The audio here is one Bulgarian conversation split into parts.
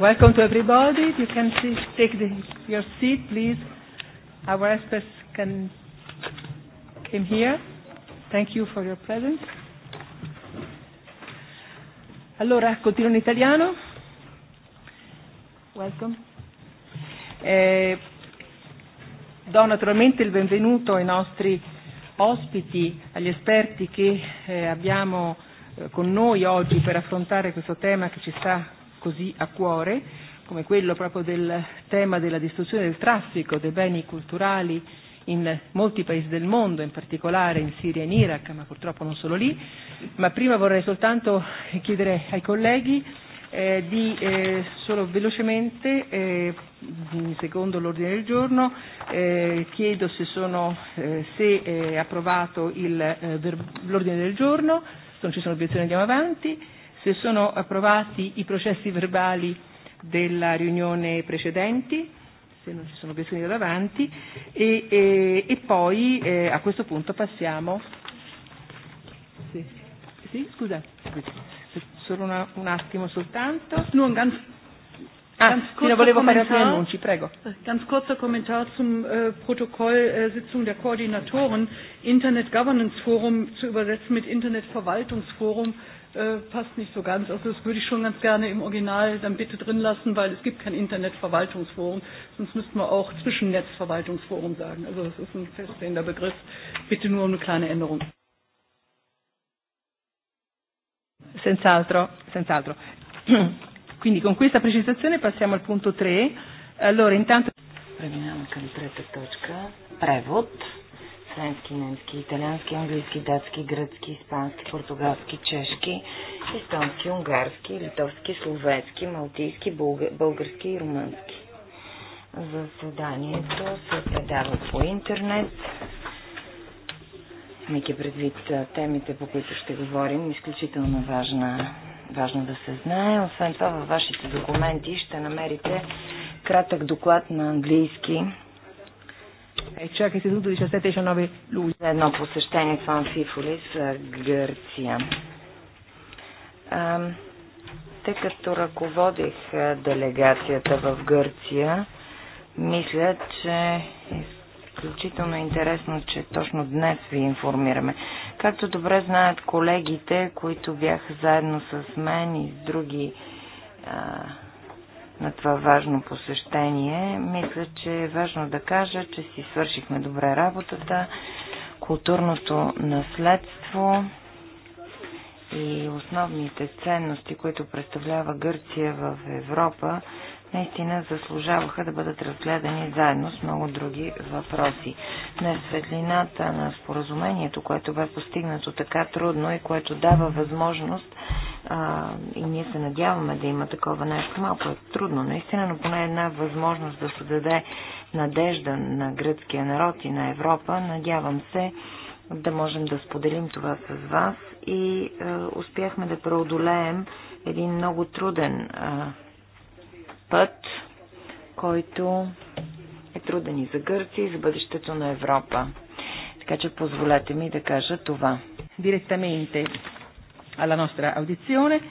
Welcome to everybody. If You can see, take the, your seat, please. Our experts can came here. Thank you for your presence. Allora, continuo in italiano. Welcome. Eh, do naturalmente il benvenuto ai nostri ospiti, agli esperti che eh, abbiamo con noi oggi per affrontare questo tema che ci sta così a cuore, come quello proprio del tema della distruzione del traffico dei beni culturali in molti paesi del mondo, in particolare in Siria e in Iraq, ma purtroppo non solo lì. Ma prima vorrei soltanto chiedere ai colleghi eh, di eh, solo velocemente, eh, secondo l'ordine del giorno, eh, chiedo se, sono, eh, se è approvato il, eh, l'ordine del giorno, se non ci sono obiezioni andiamo avanti se sono approvati i processi verbali della riunione precedenti, se non ci sono questioni da davanti, e, e, e poi eh, a questo punto passiamo. Sì, sì scusa, solo una, un attimo soltanto. Nur ganz Ah, volevo fare altri annunci, prego. Ganz kurzer Kommentar zum äh, Protokoll äh, Sitzung der Koordinatoren. Internet Governance Forum zu übersetzen mit Internet Verwaltungsforum äh, passt nicht so ganz. Also das würde ich schon ganz gerne im Original dann bitte drin lassen, weil es gibt kein Internetverwaltungsforum. Sonst müssten wir auch Zwischennetzverwaltungsforum sagen. Also das ist ein feststehender Begriff. Bitte nur um eine kleine Änderung. Senz'altro, senz'altro. Quindi con questa precisazione passiamo al punto 3. Allora intanto... Prevod френски, немски, италиански, английски, датски, гръцки, испански, португалски, чешки, естонски, унгарски, литовски, словецки, малтийски, български и румънски. Заседанието се предава по интернет. Имайки предвид темите, по които ще говорим, изключително важна, важно да се знае. Освен това, във вашите документи ще намерите кратък доклад на английски Чак Институто 17-19 нови луи. едно посещение в Амфифолис, Гърция. Тъй като ръководих делегацията в Гърция, мисля, че е изключително интересно, че точно днес ви информираме. Както добре знаят колегите, които бяха заедно с мен и с други на това важно посещение. Мисля, че е важно да кажа, че си свършихме добре работата. Културното наследство и основните ценности, които представлява Гърция в Европа, наистина заслужаваха да бъдат разгледани заедно с много други въпроси. На светлината на споразумението, което бе постигнато така трудно и което дава възможност а, и ние се надяваме да има такова нещо. Малко е трудно, наистина, но поне една възможност да се даде надежда на гръцкия народ и на Европа. Надявам се да можем да споделим това с вас и а, успяхме да преодолеем един много труден а, път, който е труден и за Гърция, и за бъдещето на Европа. Така че позволете ми да кажа това. Директаменте alla nostra audizione e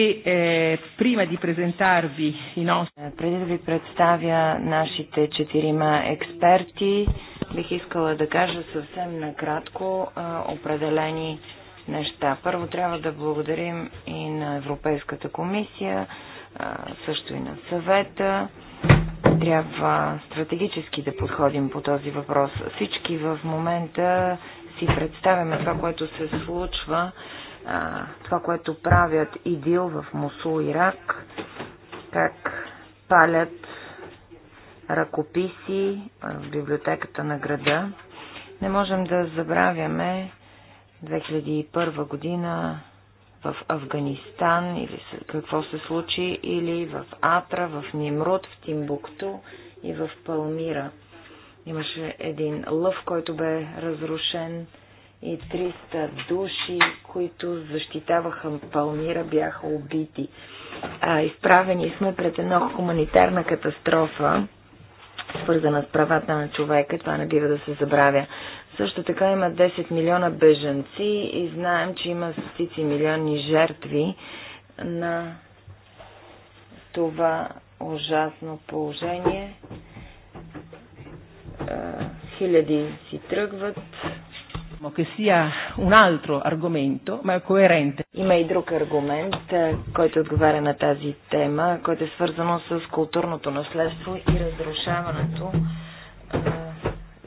eh, prima di presentarvi i nostri... Е, преди да ви представя нашите четирима експерти, бих искала да кажа съвсем накратко е, определени неща. Първо трябва да благодарим и на Европейската комисия, също и на съвета. Трябва стратегически да подходим по този въпрос. Всички в момента си представяме това, което се случва, това, което правят ИДИЛ в Мусул, Ирак, как палят ръкописи в библиотеката на града. Не можем да забравяме 2001 година в Афганистан или какво се случи, или в Атра, в Нимрод, в Тимбукту и в Палмира. Имаше един лъв, който бе разрушен и 300 души, които защитаваха Палмира, бяха убити. А, изправени сме пред една хуманитарна катастрофа, свързана с правата на човека. Това не бива да се забравя. Също така има 10 милиона бежанци и знаем, че има стотици милиони жертви на това ужасно положение. Хиляди си тръгват. Има и друг аргумент, който отговаря на тази тема, който е свързано с културното наследство и разрушаването на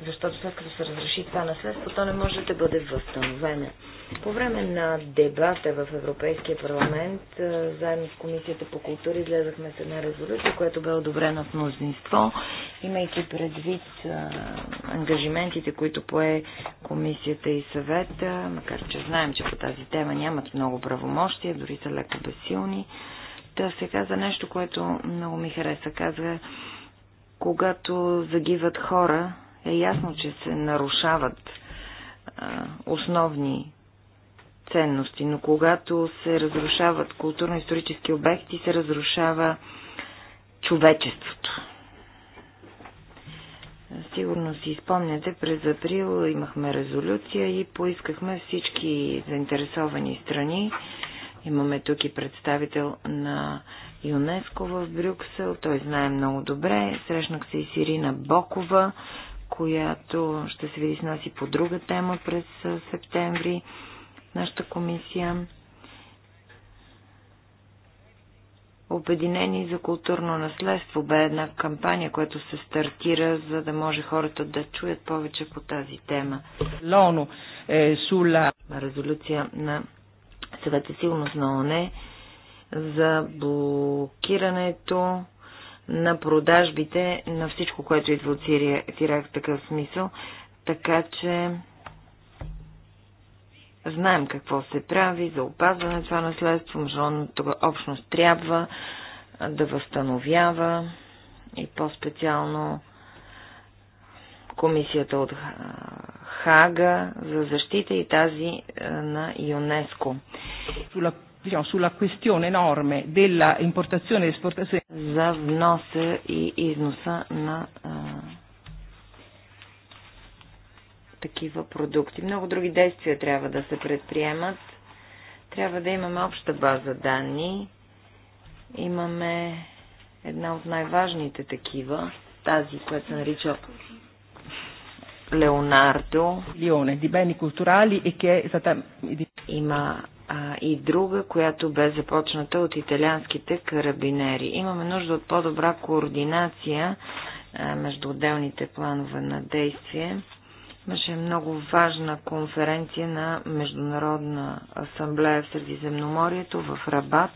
защото след като се разреши това наследство, то не може да бъде възстановено. По време на дебата в Европейския парламент, заедно с Комисията по култура, излезахме с една резолюция, която бе одобрена с мнозинство, имайки предвид ангажиментите, които пое Комисията и съвета, макар че знаем, че по тази тема нямат много правомощия, дори са леко безсилни. Та се каза нещо, което много ми хареса. Казва, когато загиват хора, е ясно, че се нарушават основни ценности, но когато се разрушават културно-исторически обекти, се разрушава човечеството. Сигурно си спомняте, през април имахме резолюция и поискахме всички заинтересовани страни. Имаме тук и представител на ЮНЕСКО в Брюксел, той знае много добре. Срещнах се и Сирина Бокова, която ще се види с нас и по друга тема през септември. Нашата комисия Обединени за културно наследство бе една кампания, която се стартира, за да може хората да чуят повече по тази тема. Лоно, е, сула. Резолюция на съвета сигурност на ОНЕ за блокирането на продажбите на всичко, което идва от Сирия, в Ирак в такъв смисъл. Така че знаем какво се прави за опазване това наследство. Международната общност трябва да възстановява и по-специално комисията от Хага за защита и тази е, на ЮНЕСКО diciamo, sulla questione enorme della importazione e esportazione. За вноса и износа на а, такива продукти. Много други действия трябва да се предприемат. Трябва да имаме обща база данни. Имаме една от най-важните такива, тази, която се нарича Леонардо. Лионе, di beni culturali e che è stata... Има а, и друга, която бе започната от италианските карабинери. Имаме нужда от по-добра координация а, между отделните планове на действие. Имаше много важна конференция на Международна асамблея в Средиземноморието в Рабат,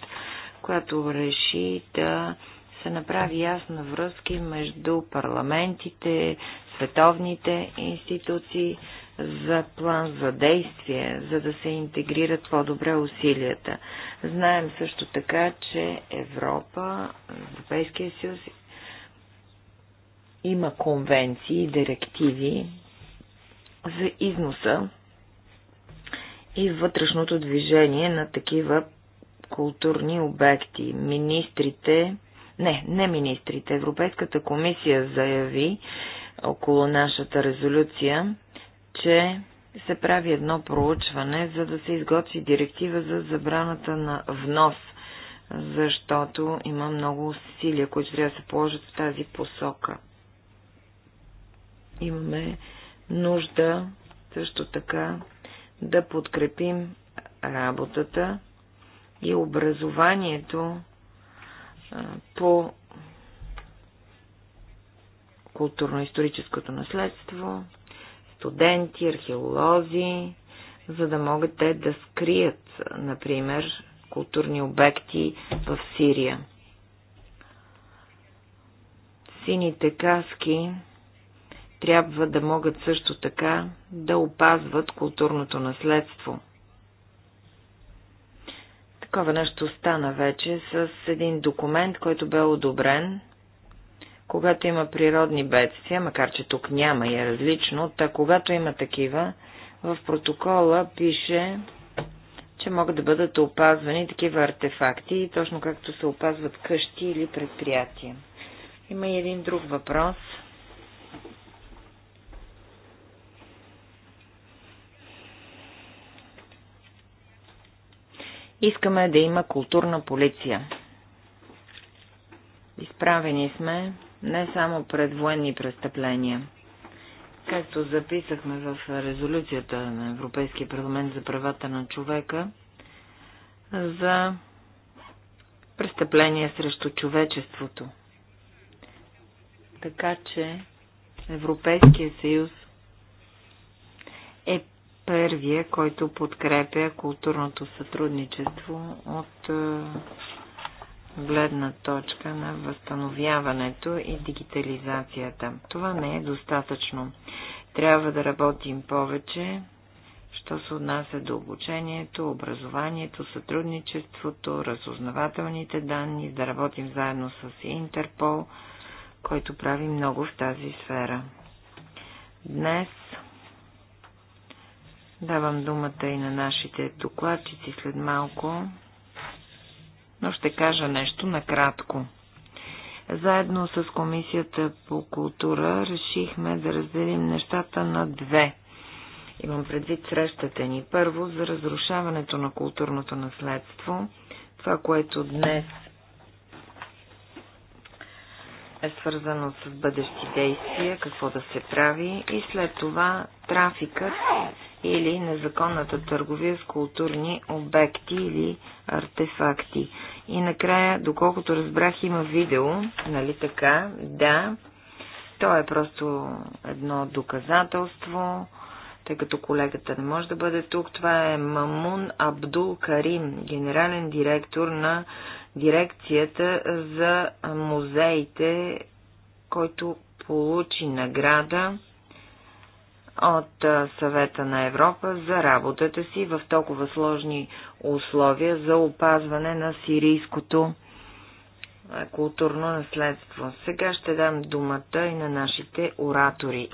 която реши да се направи ясна връзки между парламентите, световните институции, за план за действие, за да се интегрират по-добре усилията. Знаем също така, че Европа, Европейския съюз има конвенции и директиви за износа и вътрешното движение на такива културни обекти. Министрите, не, не министрите, Европейската комисия заяви около нашата резолюция, че се прави едно проучване, за да се изготви директива за забраната на внос, защото има много усилия, които трябва да се положат в тази посока. Имаме нужда също така да подкрепим работата и образованието по културно-историческото наследство, студенти, археолози, за да могат те да скрият, например, културни обекти в Сирия. Сините каски трябва да могат също така да опазват културното наследство. Такова нещо стана вече с един документ, който бе одобрен когато има природни бедствия, макар че тук няма и е различно, та когато има такива, в протокола пише, че могат да бъдат опазвани такива артефакти, точно както се опазват къщи или предприятия. Има и един друг въпрос. Искаме да има културна полиция. Изправени сме не само пред военни престъпления. Както записахме в резолюцията на Европейския парламент за правата на човека, за престъпления срещу човечеството. Така че Европейския съюз е първия, който подкрепя културното сътрудничество от е, гледна точка на възстановяването и дигитализацията. Това не е достатъчно. Трябва да работим повече, що се отнася до обучението, образованието, сътрудничеството, разузнавателните данни, да работим заедно с Интерпол, който прави много в тази сфера. Днес давам думата и на нашите докладчици след малко но ще кажа нещо накратко. Заедно с Комисията по култура решихме да разделим нещата на две. Имам предвид срещата ни. Първо, за разрушаването на културното наследство. Това, което днес е свързано с бъдещи действия, какво да се прави и след това трафикът или незаконната търговия с културни обекти или артефакти. И накрая, доколкото разбрах, има видео, нали така? Да. То е просто едно доказателство, тъй като колегата не може да бъде тук. Това е Мамун Абдул Карим, генерален директор на дирекцията за музеите, който получи награда от Съвета на Европа за работата си в толкова сложни условия за опазване на сирийското културно наследство. Сега ще дам думата и на нашите оратори.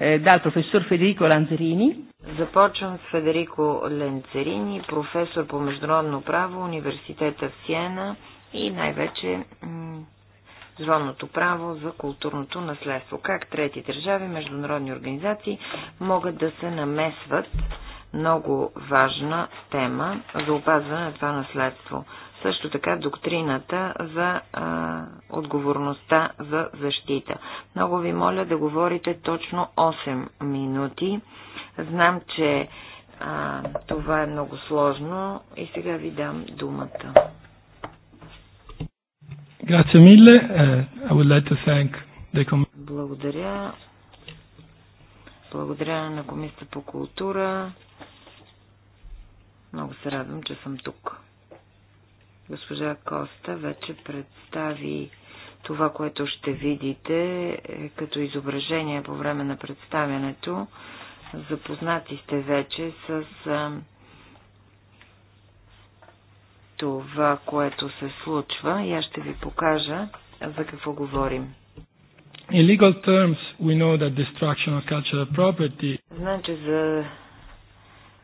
Е, да, професор Федерико Ланцерини. Започвам с Федерико Ленцерини, професор по международно право, университета в Сиена и най-вече международното право за културното наследство. Как трети държави, международни организации могат да се намесват много важна тема за опазване на това наследство. Също така доктрината за а, отговорността за защита. Много ви моля да говорите точно 8 минути. Знам, че а, това е много сложно и сега ви дам думата. Grazie mille. Uh, I would like to thank the Благодаря. Благодаря на Комисията по култура. Много се радвам, че съм тук. Госпожа Коста вече представи това, което ще видите е, като изображение по време на представянето. Запознати сте вече с това, което се случва и аз ще ви покажа за какво говорим. In legal terms, we know that destruction of cultural property... Значи за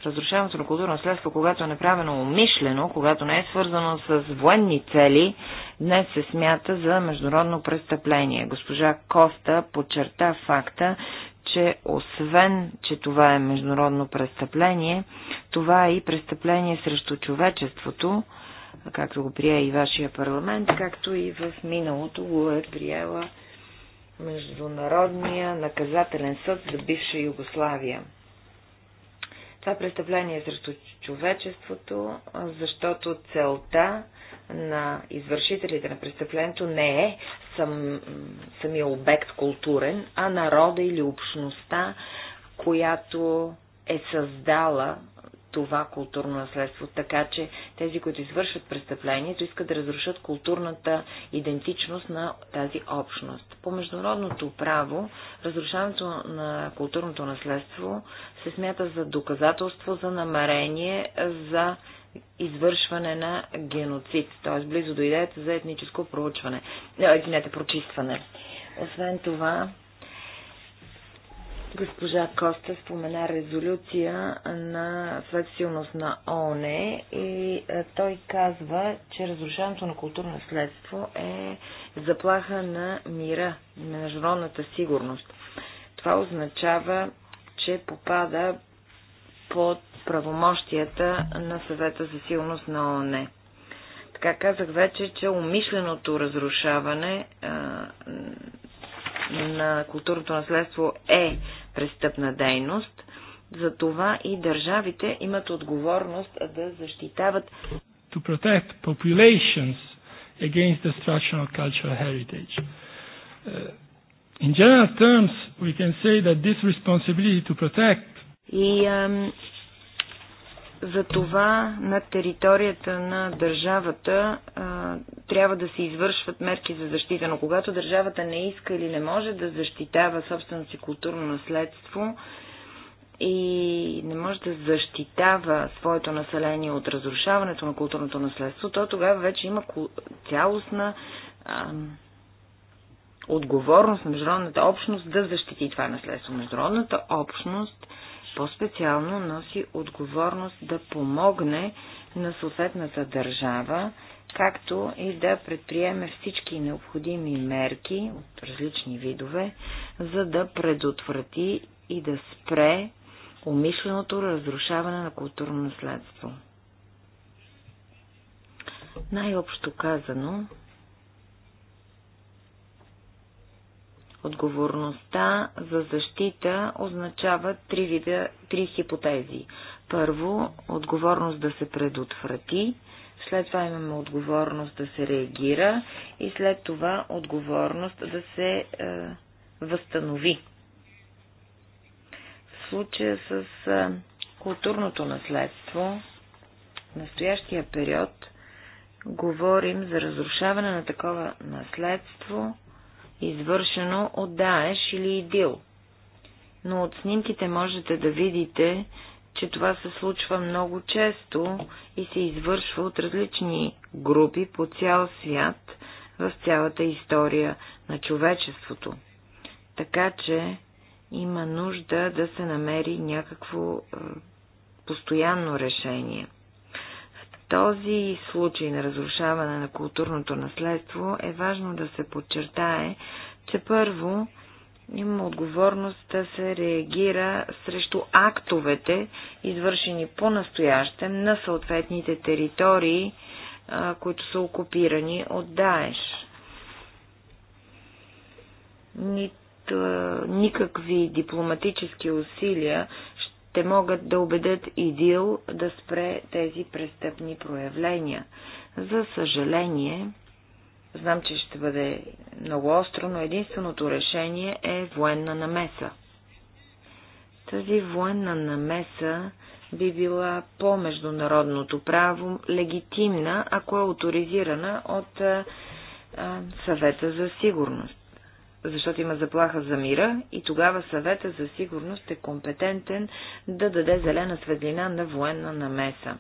разрушаването на културно следство, когато е направено умишлено, когато не е свързано с военни цели, днес се смята за международно престъпление. Госпожа Коста подчерта факта, че освен, че това е международно престъпление, това е и престъпление срещу човечеството, както го прие и вашия парламент, както и в миналото го е приела Международния наказателен съд за бивша Югославия. Това представление е срещу човечеството, защото целта на извършителите на престъплението не е сам, самия обект културен, а народа или общността, която е създала това културно наследство, така че тези, които извършват престъплението, искат да разрушат културната идентичност на тази общност. По международното право, разрушаването на културното наследство се смята за доказателство за намерение за извършване на геноцид, т.е. близо до идеята за етническо проучване, е, извинете, прочистване. Освен това, Госпожа Коста спомена резолюция на светсилност на ООН и е, той казва, че разрушаването на културно следство е заплаха на мира, на международната сигурност. Това означава, че попада под правомощията на съвета за силност на ООН. Така казах вече, че умишленото разрушаване е, на културното наследство е престъпна дейност. за това и държавите имат отговорност да защитават to protect populations against destruction of cultural heritage. In general terms, we can say that this responsibility to protect и затова на територията на държавата а, трябва да се извършват мерки за защита, но когато държавата не иска или не може да защитава собственото си културно наследство и не може да защитава своето население от разрушаването на културното наследство, то тогава вече има цялостна а, отговорност на международната общност да защити това наследство. Международната общност по-специално носи отговорност да помогне на съответната държава, както и да предприеме всички необходими мерки от различни видове, за да предотврати и да спре умишленото разрушаване на културно наследство. Най-общо казано, Отговорността за защита означава три, вида, три хипотези. Първо, отговорност да се предотврати, след това имаме отговорност да се реагира и след това отговорност да се е, възстанови. В случая с е, културното наследство, в настоящия период говорим за разрушаване на такова наследство, извършено от Даеш или ИДИЛ. Но от снимките можете да видите, че това се случва много често и се извършва от различни групи по цял свят в цялата история на човечеството. Така че има нужда да се намери някакво е, постоянно решение този случай на разрушаване на културното наследство е важно да се подчертае, че първо има отговорност да се реагира срещу актовете, извършени по настояще на съответните територии, които са окупирани от Даеш. никакви дипломатически усилия те могат да убедят ИДИЛ да спре тези престъпни проявления. За съжаление, знам, че ще бъде много остро, но единственото решение е военна намеса. Тази военна намеса би била по международното право легитимна, ако е авторизирана от а, Съвета за сигурност защото има заплаха за мира и тогава съвета за сигурност е компетентен да даде зелена светлина на военна намеса.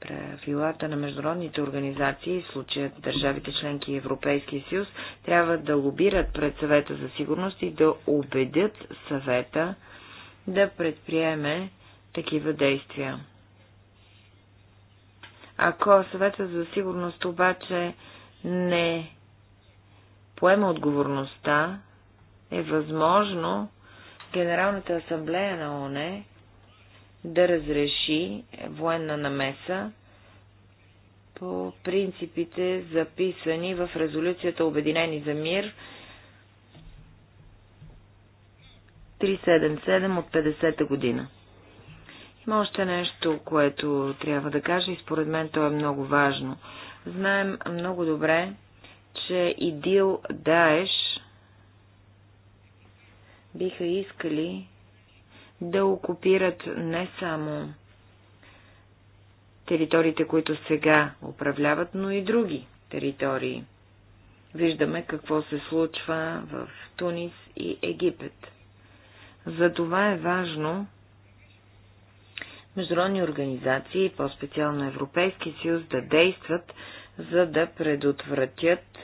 Правилата на международните организации, в случая държавите членки и Европейския съюз, трябва да лобират пред съвета за сигурност и да убедят съвета да предприеме такива действия. Ако съвета за сигурност обаче не поема отговорността, е възможно Генералната асамблея на ОНЕ да разреши военна намеса по принципите, записани в резолюцията Обединени за мир 377 от 50-та година. Има още нещо, което трябва да кажа и според мен то е много важно. Знаем много добре, че ИДИЛ Даеш биха искали да окупират не само териториите, които сега управляват, но и други територии. Виждаме какво се случва в Тунис и Египет. Затова е важно международни организации, по-специално Европейски съюз, да действат, за да предотвратят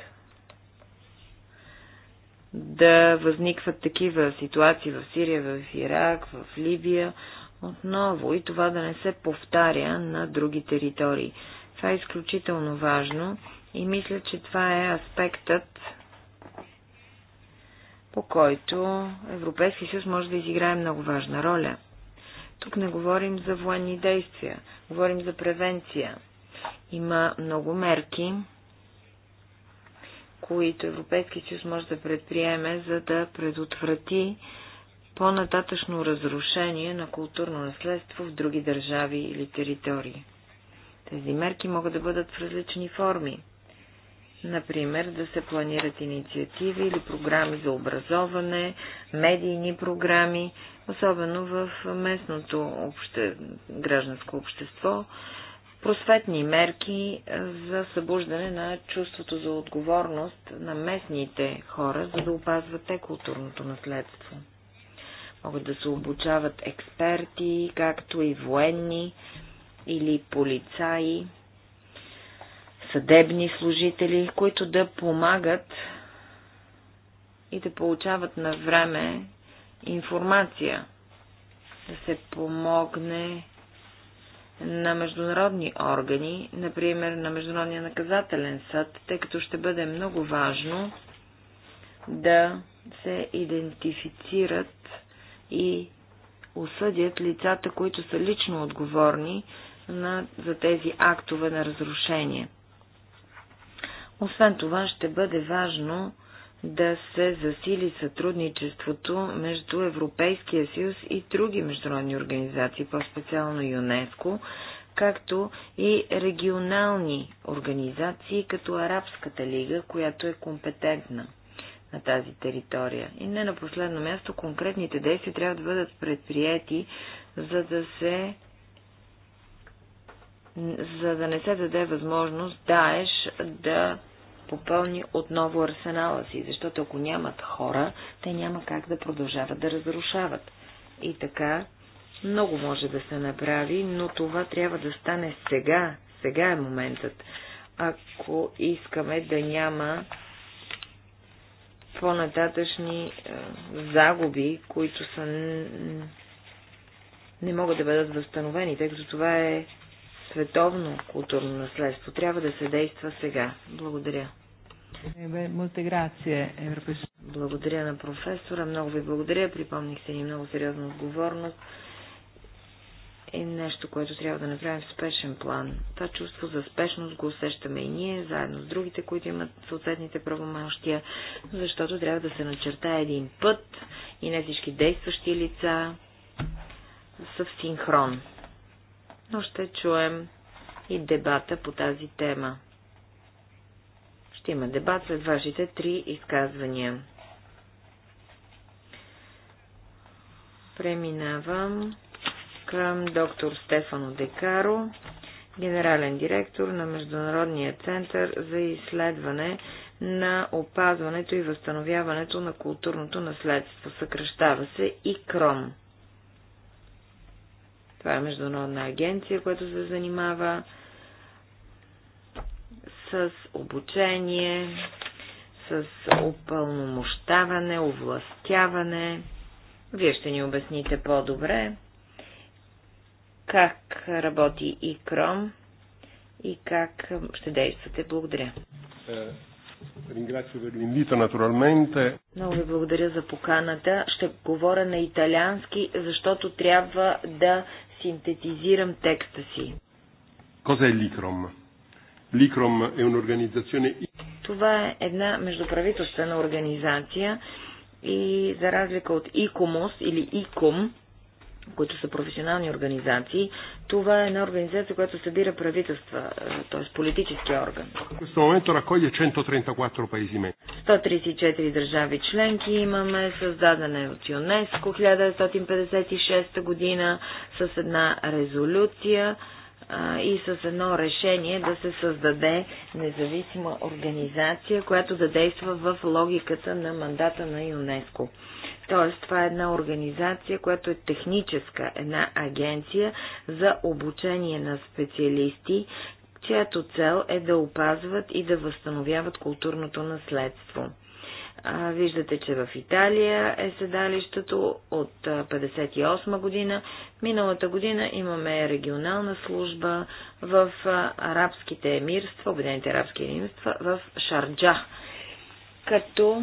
да възникват такива ситуации в Сирия, в Ирак, в Либия отново и това да не се повтаря на други територии. Това е изключително важно и мисля, че това е аспектът, по който Европейски съюз може да изиграе много важна роля. Тук не говорим за военни действия, говорим за превенция. Има много мерки, които Европейски съюз може да предприеме, за да предотврати по-нататъчно разрушение на културно наследство в други държави или територии. Тези мерки могат да бъдат в различни форми. Например, да се планират инициативи или програми за образоване, медийни програми, особено в местното обще... гражданско общество, просветни мерки е, за събуждане на чувството за отговорност на местните хора, за да опазват те културното наследство. Могат да се обучават експерти, както и военни или полицаи, съдебни служители, които да помагат и да получават на време информация, да се помогне на международни органи, например на Международния наказателен съд, тъй като ще бъде много важно да се идентифицират и осъдят лицата, които са лично отговорни на, за тези актове на разрушение. Освен това ще бъде важно да се засили сътрудничеството между Европейския съюз и други международни организации, по-специално ЮНЕСКО, както и регионални организации, като Арабската лига, която е компетентна на тази територия. И не на последно място, конкретните действия трябва да бъдат предприяти, за да се за да не се даде възможност Даеш да попълни отново арсенала си, защото ако нямат хора, те няма как да продължават да разрушават. И така, много може да се направи, но това трябва да стане сега. Сега е моментът. Ако искаме да няма по-нататъчни е, загуби, които са не могат да бъдат възстановени, тъй като това е световно културно наследство. Трябва да се действа сега. Благодаря. Е, благодаря на професора. Много ви благодаря. Припомних се ни много сериозна отговорност е нещо, което трябва да направим в спешен план. Това чувство за спешност го усещаме и ние, заедно с другите, които имат съответните правомощия, защото трябва да се начертае един път и не всички действащи лица са в синхрон но ще чуем и дебата по тази тема. Ще има дебат след вашите три изказвания. Преминавам към доктор Стефано Декаро, генерален директор на Международния център за изследване на опазването и възстановяването на културното наследство. Съкръщава се и КРОМ. Това е международна агенция, която се занимава с обучение, с опълномощаване, овластяване. Вие ще ни обясните по-добре как работи и Кром и как ще действате. Благодаря. Е, Много ви благодаря за поканата. Ще говоря на италиански, защото трябва да синтетизирам текста си. Коза е Ликром? Ликром е организация... Това е една междуправителствена организация и за разлика от ИКОМОС или ИКОМ, които са професионални организации, това е една организация, която събира правителства, е, т.е. политически орган. В момента 134 134 държави членки имаме, създадена е от ЮНЕСКО 1956 година с една резолюция и с едно решение да се създаде независима организация, която да действа в логиката на мандата на ЮНЕСКО. Тоест, това е една организация, която е техническа, една агенция за обучение на специалисти, чиято цел е да опазват и да възстановяват културното наследство. Виждате, че в Италия е седалището от 1958 година. Миналата година имаме регионална служба в арабските емирства, Обединените арабски емирства, в Шарджа. Като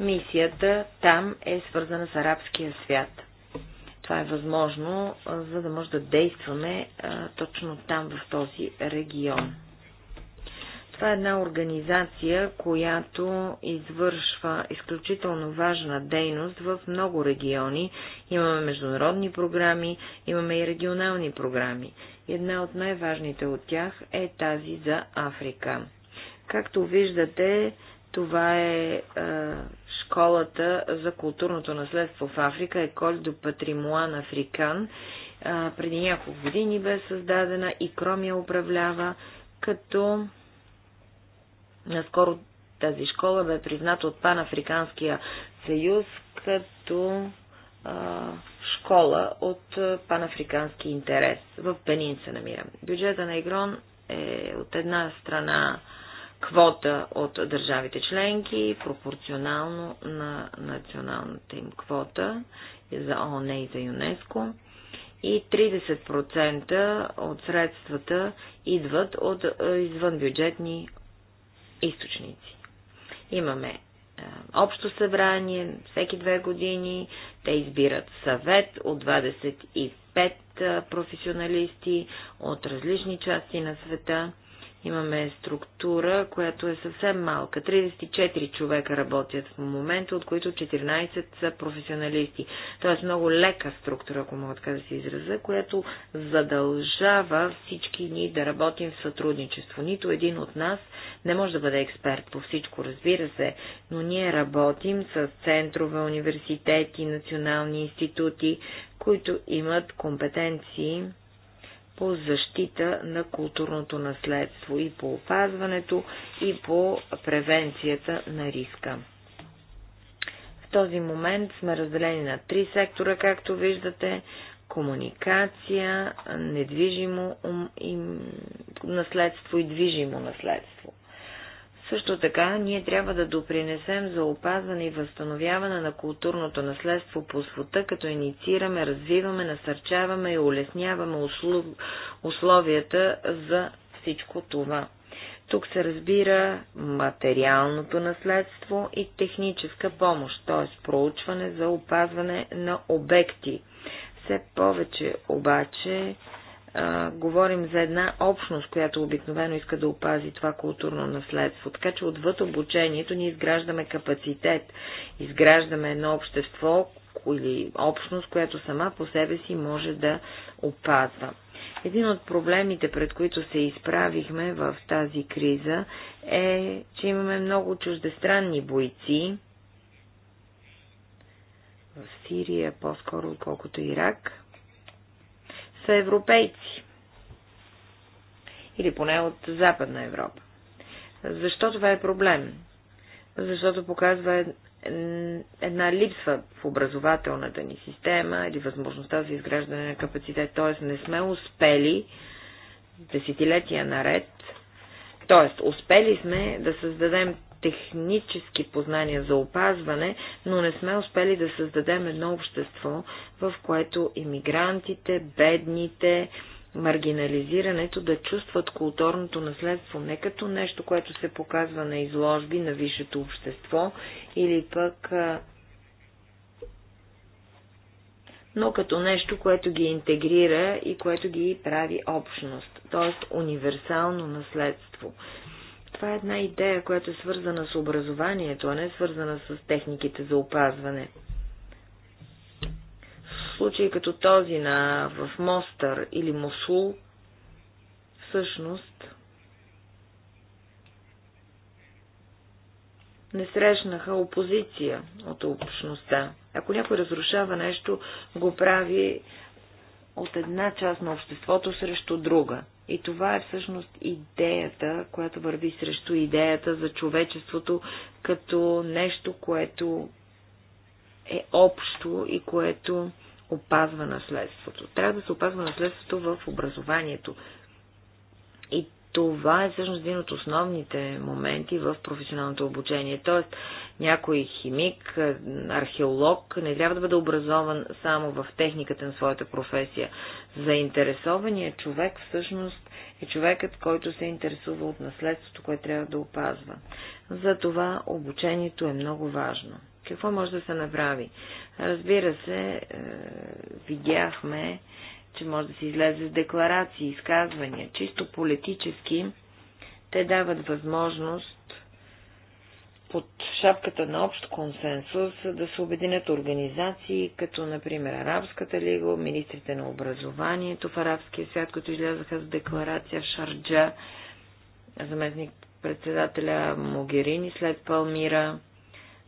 Мисията там е свързана с арабския свят. Това е възможно, за да може да действаме а, точно там, в този регион. Това е една организация, която извършва изключително важна дейност в много региони. Имаме международни програми, имаме и регионални програми. Една от най-важните от тях е тази за Африка. Както виждате, това е, е школата за културното наследство в Африка е до Патримуан Африкан. преди няколко години бе създадена и Кром я управлява, като наскоро тази школа бе призната от Панафриканския съюз като а, школа от панафрикански интерес. В пенин се намира. Бюджета на Игрон е от една страна квота от държавите членки, пропорционално на националната им квота за ООН и за ЮНЕСКО. И 30% от средствата идват от е, извънбюджетни източници. Имаме е, общо събрание всеки две години. Те избират съвет от 25 е, професионалисти от различни части на света Имаме структура, която е съвсем малка. 34 човека работят в момента, от които 14 са професионалисти. Тоест много лека структура, ако мога така да се израза, която задължава всички ни да работим в сътрудничество. Нито един от нас не може да бъде експерт по всичко, разбира се, но ние работим с центрове, университети, национални институти, които имат компетенции по защита на културното наследство и по опазването и по превенцията на риска. В този момент сме разделени на три сектора, както виждате комуникация, недвижимо наследство и движимо наследство. Също така, ние трябва да допринесем за опазване и възстановяване на културното наследство по света, като инициираме, развиваме, насърчаваме и улесняваме услов... условията за всичко това. Тук се разбира материалното наследство и техническа помощ, т.е. проучване за опазване на обекти. Все повече обаче а, говорим за една общност, която обикновено иска да опази това културно наследство. Така че отвъд обучението ние изграждаме капацитет, изграждаме едно общество или общност, която сама по себе си може да опазва. Един от проблемите, пред които се изправихме в тази криза, е, че имаме много чуждестранни бойци в Сирия, по-скоро отколкото Ирак – са европейци. Или поне от Западна Европа. Защо това е проблем? Защото показва една липсва в образователната ни система или възможността за изграждане на капацитет. Т.е. не сме успели десетилетия наред, т.е. успели сме да създадем технически познания за опазване, но не сме успели да създадем едно общество, в което иммигрантите, бедните, маргинализирането да чувстват културното наследство не като нещо, което се показва на изложби на висшето общество или пък но като нещо, което ги интегрира и което ги прави общност, т.е. универсално наследство това е една идея, която е свързана с образованието, а не е свързана с техниките за опазване. В случаи като този на, в Мостър или Мосул, всъщност не срещнаха опозиция от общността. Ако някой разрушава нещо, го прави от една част на обществото срещу друга. И това е всъщност идеята, която върви срещу идеята за човечеството като нещо, което е общо и което опазва наследството. Трябва да се опазва наследството в образованието. И това е всъщност един от основните моменти в професионалното обучение. Тоест, някой химик, е, археолог не трябва да бъде образован само в техниката на своята професия. Заинтересованият човек всъщност е човекът, който се интересува от наследството, което трябва да опазва. Затова обучението е много важно. Какво може да се направи? Разбира се, е, видяхме, че може да се излезе с декларации, изказвания. Чисто политически те дават възможност под шапката на общ консенсус да се обединят организации, като например Арабската лига, министрите на образованието в арабския свят, които излязаха с декларация в Шарджа, заместник председателя Могерини след Палмира,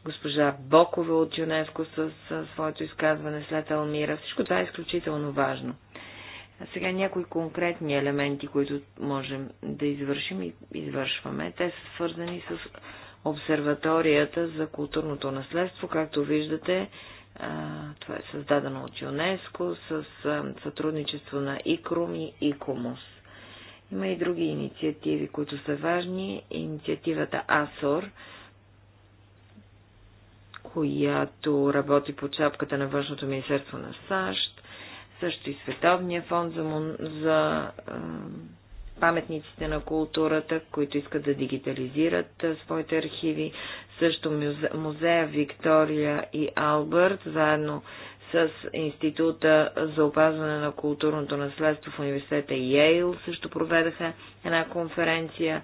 госпожа Бокова от ЮНЕСКО с своето изказване след Алмира. Всичко това е изключително важно. А сега някои конкретни елементи, които можем да извършим и извършваме, те са свързани с обсерваторията за културното наследство, както виждате, това е създадено от ЮНЕСКО с сътрудничество на ИКРУМ и ИКОМОС. Има и други инициативи, които са важни. Инициативата АСОР, която работи под шапката на Външното министерство на САЩ, също и Световния фонд за, за а, паметниците на културата, които искат да дигитализират а, своите архиви, също музе... музея Виктория и Албърт, заедно с Института за опазване на културното наследство в университета Йейл също проведаха една конференция,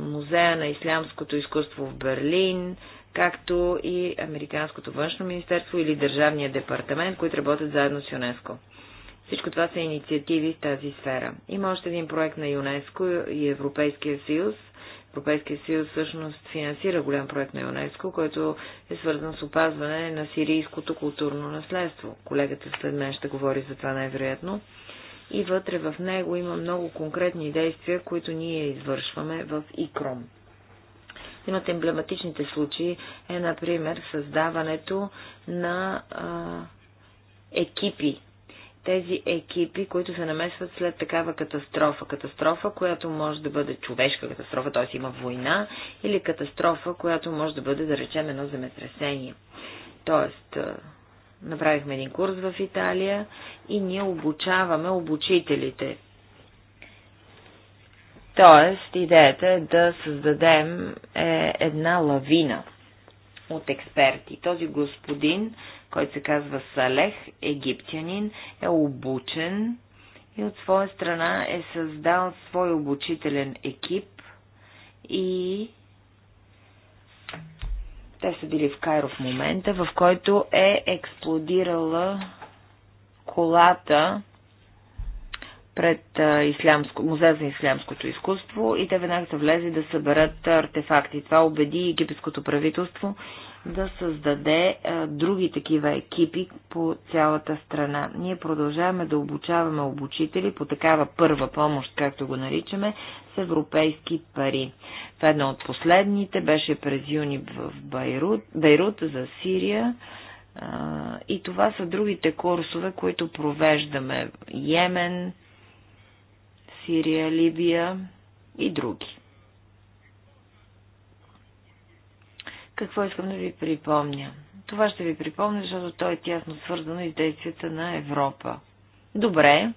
Музея на ислямското изкуство в Берлин, както и Американското външно министерство или Държавния департамент, които работят заедно с ЮНЕСКО. Всичко това са инициативи в тази сфера. Има още един проект на ЮНЕСКО и Европейския съюз. Европейския съюз всъщност финансира голям проект на ЮНЕСКО, който е свързан с опазване на сирийското културно наследство. Колегата след мен ще говори за това най-вероятно. И вътре в него има много конкретни действия, които ние извършваме в ИКРОМ. Един от емблематичните случаи е, например, създаването на а, екипи. Тези екипи, които се намесват след такава катастрофа. Катастрофа, която може да бъде човешка катастрофа, т.е. има война, или катастрофа, която може да бъде, да речем, едно земетресение. Тоест, направихме един курс в Италия и ние обучаваме обучителите Тоест, идеята е да създадем е, една лавина от експерти. Този господин, който се казва Салех, египтянин, е обучен и от своя страна е създал свой обучителен екип и те са били в Кайро в момента, в който е експлодирала колата пред ислямско, Музея за ислямското изкуство и те веднага са влезли да съберат артефакти. Това убеди египетското правителство да създаде други такива екипи по цялата страна. Ние продължаваме да обучаваме обучители по такава първа помощ, както го наричаме, с европейски пари. Това е едно от последните беше през юни в Байрут, Байрут за Сирия. И това са другите курсове, които провеждаме. Йемен, Сирия, Либия и други. Какво искам да ви припомня? Това ще ви припомня, защото то е тясно свързано и с действията на Европа. Добре.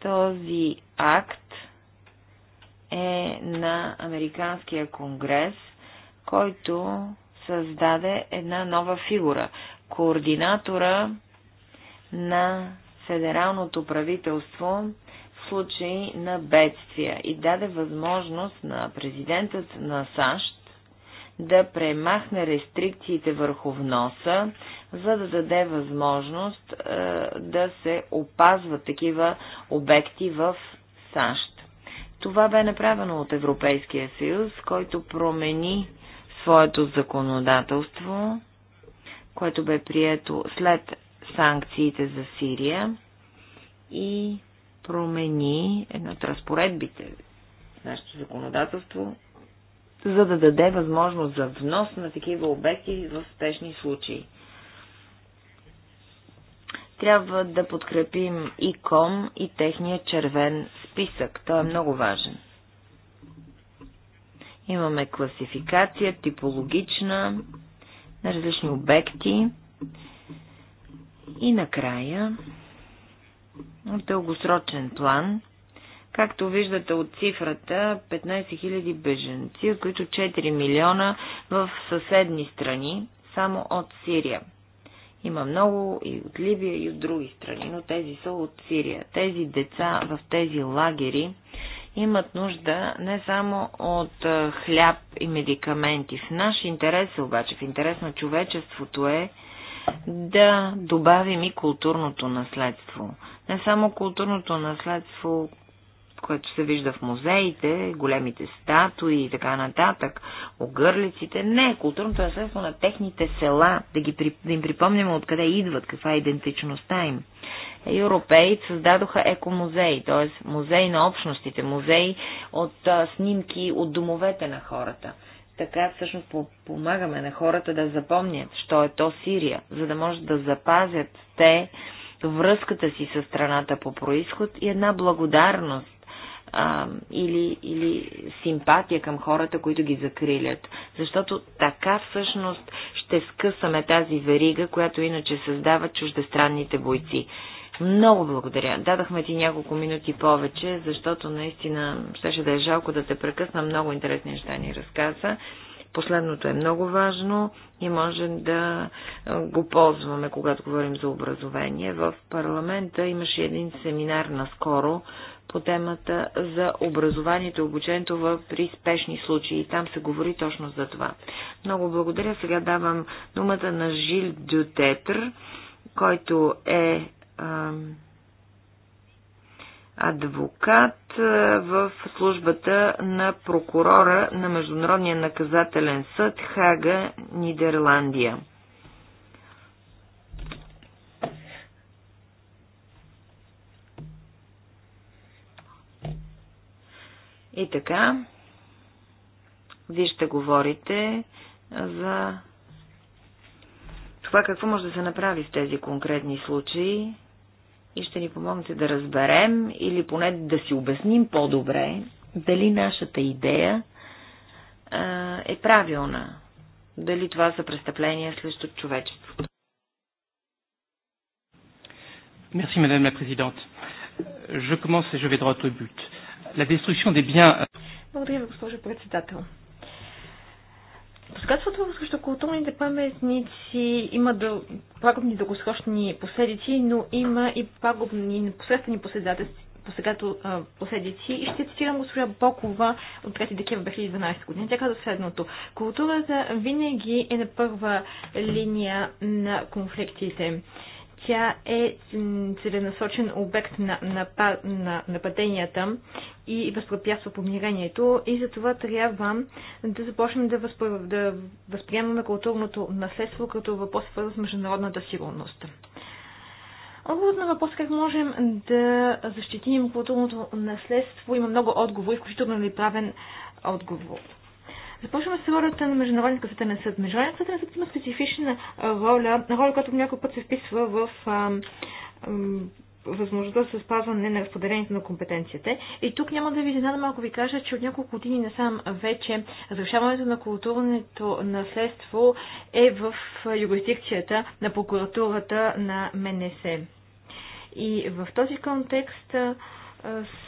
Този акт е на Американския конгрес, който създаде една нова фигура. Координатора на федералното правителство в случай на бедствия и даде възможност на президентът на САЩ да премахне рестрикциите върху вноса, за да даде възможност е, да се опазват такива обекти в САЩ. Това бе направено от Европейския съюз, който промени своето законодателство, което бе прието след санкциите за Сирия и промени една от разпоредбите в нашето законодателство, за да даде възможност за внос на такива обекти в спешни случаи. Трябва да подкрепим и КОМ, и техния червен списък. Той е много важен. Имаме класификация, типологична, на различни обекти, и накрая, в дългосрочен план, както виждате от цифрата, 15 000 беженци, от които 4 милиона в съседни страни, само от Сирия. Има много и от Либия, и от други страни, но тези са от Сирия. Тези деца в тези лагери имат нужда не само от хляб и медикаменти. В наш интерес обаче, в интерес на човечеството е да добавим и културното наследство. Не само културното наследство, което се вижда в музеите, големите статуи и така нататък, огърлиците. Не, културното наследство на техните села, да, ги, да им припомним откъде идват, каква е идентичността им. Европейци създадоха екомузей, т.е. музей на общностите, музей от а, снимки от домовете на хората. Така всъщност помагаме на хората да запомнят, що е то Сирия, за да може да запазят те връзката си с страната по происход и една благодарност а, или, или симпатия към хората, които ги закрилят. Защото така всъщност ще скъсаме тази верига, която иначе създава чуждестранните бойци. Много благодаря. Дадахме ти няколко минути повече, защото наистина щеше да е жалко да те прекъсна. Много интересни неща ни разказа. Последното е много важно и можем да го ползваме, когато говорим за образование. В парламента имаше един семинар наскоро по темата за образованието и обучението в при спешни случаи. там се говори точно за това. Много благодаря. Сега давам думата на Жил Дютетр, който е адвокат в службата на прокурора на Международния наказателен съд Хага, Нидерландия. И така, вие ще говорите за това какво може да се направи в тези конкретни случаи и ще ни помогнете да разберем или поне да си обясним по-добре дали нашата идея а, е правилна. Дали това са престъпления срещу човечеството. Merci, Madame la Présidente. Je commence et je vais droit au but. La destruction des biens. Euh, Благодаря, госпожо председател. Посегателството срещу културните паметници има дъл... пагубни дългосрочни последици, но има и пагубни непосредствени посегател... последици. И ще цитирам госпожа Бокова от 3 декември 2012 година. Тя каза следното. Културата винаги е на първа линия на конфликтите. Тя е целенасочен обект на, на, на нападенията и възпрепятства помирението и затова трябва да започнем да, възпро... да възприемаме културното наследство като въпрос с международната сигурност. Отговорът на въпрос как можем да защитим културното наследство има много отговори, включително и правен отговор. Започваме с ролята на Международния касателен съд. Международният касателен съд има специфична роля, роля, която някой път се вписва в възможността за спазване на разподелението на компетенциите. И тук няма да ви изненадам, ако ви кажа, че от няколко години насам вече разрешаването на културното наследство е в юрисдикцията на прокуратурата на МНС. И в този контекст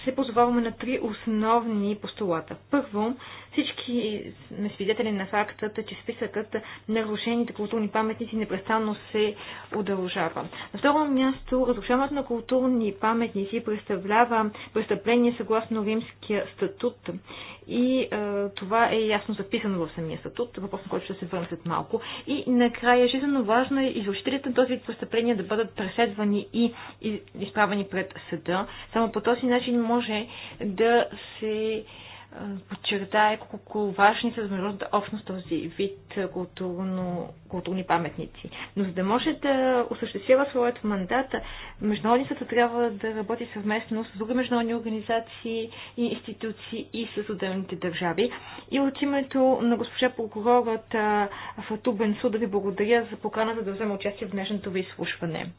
се позоваваме на три основни постулата. Първо, всички сме свидетели на факта, че списъкът нарушените културни паметници непрестанно се удължава. На второ място, разрушаването на културни паметници представлява престъпление съгласно римския статут и е, това е ясно записано в самия статут, въпрос на който ще се върна след малко. И накрая, жизненно важно е извършителите на този вид престъпления да бъдат преследвани и изправени пред съда. Само по този начин може да се подчертае колко важни са за международната общност този вид културни паметници. Но за да може да осъществява своят мандат, международницата трябва да работи съвместно с други международни организации и институции и с отделните държави. И от името на госпожа прокурорът Фату Бенсу да ви благодаря за поканата да взема участие в днешното ви изслушване.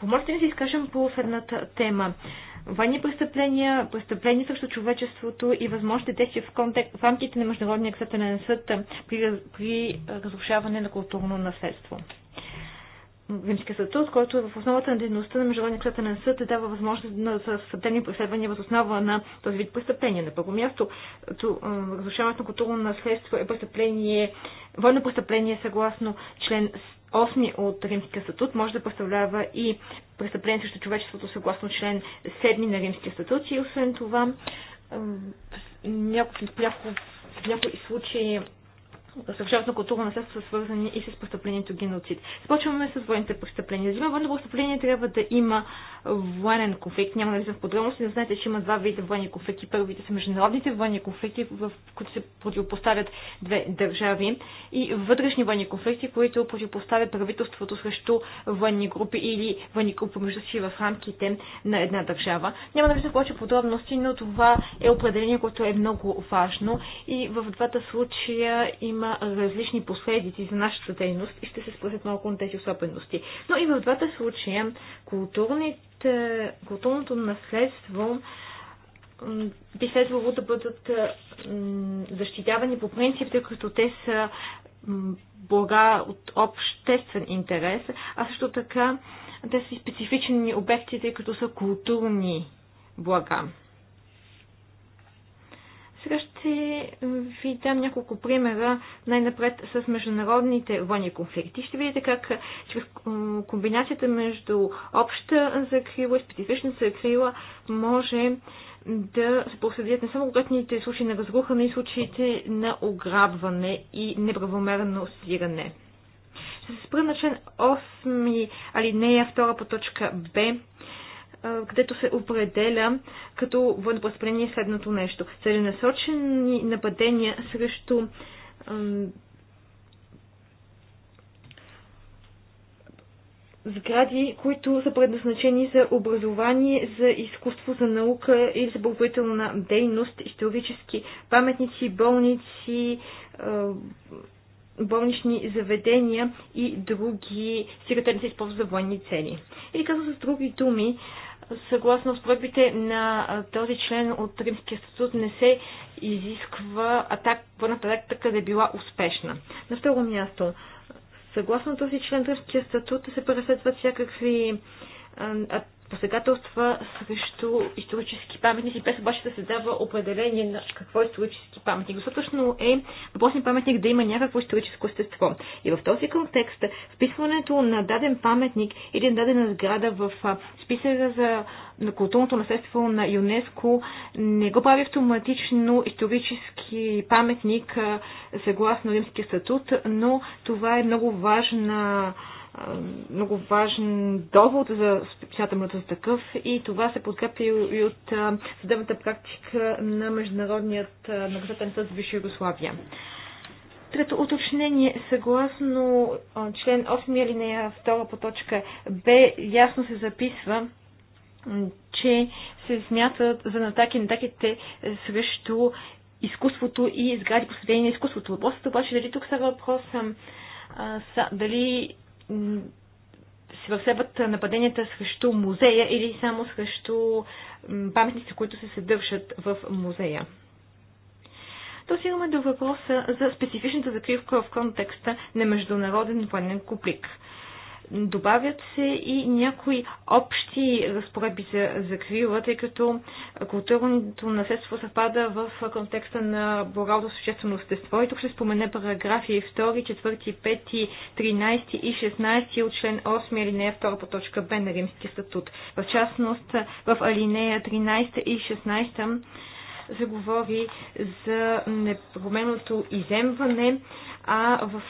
Помолите ми да изкажем по следната тема военни престъпления, престъпления срещу човечеството и възможните действия в, контек... в рамките на Международния съдебен съд при, при разрушаване на културно наследство. Римския статут, който е в основата на дейността на Международния кратен съд, дава възможност на, за съдебни преследвания въз основа на този вид престъпления. На първо място, то, разрушаването на културно наследство е престъпление, военно престъпление съгласно член 8 от Римския статут може да представлява и престъпление срещу човечеството съгласно член 7 на Римския статут и освен това някои, някои случаи култура на културно наследство са свързани и с престъплението геноцид. Започваме с военните престъпления. За военно престъпление трябва да има военен конфликт. Няма да влизам в подробности, но знаете, че има два вида военни конфликти. Първите са международните военни конфликти, в които се противопоставят две държави и вътрешни военни конфликти, които противопоставят правителството срещу военни групи или военни групи между си в рамките на една държава. Няма да влизам повече подробности, но това е определение, което е много важно и в двата случая има различни последици за нашата дейност и ще се спръсят малко на тези особености. Но и в двата случая е, културното наследство би следвало да бъдат е, защитявани по принцип, тъй като те са блага от обществен интерес, а също така те са и специфични обекти, тъй като са културни блага. Сега ще ви дам няколко примера най-напред с международните военни конфликти. Ще видите как чрез комбинацията между обща закрила и специфична закрила може да се проследят не само конкретните случаи на разруха, но и случаите на ограбване и неправомерно сиране. Ще се спра на член 8 алинея 2 по точка Б където се определя като военно престъпление следното нещо. Целенасочени нападения срещу сгради, които са предназначени за образование, за изкуство, за наука или за благотворителна дейност, исторически паметници, болници, болнични заведения и други сирота не се използва за военни цели. Или казвам с други думи, съгласно споръбите на този член от Римския статут не се изисква атак, първата атака да е била успешна. На второ място, съгласно този член Римския статут се преследват всякакви посегателства срещу исторически паметници, без обаче да се дава определение на какво е исторически паметник. Достатъчно е въпросният паметник да има някакво историческо естество. И в този контекст вписването на даден паметник или на дадена сграда в списъка за на културното наследство на ЮНЕСКО не го прави автоматично исторически паметник съгласно Римския статут, но това е много важна много важен довод за смятам за такъв и това се подкрепя и от съдебната практика на Международният наказателен съд в Югославия. Трето уточнение, съгласно член 8 алинея 2 по точка Б, ясно се записва, че се смятат за натаки натаките срещу изкуството и сгради посветени на изкуството. Въпросът обаче дали тук става въпрос дали се въвсебват нападенията срещу музея или само срещу паметници, които се съдържат в музея. То имаме до въпроса за специфичната закривка в контекста на международен военен куплик. Добавят се и някои общи разпоредби за закрила, тъй като културното наследство съвпада в контекста на боралното съществено общество. И тук ще спомене параграфи 2, 4, 5, 13 и 16 от член 8 алинея 2 по точка Б на Римския статут. В частност в алинея 13 и 16 заговори за непроменното иземване, а в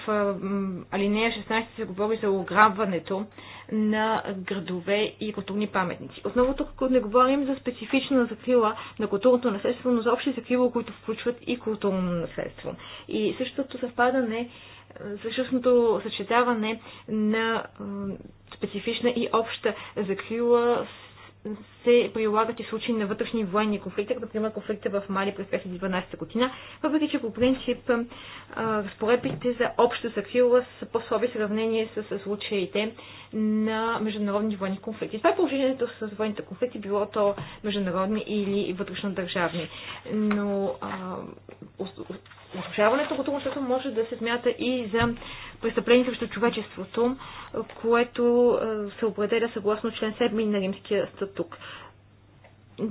алинея 16 се говори за ограбването на градове и културни паметници. Отново тук не говорим за специфична закрила на културното наследство, но за общи закрила, които включват и културно наследство. И същото съвпадане, същото съчетаване на специфична и обща закрила се прилагат и в случаи на вътрешни военни конфликти, като например конфликта в Мали през 2012 година, въпреки че по принцип разпоредбите за обща закрила са по-слаби в сравнение с случаите на международни военни конфликти. Това е положението с военните конфликти, било то международни или вътрешно държавни. Но а, нарушаването го защото може да се смята и за престъпление срещу човечеството, което е, се определя съгласно член 7 на Римския статук.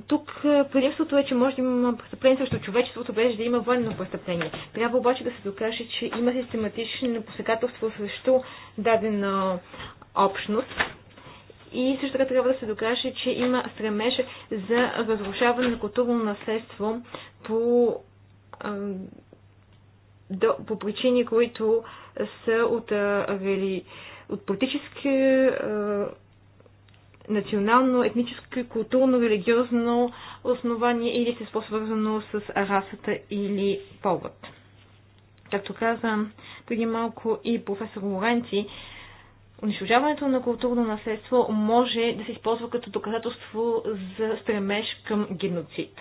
Тук е, предимството е, че може да има престъпление срещу човечеството, без да има военно престъпление. Трябва обаче да се докаже, че има систематично посегателство срещу дадена общност. И също така трябва да се докаже, че има стремеж за разрушаване на културно наследство по е, до, по причини, които са от, рели, от политически, е, национално, етническо, културно, религиозно основание или се по-свързано с расата или повод. Както каза преди малко и професор Моранти, унищожаването на културно наследство може да се използва като доказателство за стремеж към геноцид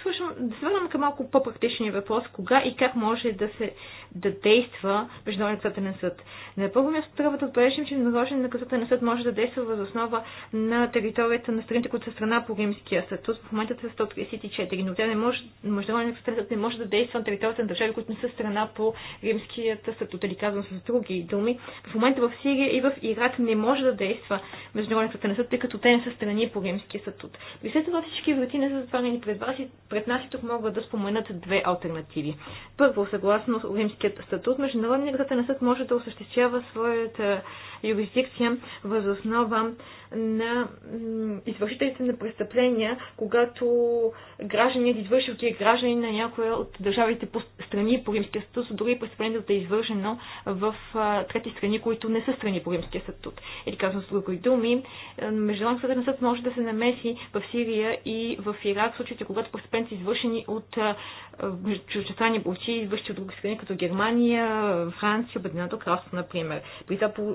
свършвам, да се върнем към малко по-практични въпрос. Кога и как може да се да действа Международен наказателен съд? На първо място трябва да отбележим, че Международен наказателен съд може да действа въз основа на територията на страните, които са страна по Римския статут. В момента са 134, но тя не може, Международен наказателен съд не може да действа на територията на държави, които не са страна по Римския статут, или казвам с други думи. В момента в Сирия и в Ирак не може да действа Международен наказателен съд, тъй като те не са страни по Римския статут. При след това всички врати не са затваряни пред вас и пред нас и тук могат да споменат две альтернативи. Първо, съгласно Римският статут, Международният граден съд може да осъществява своята юрисдикция възоснова на извършителите на престъпления, когато гражданият извършилки е граждани на някоя от държавите по страни по римския статут, дори престъплението да е извършено в трети страни, които не са страни по римския статут. Или казвам с други думи, Международният съдебен съд може да се намеси в Сирия и в Ирак, в случаите, когато престъпления са извършени от чуждестранни бойци, извършени от други страни, като Германия, Франция, Обединеното кралство, например. При това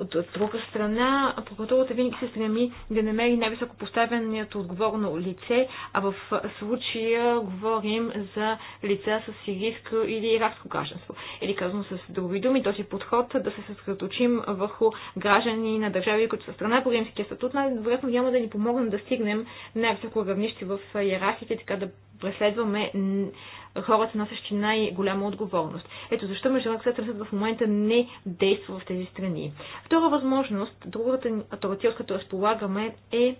от, друга страна, прокуратурата винаги се стреми да намери най-високо поставеното отговорно лице, а в случая говорим за лица с сирийско или иракско гражданство. Или казвам с други думи, този подход да се съсредоточим върху граждани на държави, които са страна по римския статут, най-вероятно няма да ни помогнат да стигнем най-високо равнище в иерархите, така да преследваме хората, носещи най-голяма отговорност. Ето защо Международната съд в момента не действа в тези страни. Втора възможност, другата альтернатива, която разполагаме, е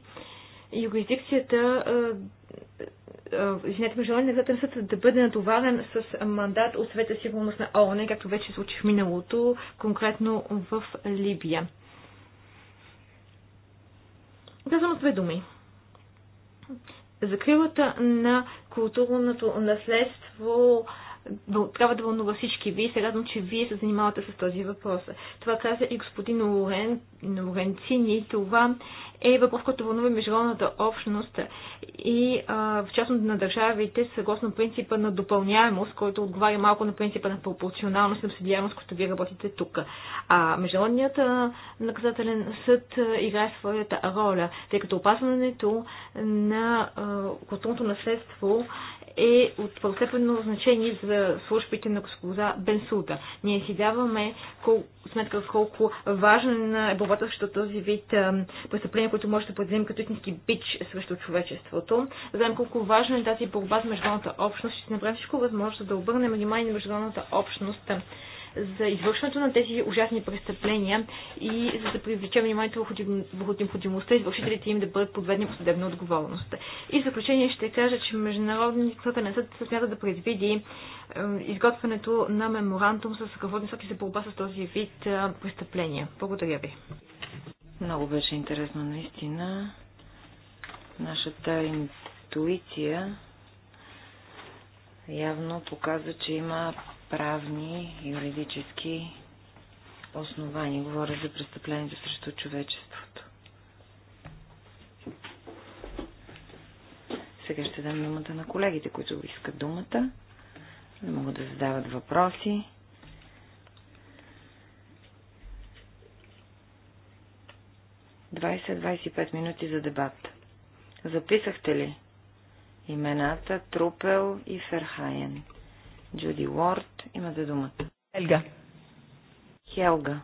юрисдикцията извинете, Международният съд съд да бъде натоварен с мандат от Света сигурност на ООН, както вече случи в миналото, конкретно в Либия. Казвам с две думи. Закрилата на културното наследство какво трябва да вълнува всички вие. Се радвам, че вие се занимавате с този въпрос. Това каза и господин Лорен, Цини. Това е въпрос, който вълнува международната общност и а, в частност на държавите, съгласно принципа на допълняемост, който отговаря малко на принципа на пропорционалност и субсидиарност, като вие работите тук. А Международният наказателен съд играе своята роля, тъй като опазването на а, културното наследство е от първостепенно значение за службите на госпожа Бенсута. Ние си даваме кол... сметка колко важен е борбата срещу този вид престъпления, които може да определим като истински бич срещу човечеството. Знаем колко важна е тази борба с международната общност. Ще направим всичко възможно да обърнем внимание на международната общност за извършването на тези ужасни престъпления и за да привлече вниманието върху необходимостта извършителите им да бъдат подведени по съдебна отговорност. И в заключение ще кажа, че Международният на съд смята да предвиди е, изготвянето на меморандум с ръководни соки за борба с този вид е, престъпления. Благодаря ви. Много беше интересно наистина. Нашата интуиция явно показва, че има правни, юридически основания. Говоря за престъплението срещу човечеството. Сега ще дам думата на колегите, които искат думата. Не могат да задават въпроси. Двадесет-25 минути за дебат. Записахте ли имената Трупел и Ферхайен? Джуди Уорд. Имате думата. Хелга. Хелга.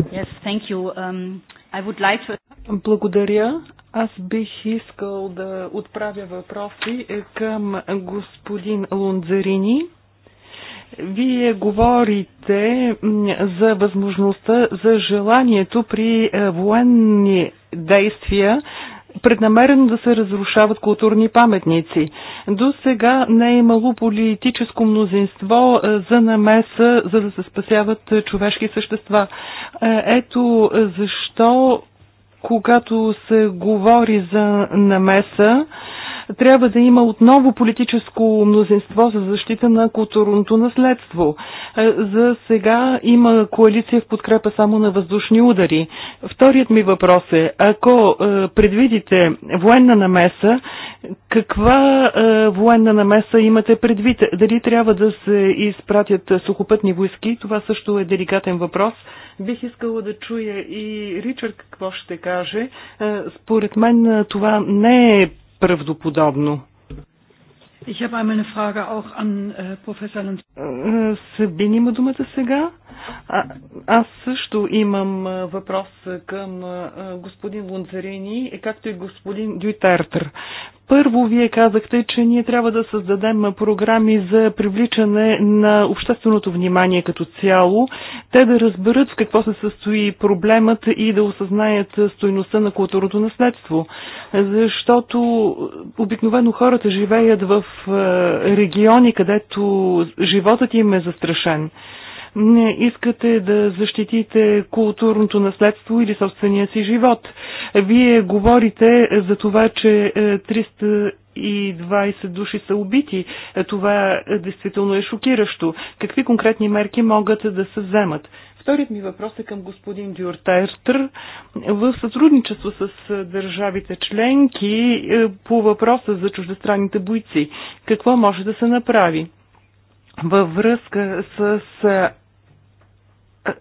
Yes, thank you. Um, I would like to... Благодаря. Аз бих искал да отправя въпроси е, към господин Лунзарини. Вие говорите за възможността, за желанието при е, военни действия преднамерено да се разрушават културни паметници. До сега не е имало политическо мнозинство е, за намеса, за да се спасяват е, човешки същества. Е, ето защо когато се говори за намеса, трябва да има отново политическо мнозинство за защита на културното наследство. Е, за сега има коалиция в подкрепа само на въздушни удари. Вторият ми въпрос е, ако е, предвидите военна намеса, каква е, военна намеса имате предвид? Дали трябва да се изпратят сухопътни войски? Това също е деликатен въпрос. Бих искала да чуя и Ричард какво ще каже. Според мен това не е правдоподобно. Ich habe einmal eine Frage auch an äh, Professor э, Сабин има думата сега. А, аз също имам въпрос към господин Лунцарини, както и господин Дюйтартер. Първо, вие казахте, че ние трябва да създадем програми за привличане на общественото внимание като цяло, те да разберат в какво се състои проблемът и да осъзнаят стойността на културното наследство. Защото обикновено хората живеят в е, региони, където животът им е застрашен не искате да защитите културното наследство или собствения си живот. Вие говорите за това, че 300 е, и 20 души са убити. Е, това е, действително е шокиращо. Какви конкретни мерки могат да се вземат? Вторият ми въпрос е към господин Дюртайтър. В сътрудничество с държавите членки по въпроса за чуждестранните бойци, какво може да се направи? Във връзка с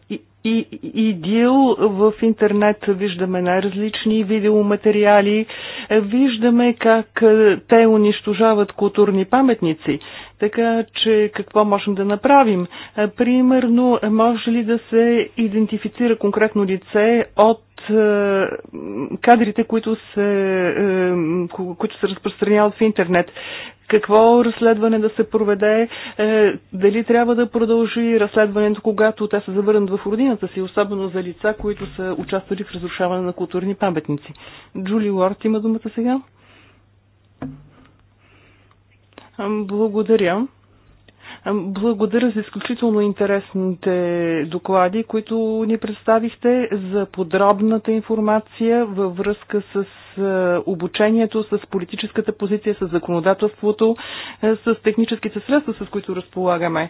и, и, идил в интернет виждаме най-различни видеоматериали, виждаме как е, те унищожават културни паметници. Така че какво можем да направим? Е, примерно, може ли да се идентифицира конкретно лице от е, кадрите, които се, които се разпространяват в интернет какво разследване да се проведе, е, дали трябва да продължи разследването, когато те се завърнат в родината си, особено за лица, които са участвали в разрушаване на културни паметници. Джули Уорд има думата сега. Благодаря. Благодаря за изключително интересните доклади, които ни представихте, за подробната информация във връзка с е, обучението, с политическата позиция, с законодателството, е, с техническите средства, с които разполагаме.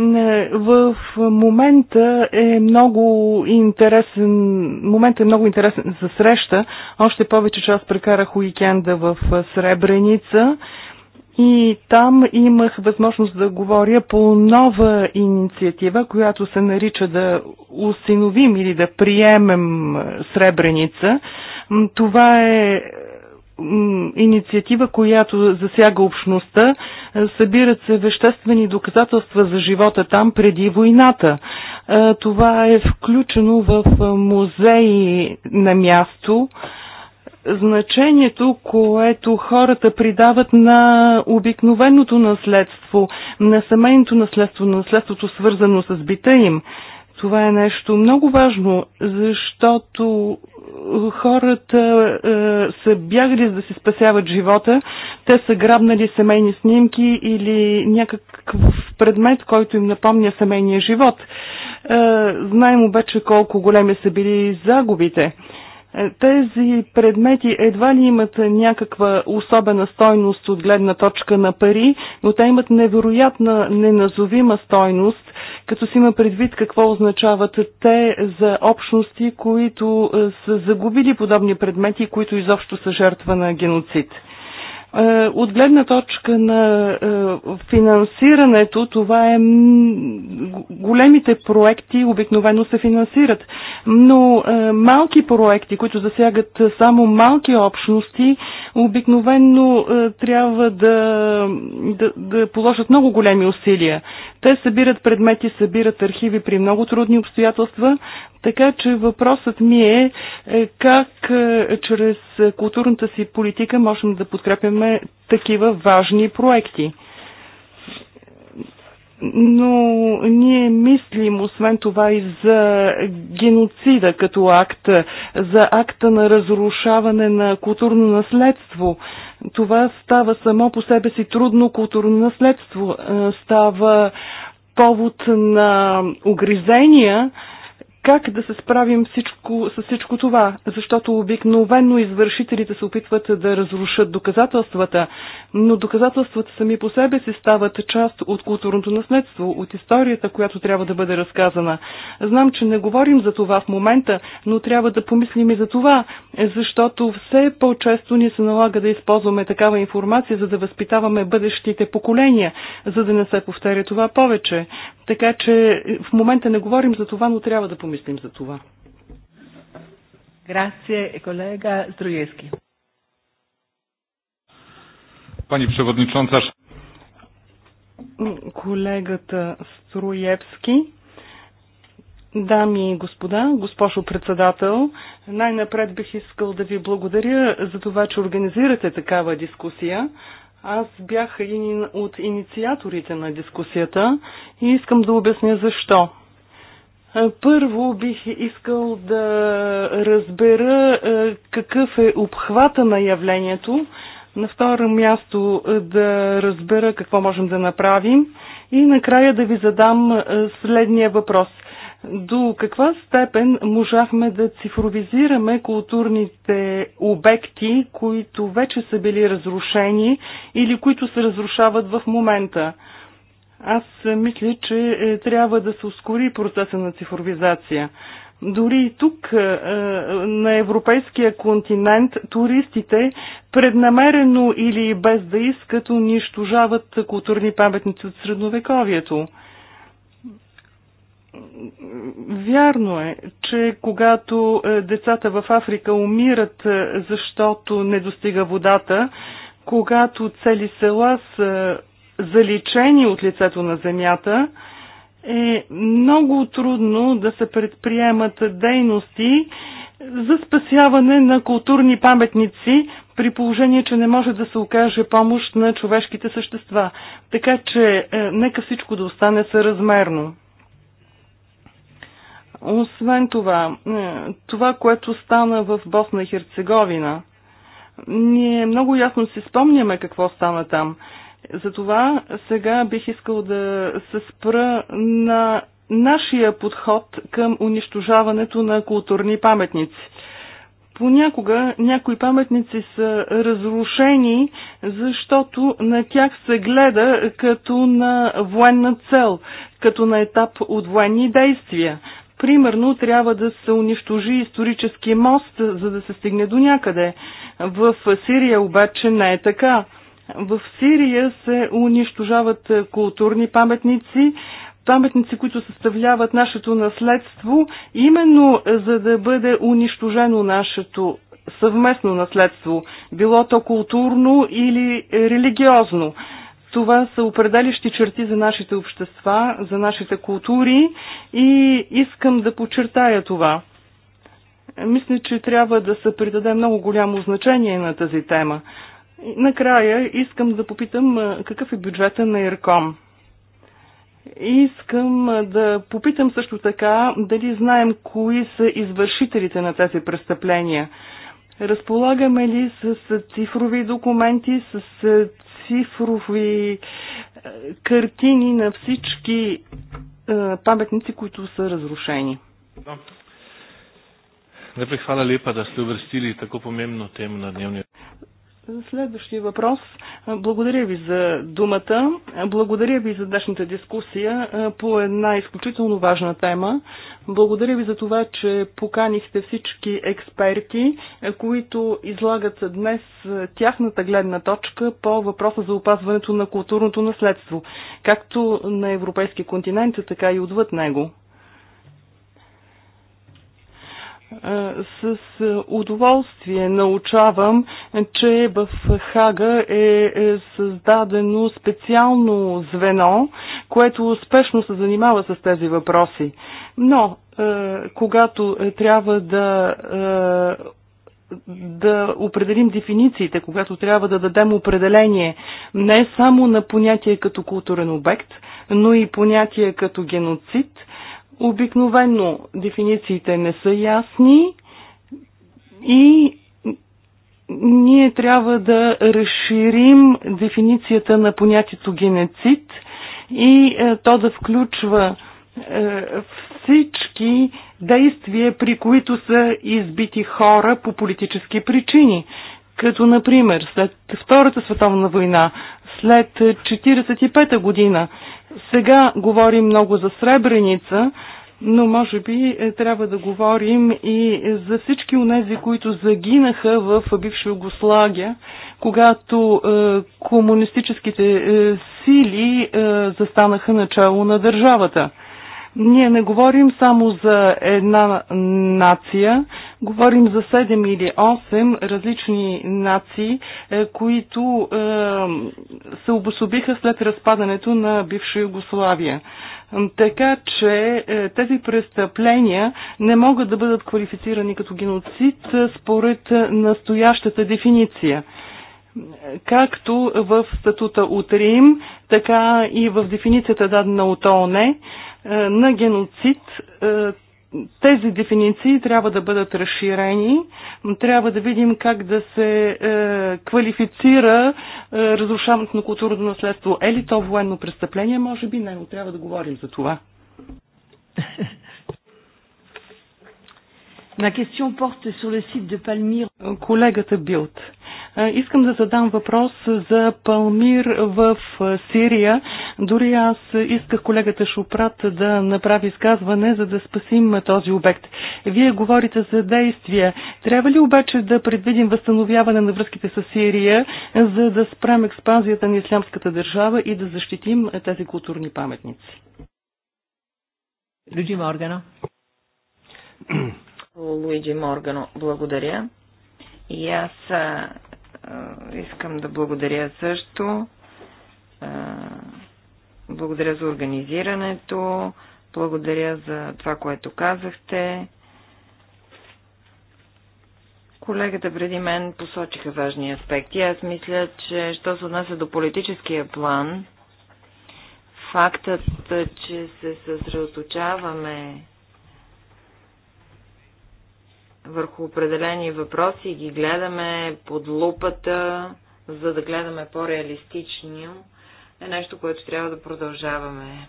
Е, в момента е много интересен, момент е много интересен за среща. Още повече, че аз прекарах уикенда в Сребреница и там имах възможност да говоря по нова инициатива, която се нарича да усиновим или да приемем Сребреница. Това е инициатива, която засяга общността. Събират се веществени доказателства за живота там преди войната. Това е включено в музеи на място значението, което хората придават на обикновеното наследство, на семейното наследство, на наследството свързано с бита им. Това е нещо много важно, защото хората е, са бягали за да си спасяват живота. Те са грабнали семейни снимки или някакъв предмет, който им напомня семейния живот. Е, знаем обаче колко големи са били загубите тези предмети едва ли имат някаква особена стойност от гледна точка на пари, но те имат невероятна неназовима стойност, като си има предвид какво означават те за общности, които е, са загубили подобни предмети, които изобщо са жертва на геноцид. Е, от гледна точка на е, финансирането, това е големите проекти обикновено се финансират, но е, малки проекти, които засягат само малки общности, обикновено трябва да, да, да положат много големи усилия. Те събират предмети, събират архиви при много трудни обстоятелства, така че въпросът ми е как чрез културната си политика можем да подкрепяме имаме такива важни проекти. Но ние мислим, освен това, и за геноцида като акт, за акта на разрушаване на културно наследство. Това става само по себе си трудно културно наследство. Става повод на огризения, как да се справим всичко, с всичко това, защото обикновено извършителите се опитват да разрушат доказателствата, но доказателствата сами по себе си стават част от културното наследство, от историята, която трябва да бъде разказана. Знам, че не говорим за това в момента, но трябва да помислим и за това, защото все по-често ни се налага да използваме такава информация, за да възпитаваме бъдещите поколения, за да не се повтаря това повече. Така че в момента не говорим за това, но трябва да помислим помислим за това. Grazie, е колега Строевски. Пани Przewodnicząca. Колегата Строевски. Дами и господа, госпожо председател, най-напред бих искал да ви благодаря за това, че организирате такава дискусия. Аз бях един от инициаторите на дискусията и искам да обясня защо. Първо бих искал да разбера какъв е обхвата на явлението. На второ място да разбера какво можем да направим. И накрая да ви задам следния въпрос. До каква степен можахме да цифровизираме културните обекти, които вече са били разрушени или които се разрушават в момента? Аз мисля, че е, трябва да се ускори процеса на цифровизация. Дори и тук, е, е, на европейския континент, туристите преднамерено или без да искат унищожават културни паметници от средновековието. Вярно е, че когато децата в Африка умират, защото не достига водата, когато цели села са заличени от лицето на земята, е много трудно да се предприемат дейности за спасяване на културни паметници, при положение, че не може да се окаже помощ на човешките същества. Така че е, нека всичко да остане съразмерно. Освен това, е, това, което стана в Босна и Херцеговина, ние много ясно си спомняме какво стана там. Затова сега бих искал да се спра на нашия подход към унищожаването на културни паметници. Понякога някои паметници са разрушени, защото на тях се гледа като на военна цел, като на етап от военни действия. Примерно трябва да се унищожи исторически мост, за да се стигне до някъде. В Сирия обаче не е така. В Сирия се унищожават културни паметници, паметници, които съставляват нашето наследство, именно за да бъде унищожено нашето съвместно наследство, било то културно или религиозно. Това са определящи черти за нашите общества, за нашите култури и искам да подчертая това. Мисля, че трябва да се придаде много голямо значение на тази тема. Накрая искам да попитам какъв е бюджета на Ирком. Искам да попитам също така дали знаем кои са извършителите на тези престъпления. Разполагаме ли с цифрови документи, с цифрови картини на всички паметници, които са разрушени? Не hvala лепа да сте обръстили тако помемно тема на дневния. Следващия въпрос. Благодаря ви за думата. Благодаря ви за днешната дискусия по една изключително важна тема. Благодаря ви за това, че поканихте всички експерти, които излагат днес тяхната гледна точка по въпроса за опазването на културното наследство, както на европейски континент, така и отвъд него. с удоволствие научавам, че в Хага е, е създадено специално звено, което успешно се занимава с тези въпроси. Но когато трябва да да определим дефинициите, когато трябва да дадем определение не само на понятие като културен обект, но и понятие като геноцид – Обикновено дефинициите не са ясни и ние трябва да разширим дефиницията на понятието геноцид и е, то да включва е, всички действия, при които са избити хора по политически причини. Като, например, след Втората световна война след 45-та година. Сега говорим много за Сребреница, но може би е, трябва да говорим и за всички онези, които загинаха в бивша Югославия, когато е, комунистическите е, сили е, застанаха начало на държавата. Ние не говорим само за една нация, говорим за 7 или 8 различни нации, е, които е, се обособиха след разпадането на бивша Югославия. Така че е, тези престъпления не могат да бъдат квалифицирани като геноцид според настоящата дефиниция както в статута от Рим, така и в дефиницията дадена от ООН, е, на геноцид е, тези дефиниции трябва да бъдат разширени. Трябва да видим как да се е, квалифицира разрушаването на културното наследство. Е ли то военно престъпление? Може би не, но трябва да говорим за това. Ma question porte sur le site de Palmyre. Колегата Билт. Е, искам да задам въпрос за Палмир в Сирия. Дори аз исках колегата Шупрат да направи изказване, за да спасим този обект. Вие говорите за действия. Трябва ли обаче да предвидим възстановяване на връзките с Сирия, за да спрем експанзията на ислямската държава и да защитим тези културни паметници? Люджи Моргана. Луиджи Моргано, благодаря. И аз е, искам да благодаря също. Е, благодаря за организирането, благодаря за това, което казахте. Колегата преди мен посочиха важни аспекти. Аз мисля, че що се отнася до политическия план, фактът, че се съсредоточаваме върху определени въпроси и ги гледаме под лупата, за да гледаме по-реалистично, е нещо, което трябва да продължаваме.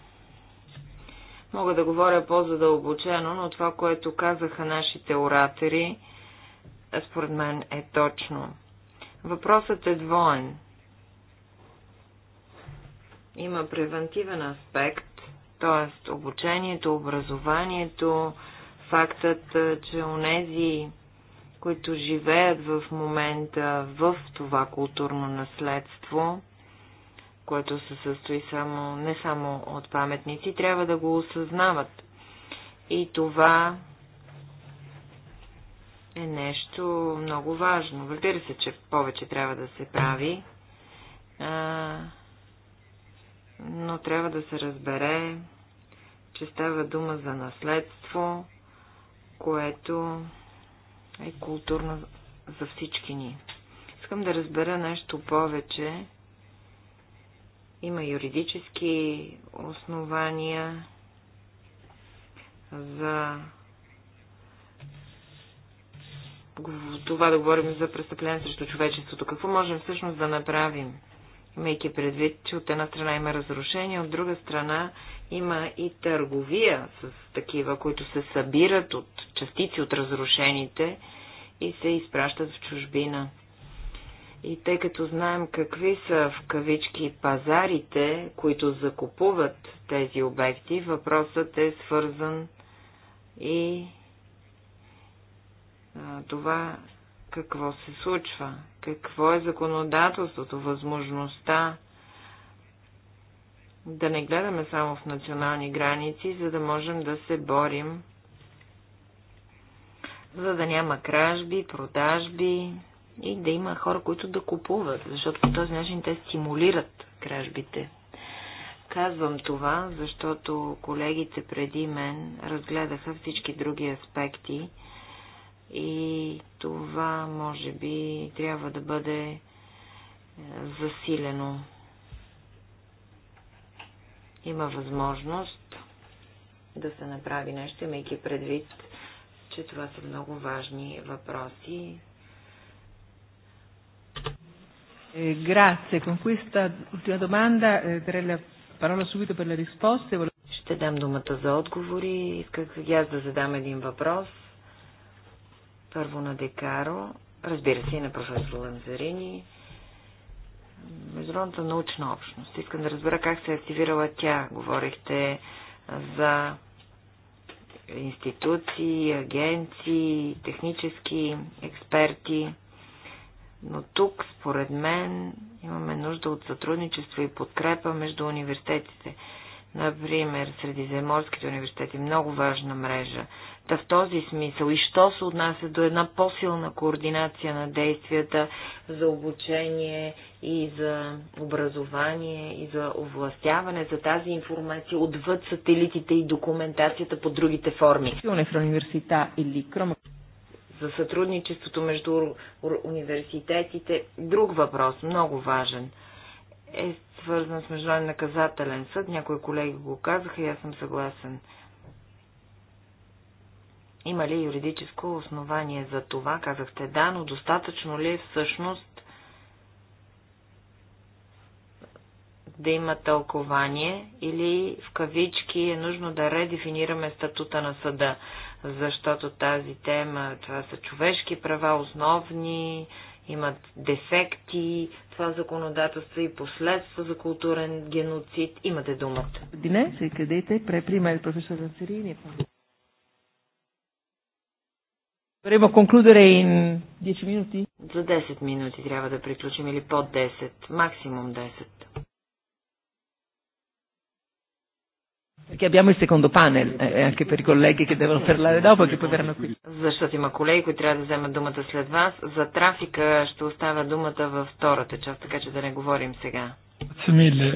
Мога да говоря по-задълбочено, но това, което казаха нашите оратори, според мен е точно. Въпросът е двоен. Има превентивен аспект, т.е. обучението, образованието, Фактът, че онези, които живеят в момента в това културно наследство, което се състои само, не само от паметници, трябва да го осъзнават. И това е нещо много важно. Разбира се, че повече трябва да се прави, а, но трябва да се разбере, че става дума за наследство, което е културно за всички ни. Искам да разбера нещо повече. Има юридически основания за това да говорим за престъпление срещу човечеството. Какво можем всъщност да направим? Имайки предвид, че от една страна има разрушение, от друга страна има и търговия с такива, които се събират от частици от разрушените и се изпращат в чужбина. И тъй като знаем какви са в кавички пазарите, които закупуват тези обекти, въпросът е свързан и а, това какво се случва, какво е законодателството, възможността да не гледаме само в национални граници, за да можем да се борим, за да няма кражби, продажби и да има хора, които да купуват, защото по този начин те стимулират кражбите. Казвам това, защото колегите преди мен разгледаха всички други аспекти и това може би трябва да бъде е, засилено има възможност да се направи нещо, имайки предвид, че това са много важни въпроси. Grazie, е, con questa ultima domanda eh, darei la parola subito per le risposte. Ще дам думата за отговори. Исках и аз да задам един въпрос. Първо на Декаро, разбира се и на професор Ланзарини международната научна общност. Искам да разбера как се е активирала тя. Говорихте за институции, агенции, технически експерти. Но тук, според мен, имаме нужда от сътрудничество и подкрепа между университетите. Например, Средиземорските университети, много важна мрежа. Та в този смисъл и що се отнася до една по-силна координация на действията за обучение и за образование, и за овластяване, за тази информация отвъд сателитите и документацията по другите форми. За сътрудничеството между университетите, друг въпрос, много важен, е свързан с Международен наказателен съд. Някои колеги го казаха и аз съм съгласен. Има ли юридическо основание за това? Казахте да, но достатъчно ли е всъщност да има тълкование или в кавички е нужно да редефинираме статута на съда, защото тази тема, това са човешки права, основни, имат дефекти, това законодателство и последства за културен геноцид. Имате думата. Днес, къдете, преприма il професор Лацерини. Dovremmo concludere 10 За 10 минути трябва да приключим или под 10, максимум 10. Perché abbiamo il secondo panel, eh, anche per i colleghi che devono parlare dopo e che poi verranno qui. Защото има колеги, които трябва да вземат думата след вас. За трафика ще оставя думата във втората част, така че да не говорим сега. It's really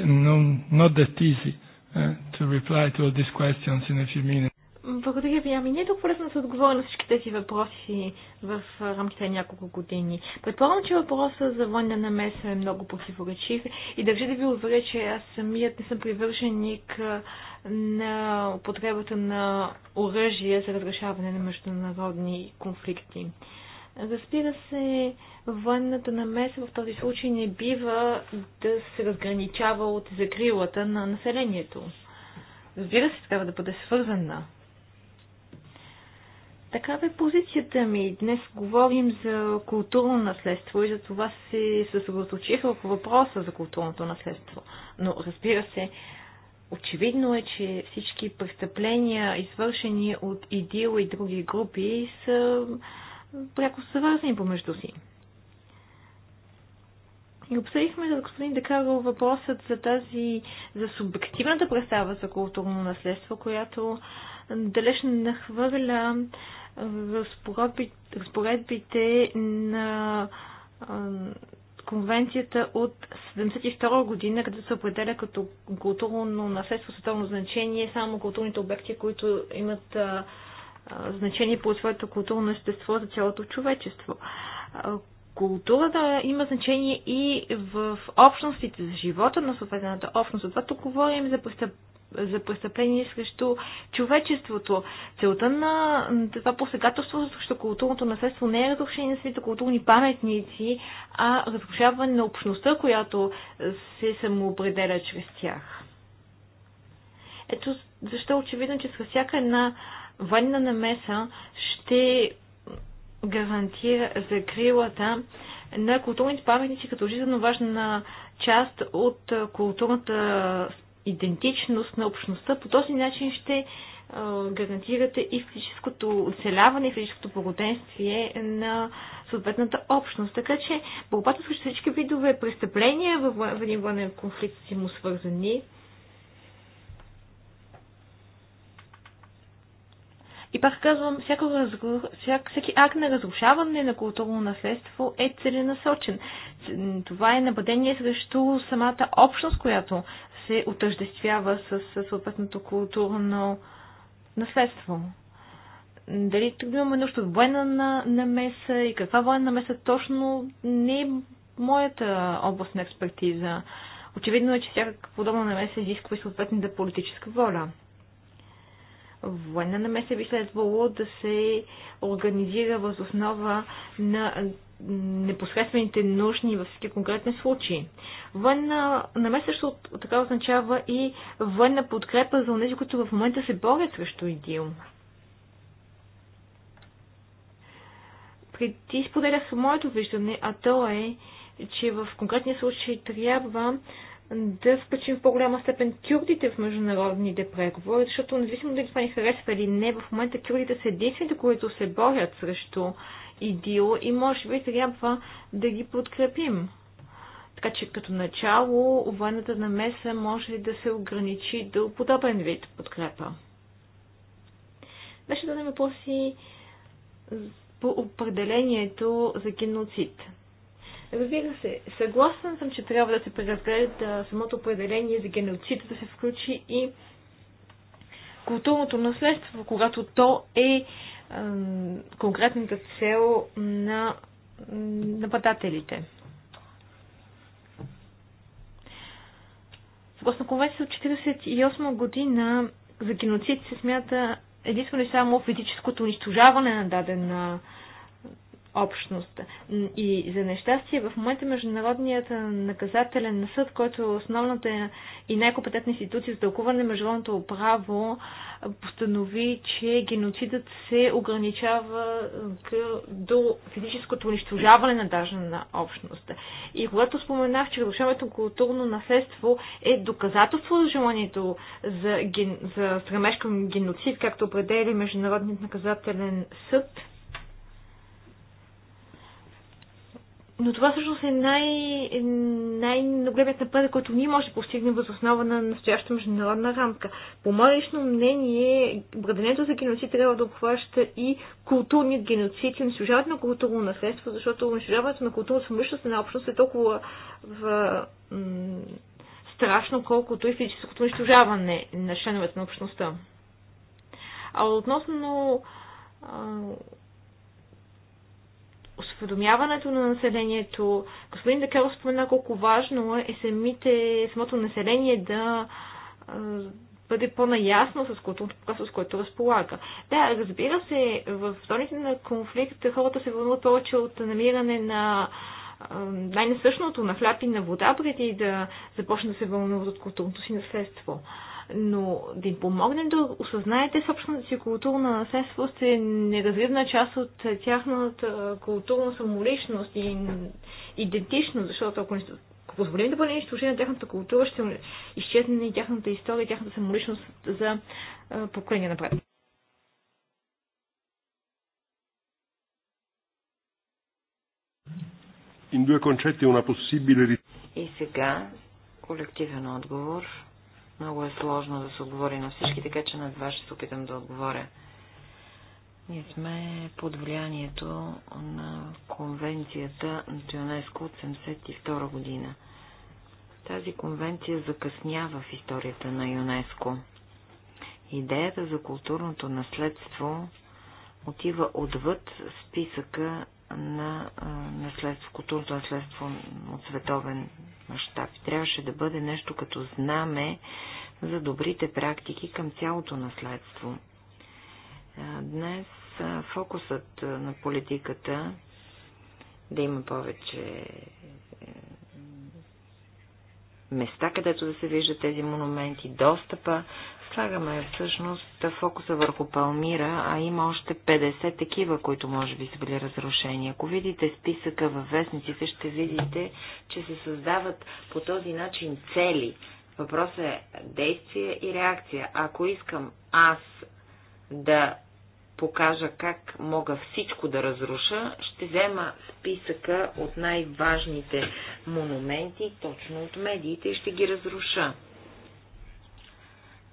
not that easy uh, to reply to all these questions in a few minutes. Благодаря ви. Ами не е толкова лесно да се отговори на всички тези въпроси в рамките на няколко години. Предполагам, че въпроса за военна намеса е много противоречив и държа да ви уверя, че аз самият не съм привърженик на употребата на оръжие за разрешаване на международни конфликти. Разбира се, военната намеса в този случай не бива да се разграничава от закрилата на населението. Разбира се, трябва да бъде свързана Такава е позицията ми. Днес говорим за културно наследство и за това се съсредоточих върху въпроса за културното наследство. Но разбира се, очевидно е, че всички престъпления, извършени от ИДИЛ и други групи, са пряко свързани помежду си. И обсъдихме за господин Декаро въпросът за тази, за субективната представа за културно наследство, която далеч нахвърля разпоредбите на конвенцията от 1972 година, където се определя като културно наследство световно значение само културните обекти, които имат значение по своето културно естество за цялото човечество. културата има значение и в общностите, за живота на съответната общност. Това тук говорим за, за престъпление срещу човечеството. Целта на това посегателство срещу културното наследство не е разрушение на свите културни паметници, а разрушаване на общността, която се самоопределя чрез тях. Ето защо е очевидно, че с всяка една военна намеса ще гарантира закрилата на културните паметници като жизненно важна част от културната идентичност на общността. По този начин ще гарантирате и физическото оцеляване, и физическото благоденствие на съответната общност. Така че борбата срещу всички видове престъпления в един военен конфликт си му свързани И пак казвам, всяко разру... всяк... всеки акт на разрушаване на културно наследство е целенасочен. Това е нападение срещу самата общност, която се отъждествява с съответното културно наследство. Дали тук имаме нещо от военна намеса и каква военна намеса точно не е моята област на експертиза. Очевидно е, че всяка подобна намеса изисква и съответната политическа воля военна намеса би следвало да се организира въз основа на непосредствените нужни във всички конкретни случаи. Военна намеса също така означава и военна подкрепа за тези, които в момента се борят срещу ИДИЛ. Преди споделях моето виждане, а то е, че в конкретния случай трябва да включим в по-голяма степен кюрдите в международните преговори, защото независимо дали това ни харесва или не, в момента кюрдите са единствените, които се борят срещу ИДИЛ и може би трябва да ги подкрепим. Така че като начало военната намеса може да се ограничи до подобен вид подкрепа. Беше даден въпроси по определението за геноцид. Разбира се, съгласен съм, че трябва да се преразгледа самото определение за геноцид, да се включи и културното наследство, когато то е конкретната цел на нападателите. Съгласно конвенция от 1948 година за геноцид се смята единствено и само физическото унищожаване на дадена общност. И за нещастие в момента Международният наказателен съд, който е основната и най-компетентна институция за тълкуване на международното право, постанови, че геноцидът се ограничава до физическото унищожаване на на общност. И когато споменах, че разрушаването културно наследство е доказателство за желанието за, ген... за стремеж към геноцид, както определи Международният наказателен съд, Но това всъщност е най- най-големият напредък, който ние може да постигнем въз основа на настояща международна рамка. По мое лично мнение, граденето за геноцид трябва да обхваща и културният геноцид и унищожаването на културно наследство, защото унищожаването на културно самущество на общност е толкова в, страшно, колкото и физическото унищожаване на членовете на общността. А относно осведомяването на населението. Господин Декел спомена колко важно е самите, самото население да бъде по-наясно с културното богатство, с което разполага. Да, разбира се, в зоните на конфликт хората се вълнуват повече от намиране на най несъщното на хляб и на вода, преди да започне да се вълнуват от културното си наследство но да им помогнем да осъзнаете собствената си културна наследство сте неразривна част от е, тяхната е, културна самоличност и идентичност, защото ако не позволим да бъде на тяхната култура, ще изчезне и тяхната история, и тяхната самоличност за е, поколение напред. In due concetti una possibile... И сега колективен отговор много е сложно да се отговори на всички, така че на два ще се опитам да отговоря. Ние сме под влиянието на конвенцията на ЮНЕСКО от 1972 година. Тази конвенция закъснява в историята на ЮНЕСКО. Идеята за културното наследство отива отвъд списъка на наследство, културното наследство е от световен мащаб. Трябваше да бъде нещо като знаме за добрите практики към цялото наследство. Днес фокусът на политиката да има повече е, места, където да се виждат тези монументи, достъпа Слагаме всъщност фокуса върху Палмира, а има още 50 такива, които може би са били разрушени. Ако видите списъка във вестниците, ще видите, че се създават по този начин цели. Въпросът е действие и реакция. Ако искам аз да покажа как мога всичко да разруша, ще взема списъка от най-важните монументи точно от медиите и ще ги разруша.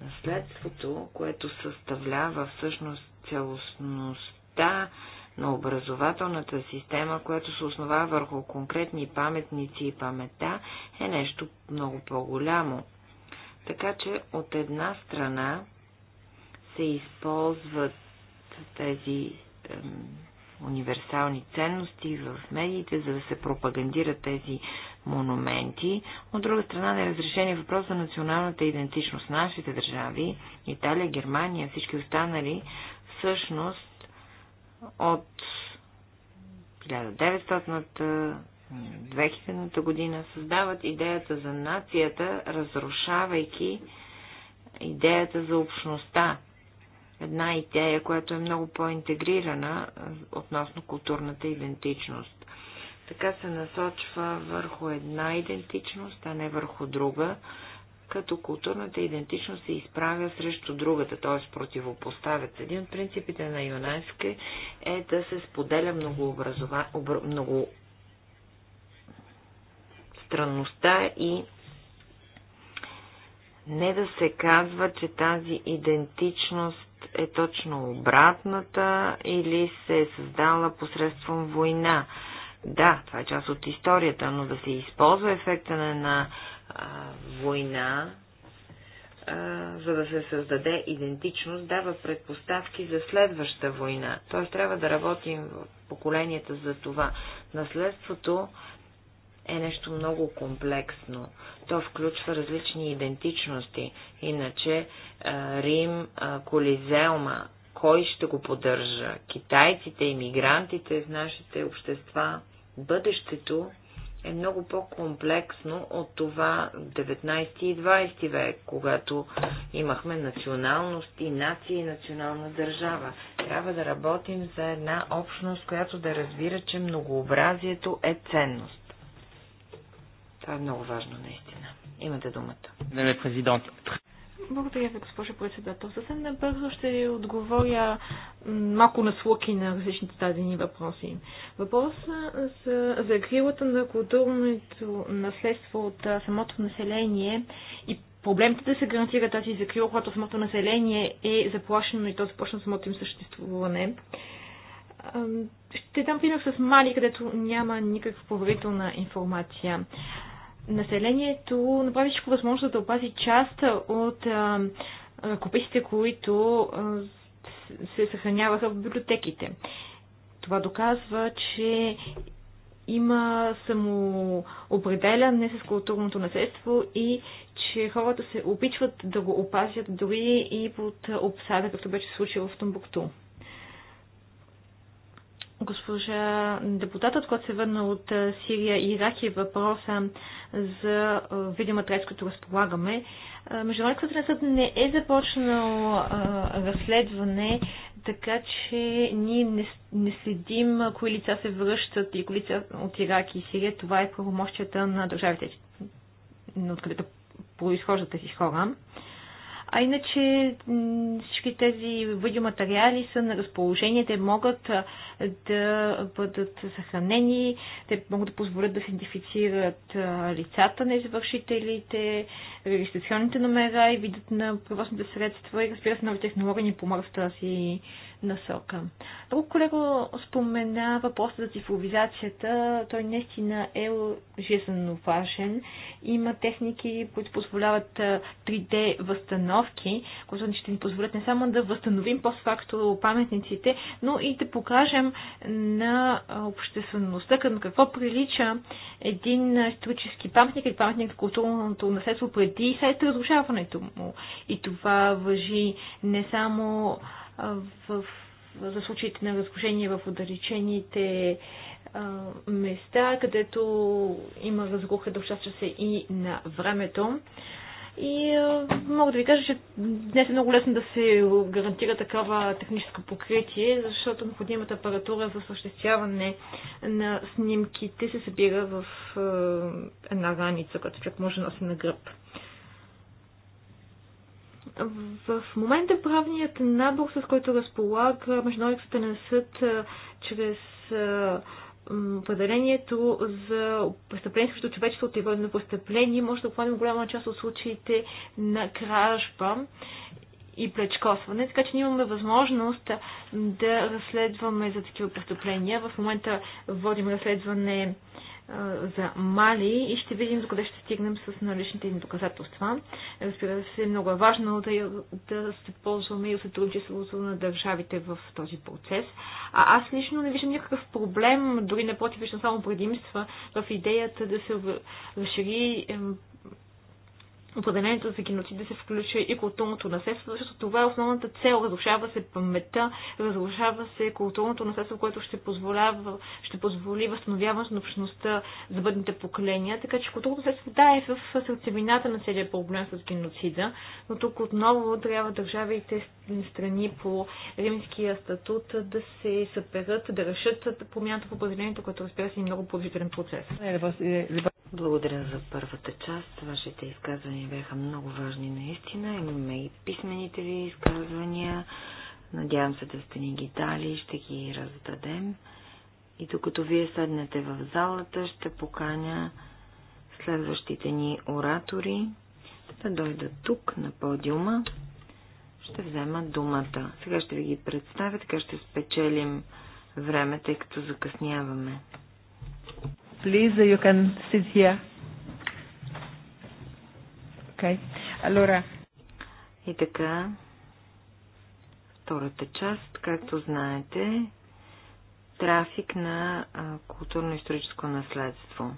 Наследството, което съставлява всъщност цялостността на образователната система, която се основава върху конкретни паметници и памета, е нещо много по-голямо. Така че от една страна се използват тези ем, универсални ценности в медиите, за да се пропагандират тези монументи. От друга страна не е въпрос за националната идентичност. Нашите държави, Италия, Германия, всички останали, всъщност от 1900-та 2000-та година създават идеята за нацията, разрушавайки идеята за общността. Една идея, която е много по-интегрирана относно културната идентичност. Така се насочва върху една идентичност, а не върху друга, като културната идентичност се изправя срещу другата, т.е. противопоставят. Един от принципите на ЮНЕСКО е да се споделя многообразова... обр... много странността и не да се казва, че тази идентичност е точно обратната или се е създала посредством война. Да, това е част от историята, но да се използва ефекта на една а, война, за да се създаде идентичност, дава предпоставки за следваща война. Т.е. трябва да работим в поколенията за това. Наследството е нещо много комплексно. То включва различни идентичности. Иначе Рим, Колизеума, кой ще го поддържа? Китайците, иммигрантите в нашите общества? Бъдещето е много по-комплексно от това 19 и 20 век, когато имахме националност и нация и национална държава. Трябва да работим за една общност, която да разбира, че многообразието е ценност. Това е много важно, наистина. Имате думата. Не, благодаря ви, госпожа председател. Съвсем набързо ще отговоря малко на слуки на различните дадени въпроси. Въпрос за закрилата на културното наследство от самото население и проблемите да се гарантира тази закрила, когато самото население е заплашено и то започна самото им съществуване. Ще дам пример с Мали, където няма никаква поверителна информация населението направи всичко възможно да опази част от ръкописите, които а, се съхраняваха в библиотеките. Това доказва, че има самоопределяне с културното наследство и че хората се опитват да го опазят дори и под обсада, като беше случило в Томбукту госпожа депутатът, който се върна от Сирия и Ирак и е въпроса за видимо трец, който разполагаме. Международният съдебен съд не е започнал а, разследване, така че ние не, не следим кои лица се връщат и кои лица от Ирак и Сирия. Това е правомощията на държавите, откъдето произхождат тези хора. А иначе всички тези видеоматериали са на разположение, те могат да бъдат съхранени, те могат да позволят да се идентифицират лицата на извършителите, регистрационните номера и видът на превозните средства и разбира се, нови технологии ни помагат в тази насока. Друг колега спомена въпроса за цифровизацията. Той наистина е жизненно важен. Има техники, които позволяват 3D възстановки, които ще ни позволят не само да възстановим постфакто паметниците, но и да покажем на обществеността към какво прилича един исторически паметник или паметник на културното наследство преди и след разрушаването му. И това въжи не само в, за случаите на разрушение в отдалечените места, където има разруха, участва се и на времето. И а, мога да ви кажа, че днес е много лесно да се гарантира такава техническо покритие, защото необходимата апаратура за съществяване на снимките се събира в а, една раница, която човек може да носи на гръб. В момента правният набор, с който разполага Международния съдебен съд чрез определението за престъпление срещу човечеството и военно престъпление може да обхване голяма част от случаите на кражба и плечкосване, така че ние имаме възможност да разследваме за такива престъпления. В момента водим разследване за Мали и ще видим докъде ще стигнем с наличните ни доказателства. Разбира се, много е важно да, да се ползваме и от сътрудничеството на държавите в този процес. А аз лично не виждам никакъв проблем, дори напротив, виждам само предимства в идеята да се разшири определението за геноцида се включва и културното наследство, защото това е основната цел. Разрушава се паметта, разрушава се културното наследство, което ще, позволява, ще позволи възстановяването на общността за бъдните поколения. Така че културното наследство, да, е в сърцевината на целият проблем с геноцида, но тук отново трябва държавите страни по римския статут да се съперат, да решат промяната в определението, което разбира се е много положителен процес. Благодаря за първата част. Вашите изказвания бяха много важни наистина. Имаме и писмените ви изказвания. Надявам се да сте ни ги дали, ще ги раздадем. И докато вие седнете в залата, ще поканя следващите ни оратори да дойдат тук на подиума. Ще взема думата. Сега ще ви ги представя, така ще спечелим време, тъй като закъсняваме. Please, you can sit here. Okay. Allora. И така, втората част, както знаете, трафик на културно-историческо наследство.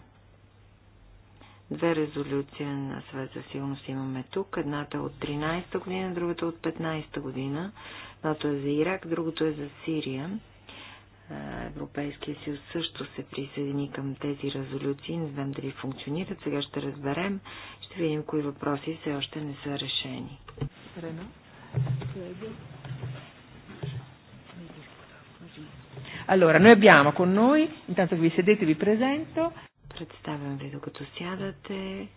Две резолюции на Съвет за сигурност имаме тук. Едната е от 13-та година, другата от 15-та година. Едното е за Ирак, другото е за Сирия. Европейския съюз също се присъедини към тези резолюции. Не знам дали функционират. Сега ще разберем. Ще видим кои въпроси все още не са решени. Рено. Allora, noi abbiamo con noi, intanto che vi sedete vi presento. Представям ви докато сядате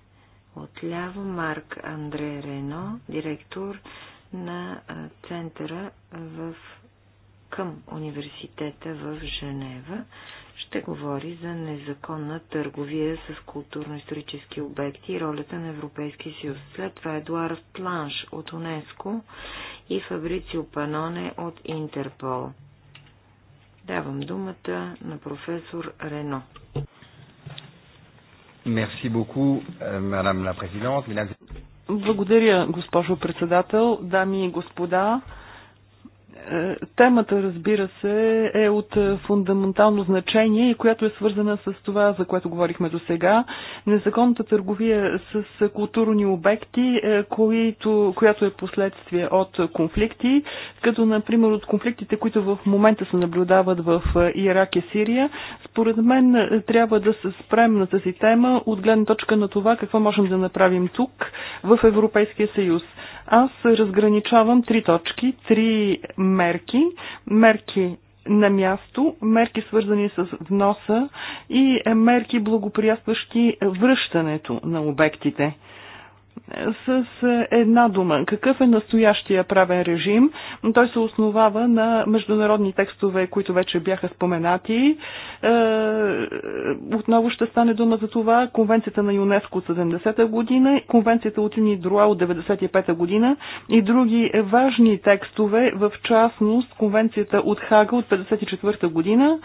отляво Марк Андре Рено, директор на центъра в към университета в Женева ще говори за незаконна търговия с културно-исторически обекти и ролята на Европейския съюз. След това Едуард Планш от УНЕСКО и Фабрицио Паноне от Интерпол. Давам думата на професор Рено. Merci beaucoup, euh, madame la présidente. Благодаря, госпожо председател, дами и господа. Е, темата, разбира се, е от фундаментално значение и която е свързана с това, за което говорихме до сега. Незаконната търговия с културни обекти, е, които, която е последствие от конфликти, като например от конфликтите, които в момента се наблюдават в е, Ирак и Сирия. Според мен трябва да се спрем на тази тема от гледна точка на това какво можем да направим тук в Европейския съюз. Аз разграничавам три точки, три мерки. Мерки на място, мерки свързани с вноса и мерки благоприятстващи връщането на обектите с е, е, една дума. Какъв е настоящия правен режим? Той се основава на международни текстове, които вече бяха споменати. Е, отново ще стане дума за това. Конвенцията на ЮНЕСКо от 70-та година, Конвенцията от Юни Друа от 95-та година и други важни текстове, в частност Конвенцията от Хага от 54-та година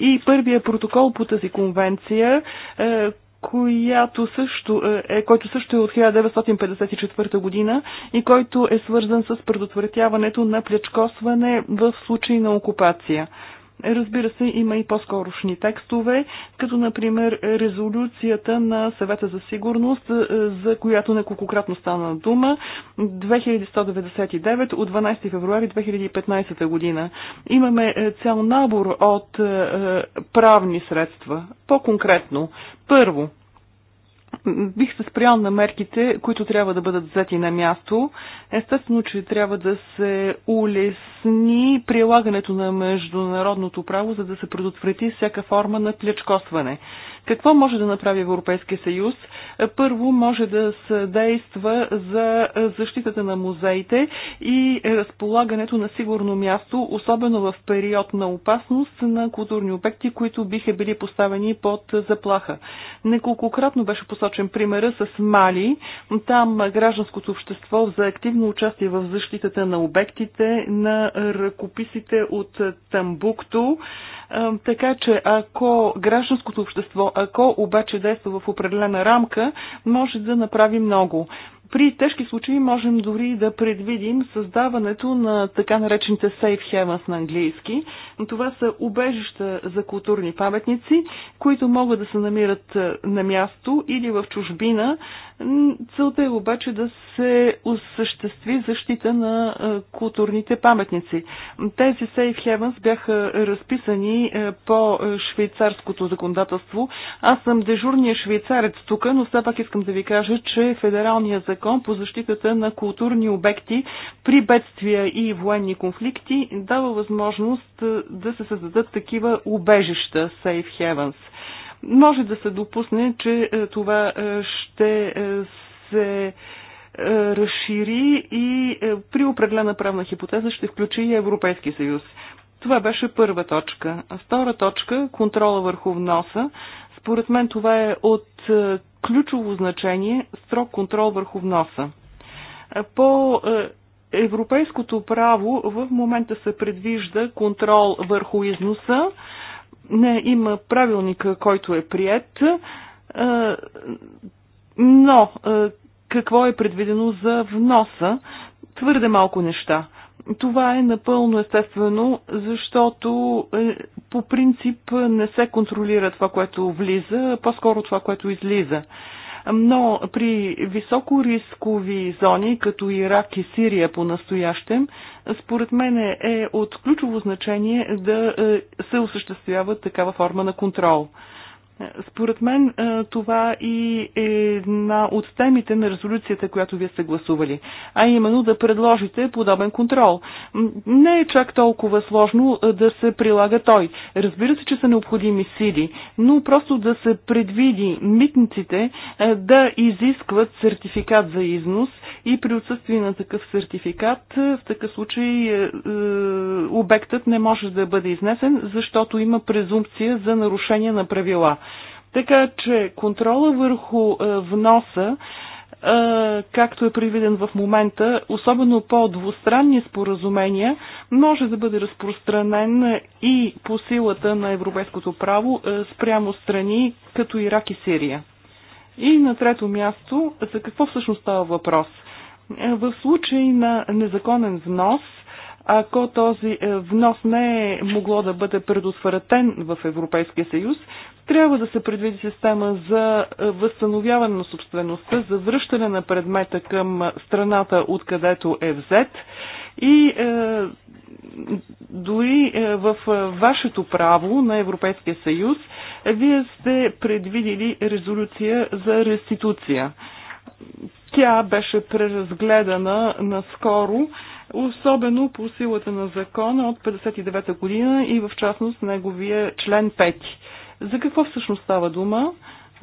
и първия протокол по тази конвенция, която също е, е, който също е от 1954 година и който е свързан с предотвратяването на плечкосване в случай на окупация. Разбира се, има и по-скорошни текстове, като например резолюцията на съвета за сигурност, е, за която неколкократно стана дума, 2199 от 12 февруари 2015 година. Имаме е, цял набор от е, правни средства. По-конкретно, първо, бих се спрял на мерките, които трябва да бъдат взети на място. Естествено, че трябва да се улесни прилагането на международното право, за да се предотврати всяка форма на плечкосване. Какво може да направи Европейския съюз? Първо може да се действа за защитата на музеите и разполагането на сигурно място, особено в период на опасност на културни обекти, които биха били поставени под заплаха. Неколкократно беше посочен примера с Мали. Там гражданското общество за активно участие в защитата на обектите, на ръкописите от Тамбукто, така че ако гражданското общество, ако обаче действа в определена рамка, може да направи много. При тежки случаи можем дори да предвидим създаването на така наречените safe havens на английски. Това са убежища за културни паметници, които могат да се намират е, на място или в чужбина. Целта е обаче да се осъществи защита на е, културните паметници. Тези safe havens бяха разписани е, по швейцарското законодателство. Аз съм дежурния швейцарец тук, но все пак искам да ви кажа, че федералния закон закон по защитата на културни обекти при бедствия и военни конфликти дава възможност е, да се създадат такива убежища, safe Heavens. Може да се допусне, че е, това е, ще се разшири и при определена правна хипотеза ще включи и Европейски съюз. Това беше първа точка. Втора точка – контрола върху вноса. Според мен това е от ключово значение строг контрол върху вноса. По е, европейското право в момента се предвижда контрол върху износа. Не, има правилника, който е прият, е, но е, какво е предвидено за вноса? Твърде малко неща. Това е напълно естествено, защото е, по принцип не се контролира това, което влиза, по-скоро това, което излиза. Но при високо рискови зони, като Ирак и Сирия по-настоящем, според мен е от ключово значение да е, се осъществява такава форма на контрол. Според мен е, това и е една от темите на резолюцията, която вие сте гласували, а именно да предложите подобен контрол. Не е чак толкова сложно е, да се прилага той. Разбира се, че са необходими сили, но просто да се предвиди митниците е, да изискват сертификат за износ и при отсъствие на такъв сертификат в такъв случай обектът не може да бъде изнесен, защото има презумпция за нарушение на правила. Така че контрола върху е, вноса е, както е привиден в момента, особено по двустранни споразумения, може да бъде разпространен и по силата на европейското право е, спрямо страни като Ирак и Сирия. И на трето място, за какво всъщност става въпрос? В случай на незаконен внос – ако този е, внос не е могло да бъде предотвратен в Европейския съюз, трябва да се предвиди система за е, възстановяване на собствеността, за връщане на предмета към страната, откъдето е взет. И е, дори е, в вашето право на Европейския съюз, вие сте предвидили резолюция за реституция. Тя беше преразгледана наскоро, особено по силата на закона от 59-та година и в частност неговия член 5. За какво всъщност става дума?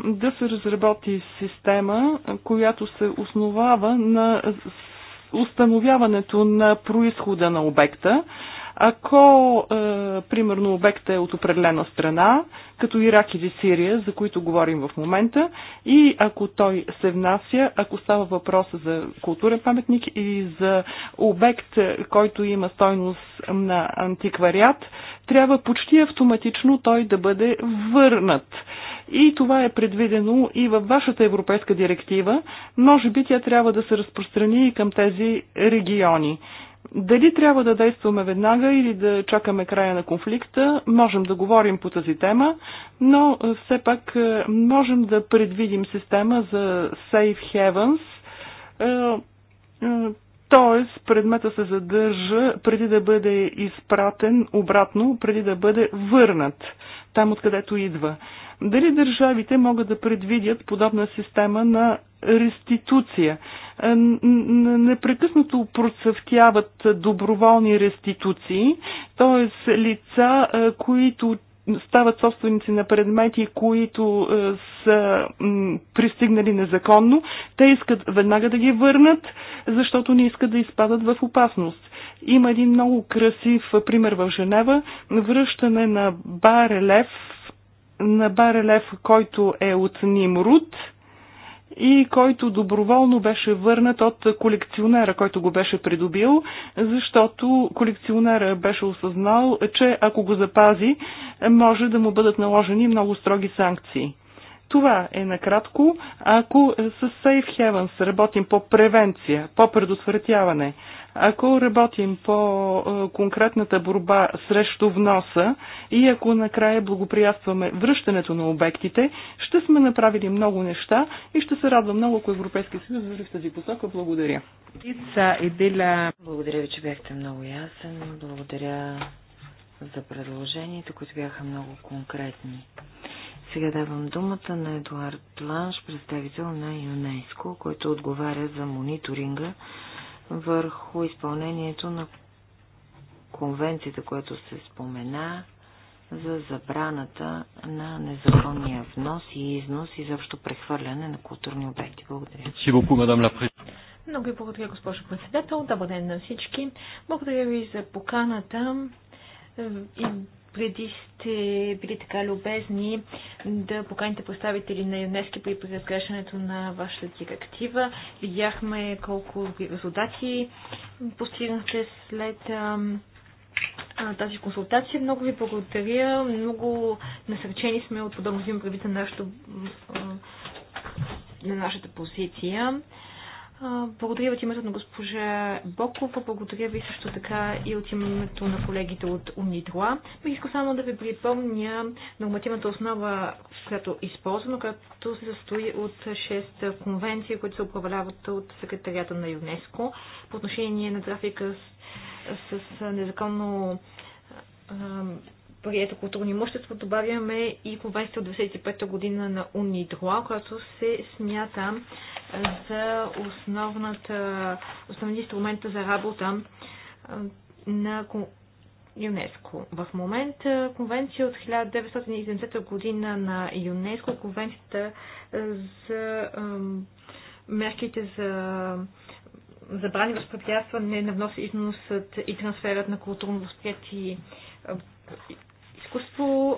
Да се разработи система, която се основава на установяването на происхода на обекта, ако, е, примерно, обектът е от определена страна, като Ирак или Сирия, за които говорим в момента, и ако той се внася, ако става въпрос за културен паметник или за обект, който има стойност на антиквариат, трябва почти автоматично той да бъде върнат. И това е предвидено и във вашата европейска директива. Може би тя трябва да се разпространи и към тези региони. Дали трябва да действаме веднага или да чакаме края на конфликта, можем да говорим по тази тема, но е, все пак е, можем да предвидим система за Safe Heavens, т.е. Е, предмета се задържа преди да бъде изпратен обратно, преди да бъде върнат там, откъдето идва. Дали държавите могат да предвидят подобна система на реституция? Е, непрекъснато процъфтяват доброволни реституции, т.е. лица, е, които стават собственици на предмети, които е, са пристигнали незаконно. Те искат веднага да ги върнат, защото не искат да изпадат в опасност. Има един много красив пример в Женева. Връщане на барелев на барелев, който е от Нимруд и който доброволно беше върнат от колекционера, който го беше придобил, защото колекционера беше осъзнал, че ако го запази, може да му бъдат наложени много строги санкции. Това е накратко. Ако с Safe Heavens работим по превенция, по предотвратяване, ако работим по е, конкретната борба срещу вноса и ако накрая благоприятстваме връщането на обектите, ще сме направили много неща и ще се радвам много, ако Европейския съюз върви в тази посока. Благодаря. Благодаря ви, че бяхте много ясен. Благодаря за предложението, които бяха много конкретни. Сега давам думата на Едуард Ланш, представител на ЮНЕСКО, който отговаря за мониторинга върху изпълнението на конвенцията, която се спомена за забраната на незаконния внос и износ и заобщо прехвърляне на културни обекти. Благодаря. Много ви благодаря, госпожо председател. Добър ден на всички. Благодаря ви за поканата е, и преди сте били така любезни да поканите представители на ЮНЕСКО при преразглеждането на вашата директива. Видяхме колко резултати постигнахте след тази консултация. Много ви благодаря. Много насърчени сме от подобно взимам правите на, на нашата позиция. Благодаря от името на госпожа Бокова, благодаря ви също така и от името на колегите от Унитла. Бих искал само да ви припомня нормативната основа, която използвана, която се състои от 6 конвенции, които се управляват от секретарията на ЮНЕСКО по отношение на трафика с, с незаконно прието културно имущество, добавяме и конвенция от 25-та година на Унидла, която се смята за основната, основни инструмента за работа на ЮНЕСКО. В момента конвенция от 1970 година на ЮНЕСКО, конвенцията за мерките за забрани възпрепятстване на внос, износът и трансферът на културно възприяти изкуство,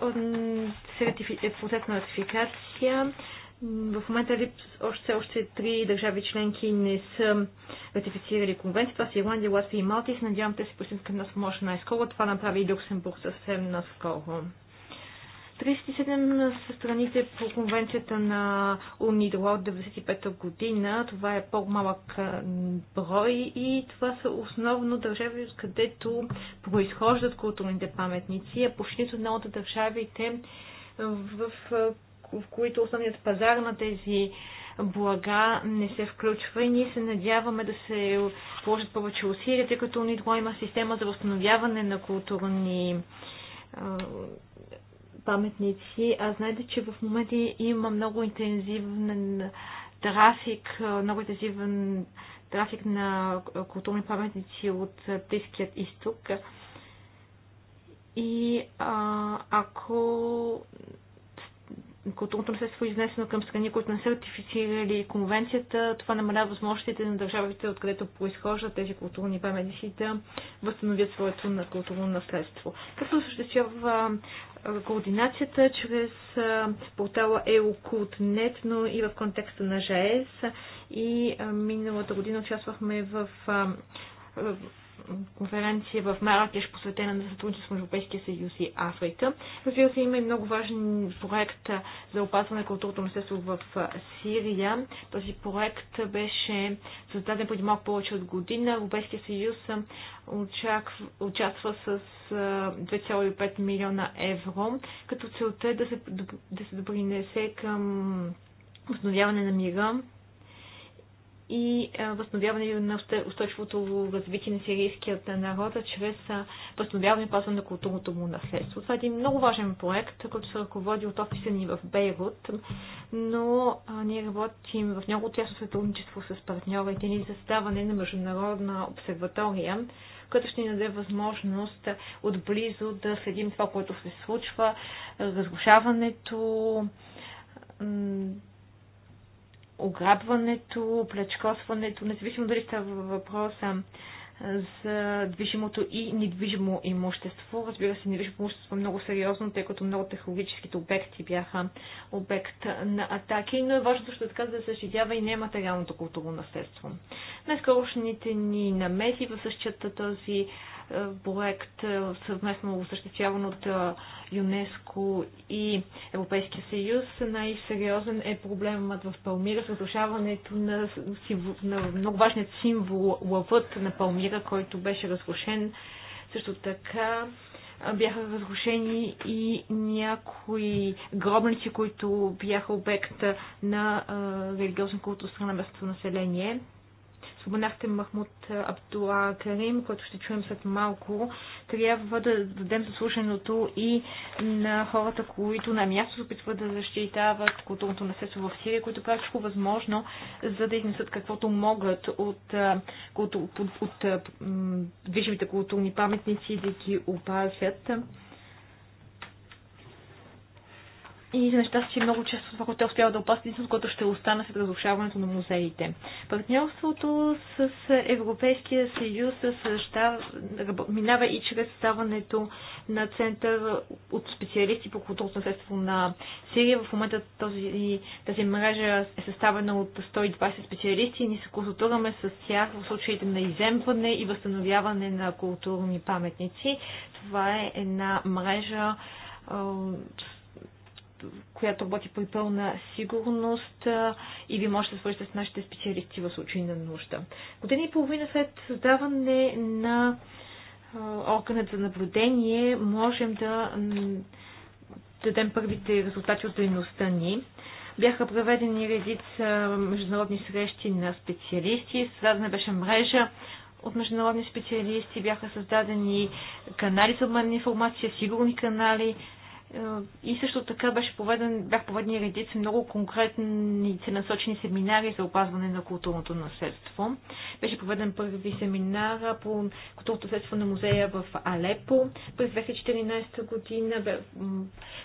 е процес на ратификация. В момента ли още, още три държави членки не са ратифицирали конвенция. Това са Ирландия, Латвия и Малти. се надявам те се присъединят към нас може най-скоро. Това направи и Люксембург съвсем наскоро. 37 са страните по конвенцията на УНИДРО от 95-та година. Това е по-малък брой и това са основно държави, където произхождат културните паметници, а почти от една от държавите в в които основният пазар на тези блага не се включва и ние се надяваме да се положат повече усилия, тъй като Нидло има система за възстановяване на културни паметници. А знаете, че в момента има много интензивен трафик, много интензивен трафик на културни паметници от Близкият изток. И а, ако културното наследство е изнесено към страни, които не са ратифицирали конвенцията. Това намалява възможностите на държавите, откъдето произхождат тези културни паметници да възстановят своето на културно наследство. Като осъществява координацията чрез портала EUCult.net, но и в контекста на ЖАЕС. E и миналата година участвахме в конференция в Маракеш, посветена на сътрудничество с Европейския съюз и Африка. Разбира се, има и много важен проект за опазване на културното наследство в Сирия. Този проект беше създаден преди малко повече от година. Европейския съюз участва с 2,5 милиона евро, като целта е да се, да се допринесе към установяване на мира и възстановяване на устойчивото развитие на сирийският народ чрез възстановяване и пазване на културното му наследство. Това е един много важен проект, който се ръководи от офиса ни в Бейрут, но ние работим в много тясно сътрудничество с партньорите ни за ставане на международна обсерватория, което ще ни даде възможност отблизо да следим това, което се случва, разрушаването, ограбването, плечкосването, независимо дали става въпроса за движимото и недвижимо имущество. Разбира се, недвижимо имущество е много сериозно, тъй като много технологическите обекти бяха обект на атаки, но е важно също така да защитява и нематериалното културно наследство. Най-скорошните ни намеси в същата този проект е, съвместно осъществяван от е, ЮНЕСКО и Европейския съюз. Най-сериозен е проблемът в Палмира с разрушаването на, на много важният символ лъвът на Палмира, който беше разрушен. Също така е, бяха разрушени и някои гробници, които бяха обект на религиозен култ от страна местното население споменахте Махмуд Абдула Карим, който ще чуем след малко, трябва да дадем заслушането и на хората, които на място се опитват да защитават културното наследство в Сирия, които правят всичко възможно, за да изнесат каквото могат от, от, от, от, от движимите културни паметници да ги опазят. И за неща си много често това, което е успява да опасят, с което ще остана след разрушаването на музеите. Партньорството с Европейския съюз съща, минава и чрез ставането на център от специалисти по културно наследство на Сирия. В момента този, тази мрежа е съставена от 120 специалисти и ние се консултираме с тях в случаите на иземване и възстановяване на културни паметници. Това е една мрежа която работи при пълна сигурност и ви можете да свържете с нашите специалисти в случай на нужда. Година и половина след създаване на органът за наблюдение можем да дадем първите резултати от дейността ни. Бяха проведени редица международни срещи на специалисти. Създадена беше мрежа от международни специалисти, бяха създадени канали за обмен на информация, сигурни канали е, и също така беше поведен, бях поведени редици много конкретни целенасочени семинари за опазване на културното наследство. Беше поведен първи семинар по културното наследство на музея в Алепо през 2014 година.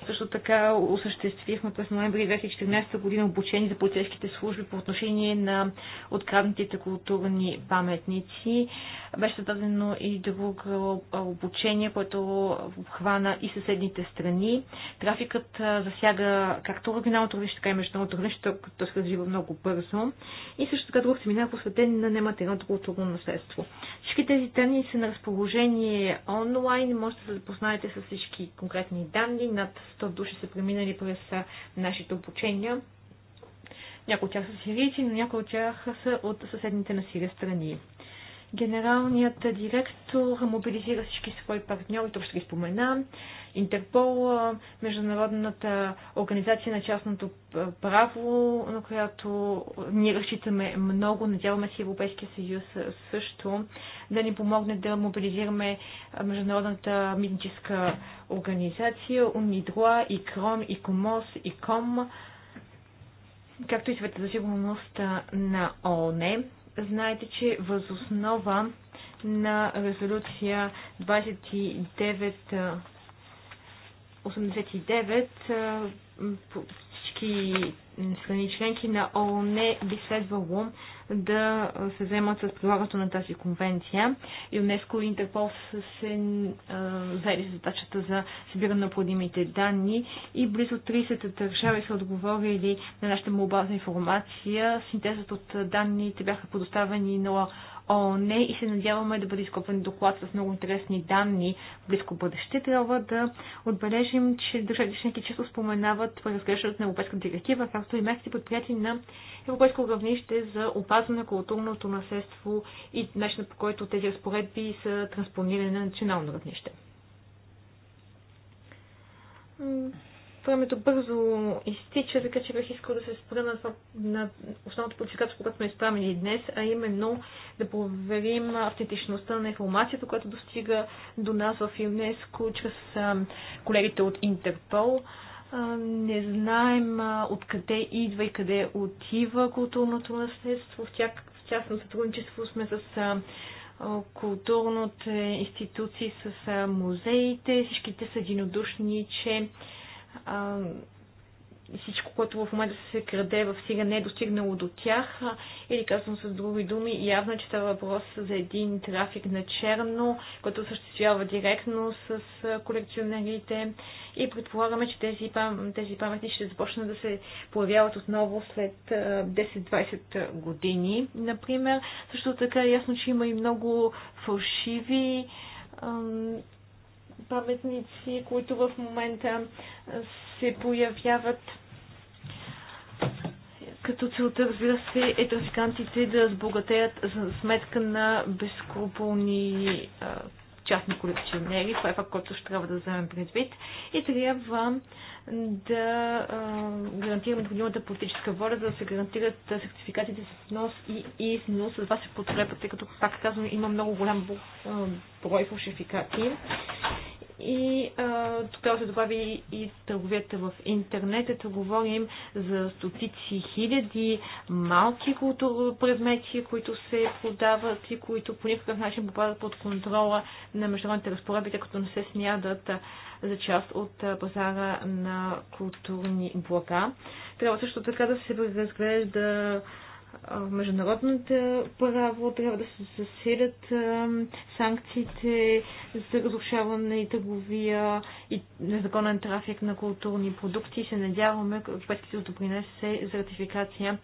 Също така осъществихме през ноември 2014 година обучение за полицейските служби по отношение на откраднатите културни паметници. Беше създадено и друго обучение, което обхвана и съседните страни трафикът засяга както оригиналното равнище, така и международното равнище, като се развива много бързо. И също така друг семинар, посветен на нематериалното културно наследство. Всички тези данни са на разположение онлайн, Можете да се запознаете с всички конкретни данни. Над 100 души са преминали през нашите обучения. Някои от тях са сирийци, но някои от тях са от съседните на Сирия страни. Генералният директор мобилизира всички свои партньори, тук ще ги спомена, Интерпол, Международната организация на частното право, на която ние разчитаме много, надяваме се Европейския съюз също да ни помогне да мобилизираме Международната митническа организация, УНИДРОА, ИКРОН, ИКОМОС, ИКОМ, както и Света за сигурност на ООН. Знаете, че възоснова на резолюция 2989 всички страни членки на ООН е, би следвало да се вземат с прилагането на тази конвенция. ЮНЕСКО и Интерпол са се взели задачата за събиране на необходимите данни и близо 30 държави са отговорили на нашата молба за информация. Синтезът от данните бяха предоставени на ООН и се надяваме да бъде изкопен доклад с много интересни данни в близко бъдеще. Трябва да отбележим, че държавите членки често споменават преразглеждането на Европейска директива, както и мерките предприяти на европейско равнище за опазване на културното наследство и начина по който тези разпоредби са транспонирани на национално равнище времето бързо изтича, така че бих искал да се спра на, на основното предизвикателство, което сме изправили днес, а именно да проверим автентичността на информацията, която достига до нас в ЮНЕСКО чрез колегите от Интерпол. Не знаем откъде идва и къде отива културното наследство. В, тях, в частно сътрудничество сме с културните институции, с музеите. Всичките са единодушни, че а, всичко, което в момента се краде в Сирия, не е достигнало до тях. Или казвам с други думи, явно, е, че това въпрос за един трафик на черно, който осъществява директно с колекционерите. И предполагаме, че тези, пам... тези паметни ще започнат да се появяват отново след 10-20 години, например. Също така е ясно, че има и много фалшиви паметници, които в момента се появяват като целта, разбира се, е трафикантите да сбогатеят за сметка на безкруполни частни колекционери. Това е факт, който ще трябва да вземем предвид. И трябва да гарантираме необходимата политическа воля, за да се гарантират сертификатите с нос и износ. Това вас се подкрепа, тъй като, пак казвам, има много голям брой фалшификати и а, тогава се добави и търговията в интернет. Ето говорим за стотици хиляди малки предмети, които се продават и които по никакъв начин попадат под контрола на международните разпоредби, тъй като не се смятат за част от пазара на културни блага. Трябва също така да се разглежда международното право, трябва да се засилят санкциите за разрушаване и търговия и незаконен трафик на културни продукти. Се надяваме Европейския се да за ратификация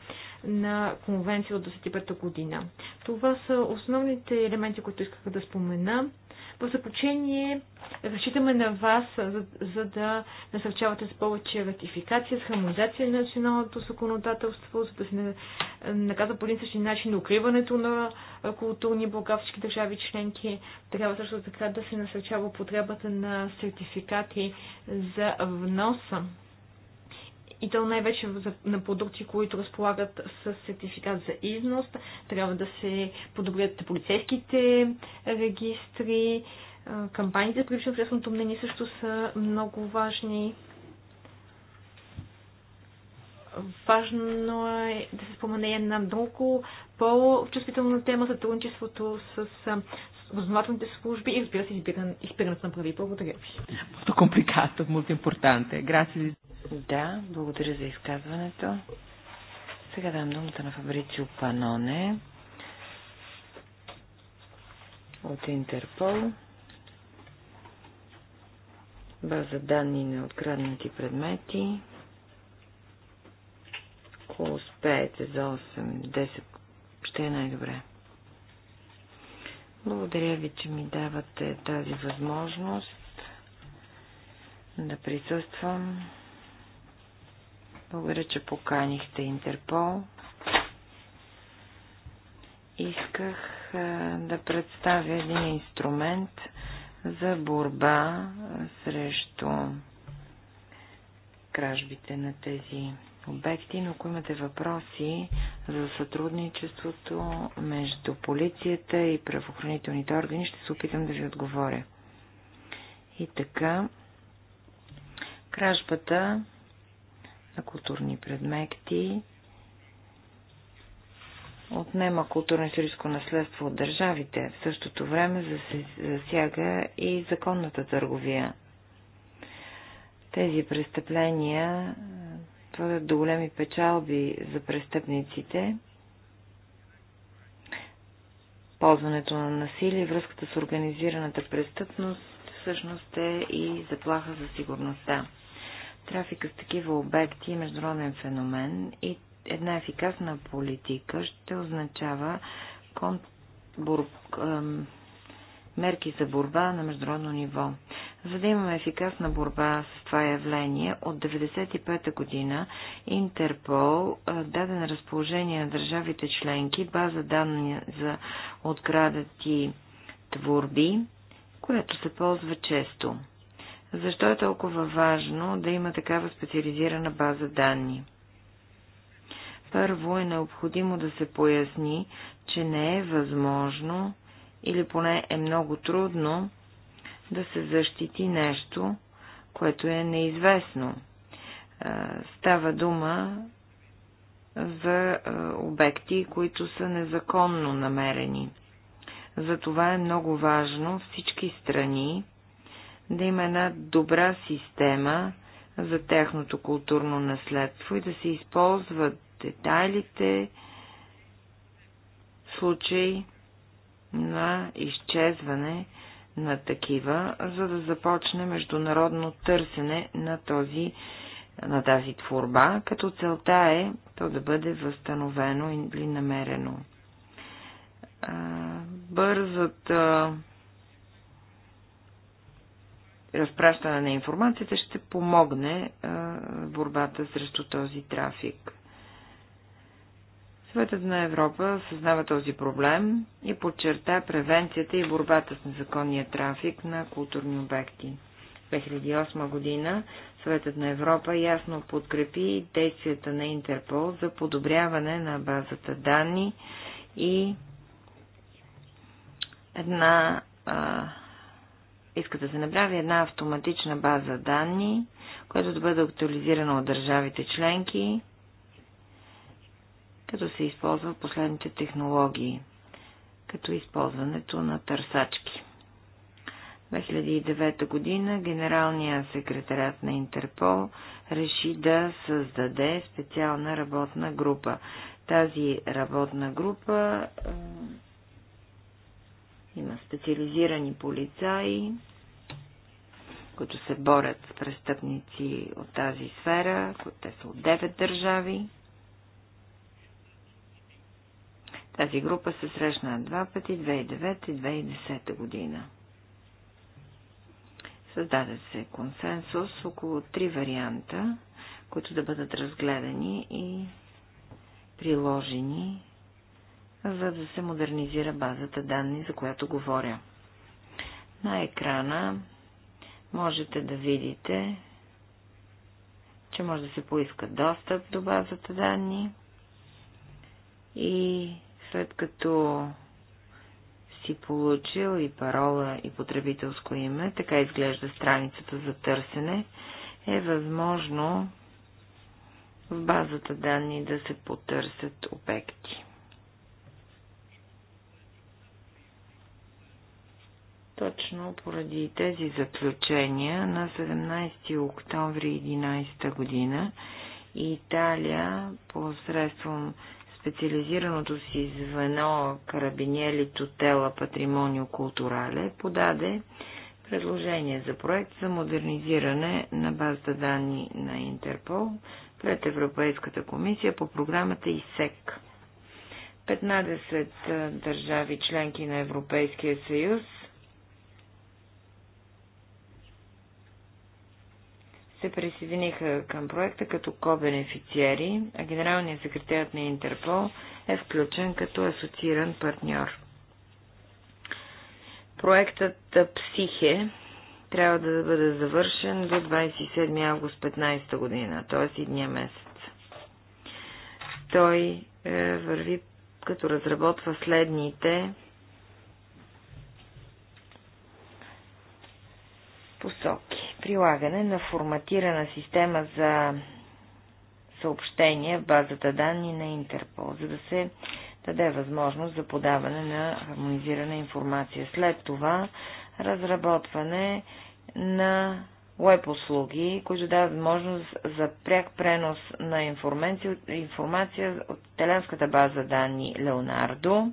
на конвенция от 25-та година. Това са основните елементи, които исках да спомена. В заключение, разчитаме на вас, за, за да насърчавате с повече ратификация, с хармонизация на националното законодателство, за да се наказва по един същи начин укриването на културни блага всички държави членки. Трябва също така да се насърчава потребата на сертификати за вноса и то най-вече на продукти, които разполагат с сертификат за износ. Трябва да се подобрят полицейските регистри, кампаниите при общественото мнение също са много важни. Важно е да се спомене една много по-чувствителна тема сътрудничеството с разузнавателните служби и разбира се избиран, избирането на прави. Благодаря ви. Много компликато, много импортанте. Грация. Да, благодаря за изказването. Сега дам думата на Фабрицио Паноне от Интерпол. База данни на откраднати предмети. Ако успеете за 8-10, ще е най-добре. Благодаря ви, че ми давате тази възможност да присъствам. Благодаря, че поканихте Интерпол. Исках да представя един инструмент за борба срещу кражбите на тези обекти, но ако имате въпроси за сътрудничеството между полицията и правоохранителните органи, ще се опитам да ви отговоря. И така, кражбата на културни предмети отнема културно-историческо наследство от държавите. В същото време засяга и законната търговия. Тези престъпления водят до големи печалби за престъпниците, ползването на насилие, връзката с организираната престъпност всъщност е и заплаха за сигурността. Трафика с такива обекти е международен феномен и една ефикасна политика ще означава кон мерки за борба на международно ниво. За да имаме ефикасна борба с това явление, от 1995 година Интерпол даде на разположение на държавите членки база данни за открадати творби, което се ползва често. Защо е толкова важно да има такава специализирана база данни? Първо е необходимо да се поясни, че не е възможно или поне е много трудно да се защити нещо, което е неизвестно. Е, става дума за е, обекти, които са незаконно намерени. Затова е много важно всички страни да има една добра система за тяхното културно наследство и да се използват детайлите, случай на изчезване на такива, за да започне международно търсене на, този, на тази творба, като целта е то да бъде възстановено или намерено. Бързата разпращане на информацията ще помогне борбата срещу този трафик. Съветът на Европа съзнава този проблем и подчерта превенцията и борбата с незаконния трафик на културни обекти. 2008 година Съветът на Европа ясно подкрепи действията на Интерпол за подобряване на базата данни и една а, иска да се направи една автоматична база данни, която да бъде актуализирана от държавите членки като се използва последните технологии, като използването на търсачки. 2009 година генералният секретарят на Интерпол реши да създаде специална работна група. Тази работна група е, има специализирани полицаи, които се борят с престъпници от тази сфера, които те са от 9 държави. Тази група се срещна два пъти 2009 и 2010 година. Създаде се консенсус около три варианта, които да бъдат разгледани и приложени, за да се модернизира базата данни, за която говоря. На екрана можете да видите, че може да се поиска достъп до базата данни и след като си получил и парола и потребителско име, така изглежда страницата за търсене, е възможно в базата данни да се потърсят обекти. Точно поради тези заключения на 17 октомври 11 година Италия посредством специализираното си звено Карабинели Тотела Патримонио Културале подаде предложение за проект за модернизиране на базата данни на Интерпол пред Европейската комисия по програмата ИСЕК. 15 държави членки на Европейския съюз се присъединиха към проекта като ко-бенефициери, а генералният секретарят на Интерпол е включен като асоцииран партньор. Проектът Психе трябва да бъде завършен до 27 август 15 година, т.е. едния месец. Той е, върви като разработва следните посоки прилагане на форматирана система за съобщения в базата данни на Интерпол, за да се даде възможност за подаване на хармонизирана информация. След това разработване на веб-услуги, които дават възможност за пряк пренос на информация, информация от италянската база данни Леонардо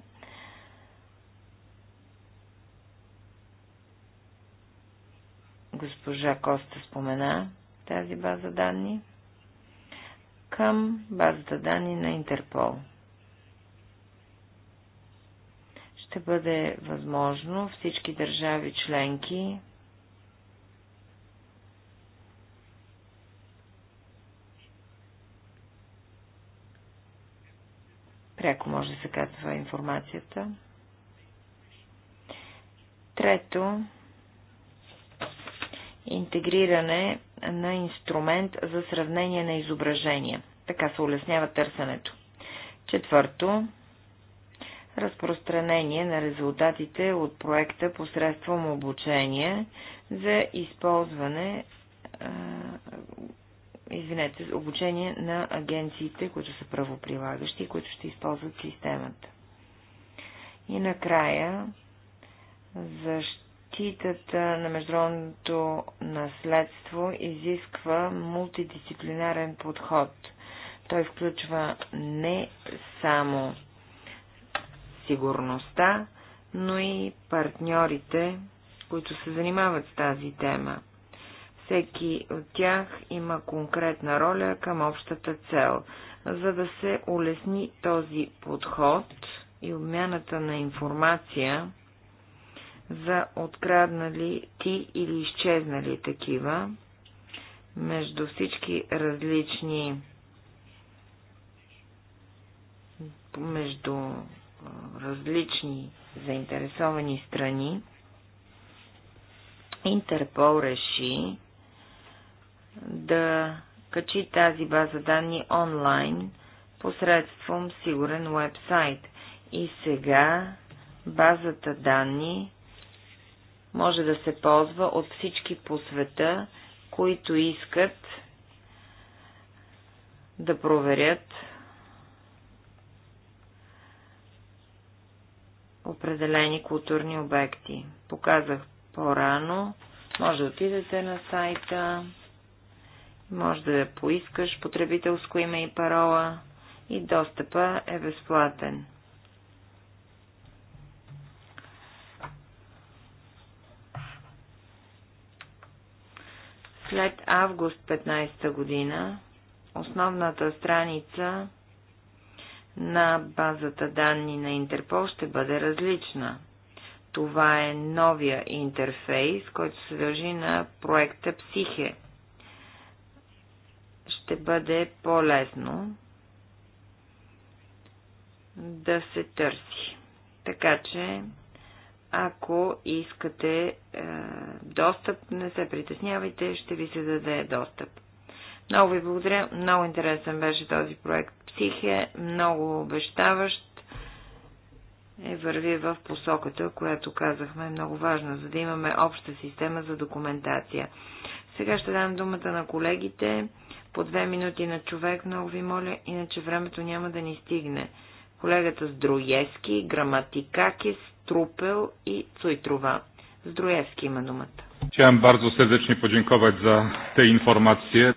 госпожа Коста спомена тази база данни, към базата данни на Интерпол. Ще бъде възможно всички държави членки пряко може да се казва информацията. Трето, интегриране на инструмент за сравнение на изображения. Така се улеснява търсенето. Четвърто, разпространение на резултатите от проекта посредством обучение за използване, извинете, обучение на агенциите, които са правоприлагащи и които ще използват системата. И накрая, защо защитата на международното наследство изисква мултидисциплинарен подход. Той включва не само сигурността, но и партньорите, които се занимават с тази тема. Всеки от тях има конкретна роля към общата цел. За да се улесни този подход и обмяната на информация, за откраднали ти или изчезнали такива между всички различни между различни заинтересовани страни, Интерпол реши да качи тази база данни онлайн посредством сигурен уебсайт. И сега базата данни може да се ползва от всички по света, които искат да проверят определени културни обекти. Показах по-рано, може да отидете на сайта, може да поискаш потребителско име и парола и достъпа е безплатен. След август 15 година основната страница на базата данни на Интерпол ще бъде различна. Това е новия интерфейс, който се дължи на проекта Психе. Ще бъде по-лесно да се търси. Така че ако искате е, достъп, не се притеснявайте, ще ви се даде достъп. Много ви благодаря, много интересен беше този проект Психе, много обещаващ е върви в посоката, която казахме е много важна, за да имаме обща система за документация. Сега ще дам думата на колегите. По две минути на човек, много ви моля, иначе времето няма да ни стигне. Колегата с Здруевски, Граматикакис Трупел и Цуйтрова. Здроевски има думата. Chciałem bardzo serdecznie podziękować za te informacje.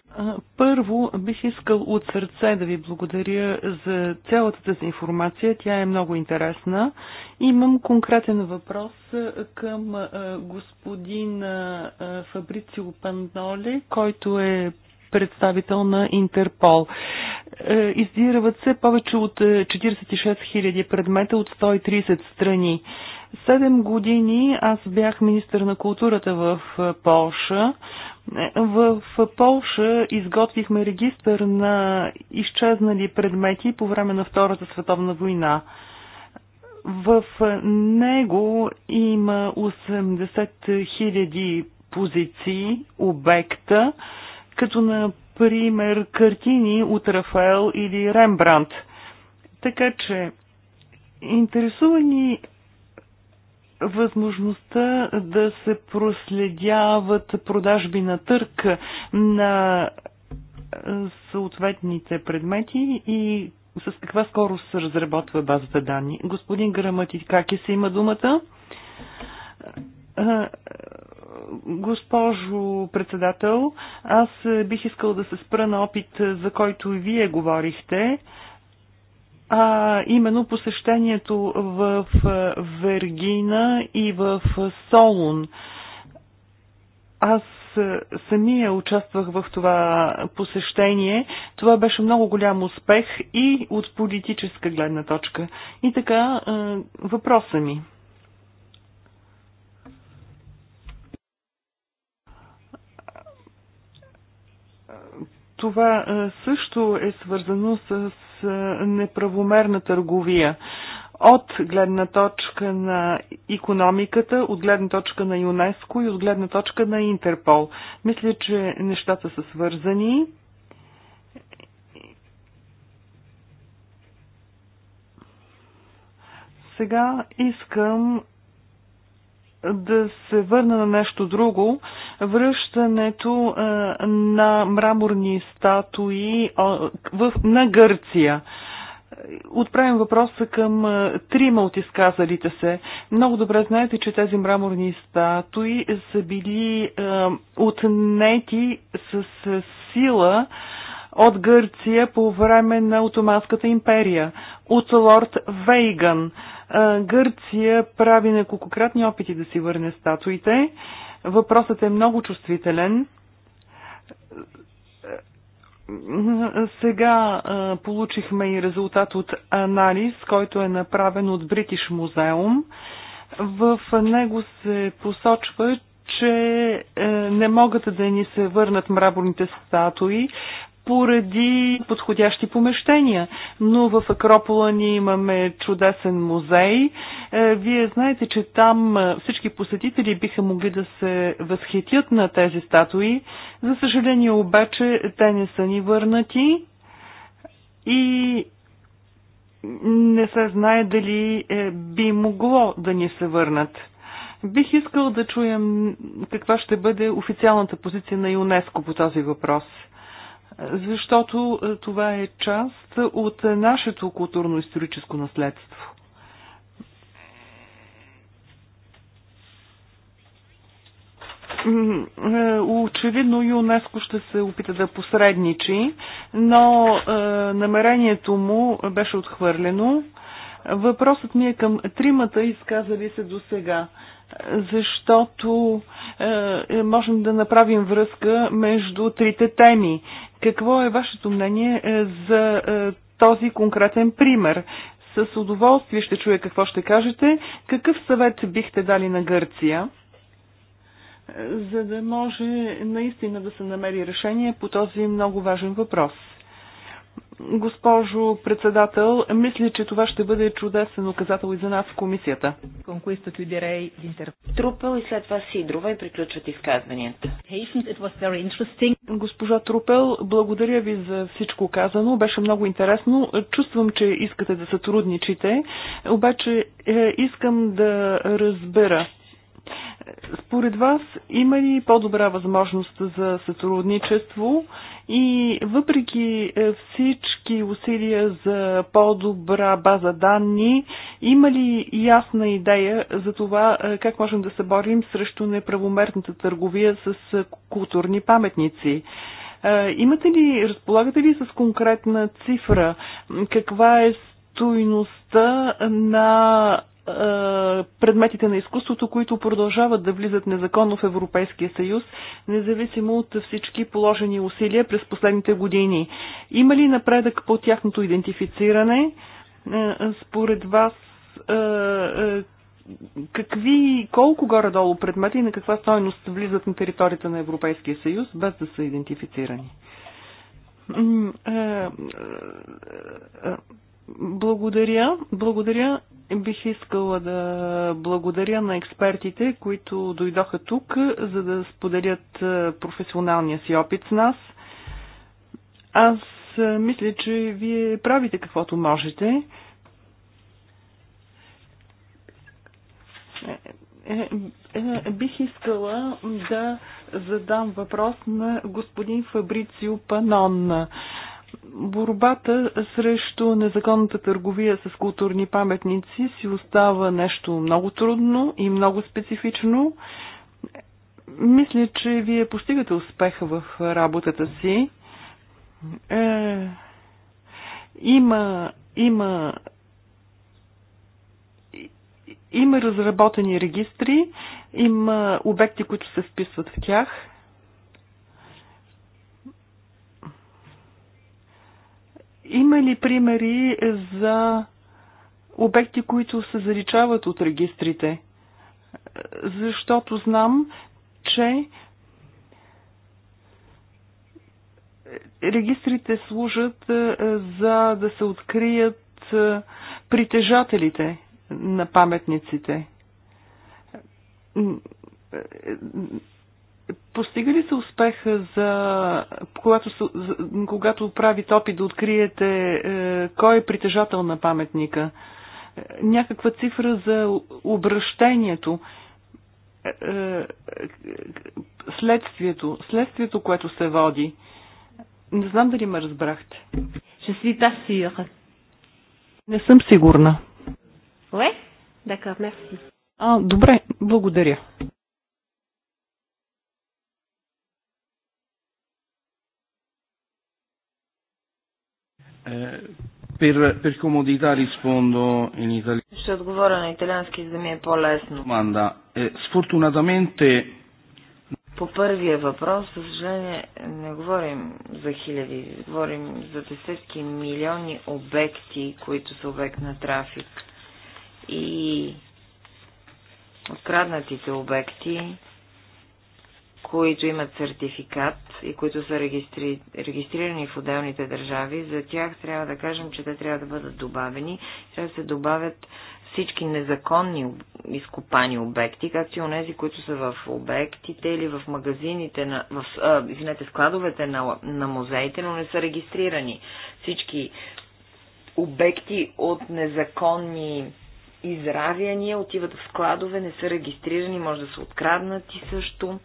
Първо бих искал от сърце да ви благодаря за цялата тази информация. Тя е много интересна. Имам конкретен въпрос към господин Фабрицио Пандоле, който е представител на Интерпол. Е, Издирават се повече от 46 е, 000 предмета от 130 страни. Седем години аз бях министър на културата в е, Полша. В Полша изготвихме регистър на изчезнали предмети по време на Втората световна война. В него има 80 000 позиции, обекта, като например картини от Рафаел или Рембрандт. Така че, интересува ни възможността да се проследяват продажби на търк на съответните предмети и с каква скорост се разработва базата данни. Господин Граматикакис има думата. Госпожо председател, аз бих искал да се спра на опит, за който и вие говорихте, а именно посещението в Вергина и в Солун. Аз самия участвах в това посещение. Това беше много голям успех и от политическа гледна точка. И така, е, въпроса ми – това е, също е свързано с неправомерна търговия от гледна точка на економиката, от гледна точка на ЮНЕСКО и от гледна точка на Интерпол. Мисля, че нещата са свързани. Сега искам да се върна на нещо друго. Връщането на мраморни статуи на Гърция отправим въпроса към трима от изказалите се. Много добре знаете, че тези мраморни статуи са били а, отнети с сила от Гърция по време на Отоманската империя, от лорд Вейган. Е, Гърция прави неколкократни опити да си върне статуите. Въпросът е много чувствителен. Е, сега е, получихме и резултат от анализ, който е направен от Бритиш музеум. В него се посочва, че не могат да ни се върнат мраморните статуи, поради подходящи помещения. Но в Акропола ние имаме чудесен музей. Е, вие знаете, че там е, всички посетители биха могли да се възхитят на тези статуи. За съжаление обаче те не са ни върнати и не се знае дали е, би могло да ни се върнат. Бих искал да чуем каква ще бъде официалната позиция на ЮНЕСКО по този въпрос – защото е, това е част от нашето културно-историческо наследство. Е, очевидно ЮНЕСКО ще се опита да посредничи, но е, намерението му беше отхвърлено. Въпросът ми е към тримата изказали се до сега защото е, можем да направим връзка между трите теми. Какво е вашето мнение е, за е, този конкретен пример? С удоволствие ще чуя какво ще кажете. Какъв съвет бихте дали на Гърция, за да може наистина да се намери решение по този много важен въпрос? Госпожо председател, мисля, че това ще бъде чудесен указател и за нас в комисията. Трупел и след това Сидрова и приключват изказванията. Госпожа Трупел, благодаря ви за всичко казано. Беше много интересно. Чувствам, че искате да сътрудничите, обаче е, искам да разбера според вас има ли по-добра възможност за сътрудничество и въпреки е, всички усилия за по-добра база данни, има ли ясна идея за това е, как можем да се борим срещу неправомерната търговия с е, културни паметници? Имате ли, разполагате ли с конкретна цифра? Каква е стойността на е, предметите на изкуството, които продължават да влизат незаконно в Европейския съюз, независимо от всички положени усилия през последните години. Има ли напредък по тяхното идентифициране? Е, според вас, е, какви, колко горе-долу предмети и на каква стойност влизат на територията на Европейския съюз, без да са идентифицирани? Благодаря. Благодаря. Бих искала да благодаря на експертите, които дойдоха тук, за да споделят професионалния си опит с нас. Аз мисля, че вие правите каквото можете. Е, е, е, бих искала да задам въпрос на господин Фабрицио Панон. Борбата срещу незаконната търговия с културни паметници си остава нещо много трудно и много специфично. Мисля, че вие постигате успеха в работата си. Е, има, има има разработени регистри, има обекти, които се вписват в тях. Има ли примери за обекти, които се заличават от регистрите? Защото знам, че регистрите служат е, за да се открият е, притежателите на паметниците е, Постига ли се успеха за, когато, за, когато правите опит да откриете е, кой е притежател на паметника? Е, някаква цифра за обращението, е, е, следствието, следствието, което се води. Не знам дали ме разбрахте. Je suis pas си. Не съм сигурна. Ouais? D'accord, merci. А, добре, благодаря. Eh, per, per comodità rispondo in italiano. Ще отговоря на италиански, за ми е по-лесно. сфортунатаменте... Eh, По първия въпрос, за съжаление, не говорим за хиляди, говорим за десетки милиони обекти, които са обект на трафик. И откраднатите обекти които имат сертификат и които са регистри... регистрирани в отделните държави, за тях трябва да кажем, че те трябва да бъдат добавени. Трябва да се добавят всички незаконни изкопани обекти, както и онези, които са в обектите или в магазините, на, в, а, извинете, складовете на, на музеите, но не са регистрирани. Всички обекти от незаконни изравяния отиват в складове, не са регистрирани, може да са откраднати също.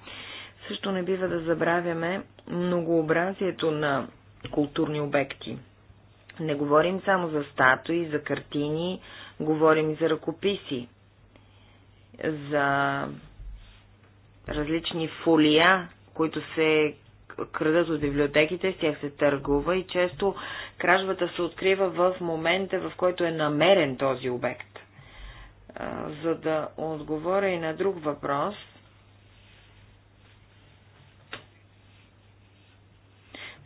Също не бива да забравяме многообразието на културни обекти. Не говорим само за статуи, за картини, говорим и за ръкописи, за различни фолия, които се крадат от библиотеките, с тях се търгува и често кражбата се открива в момента, в който е намерен този обект. За да отговоря и на друг въпрос –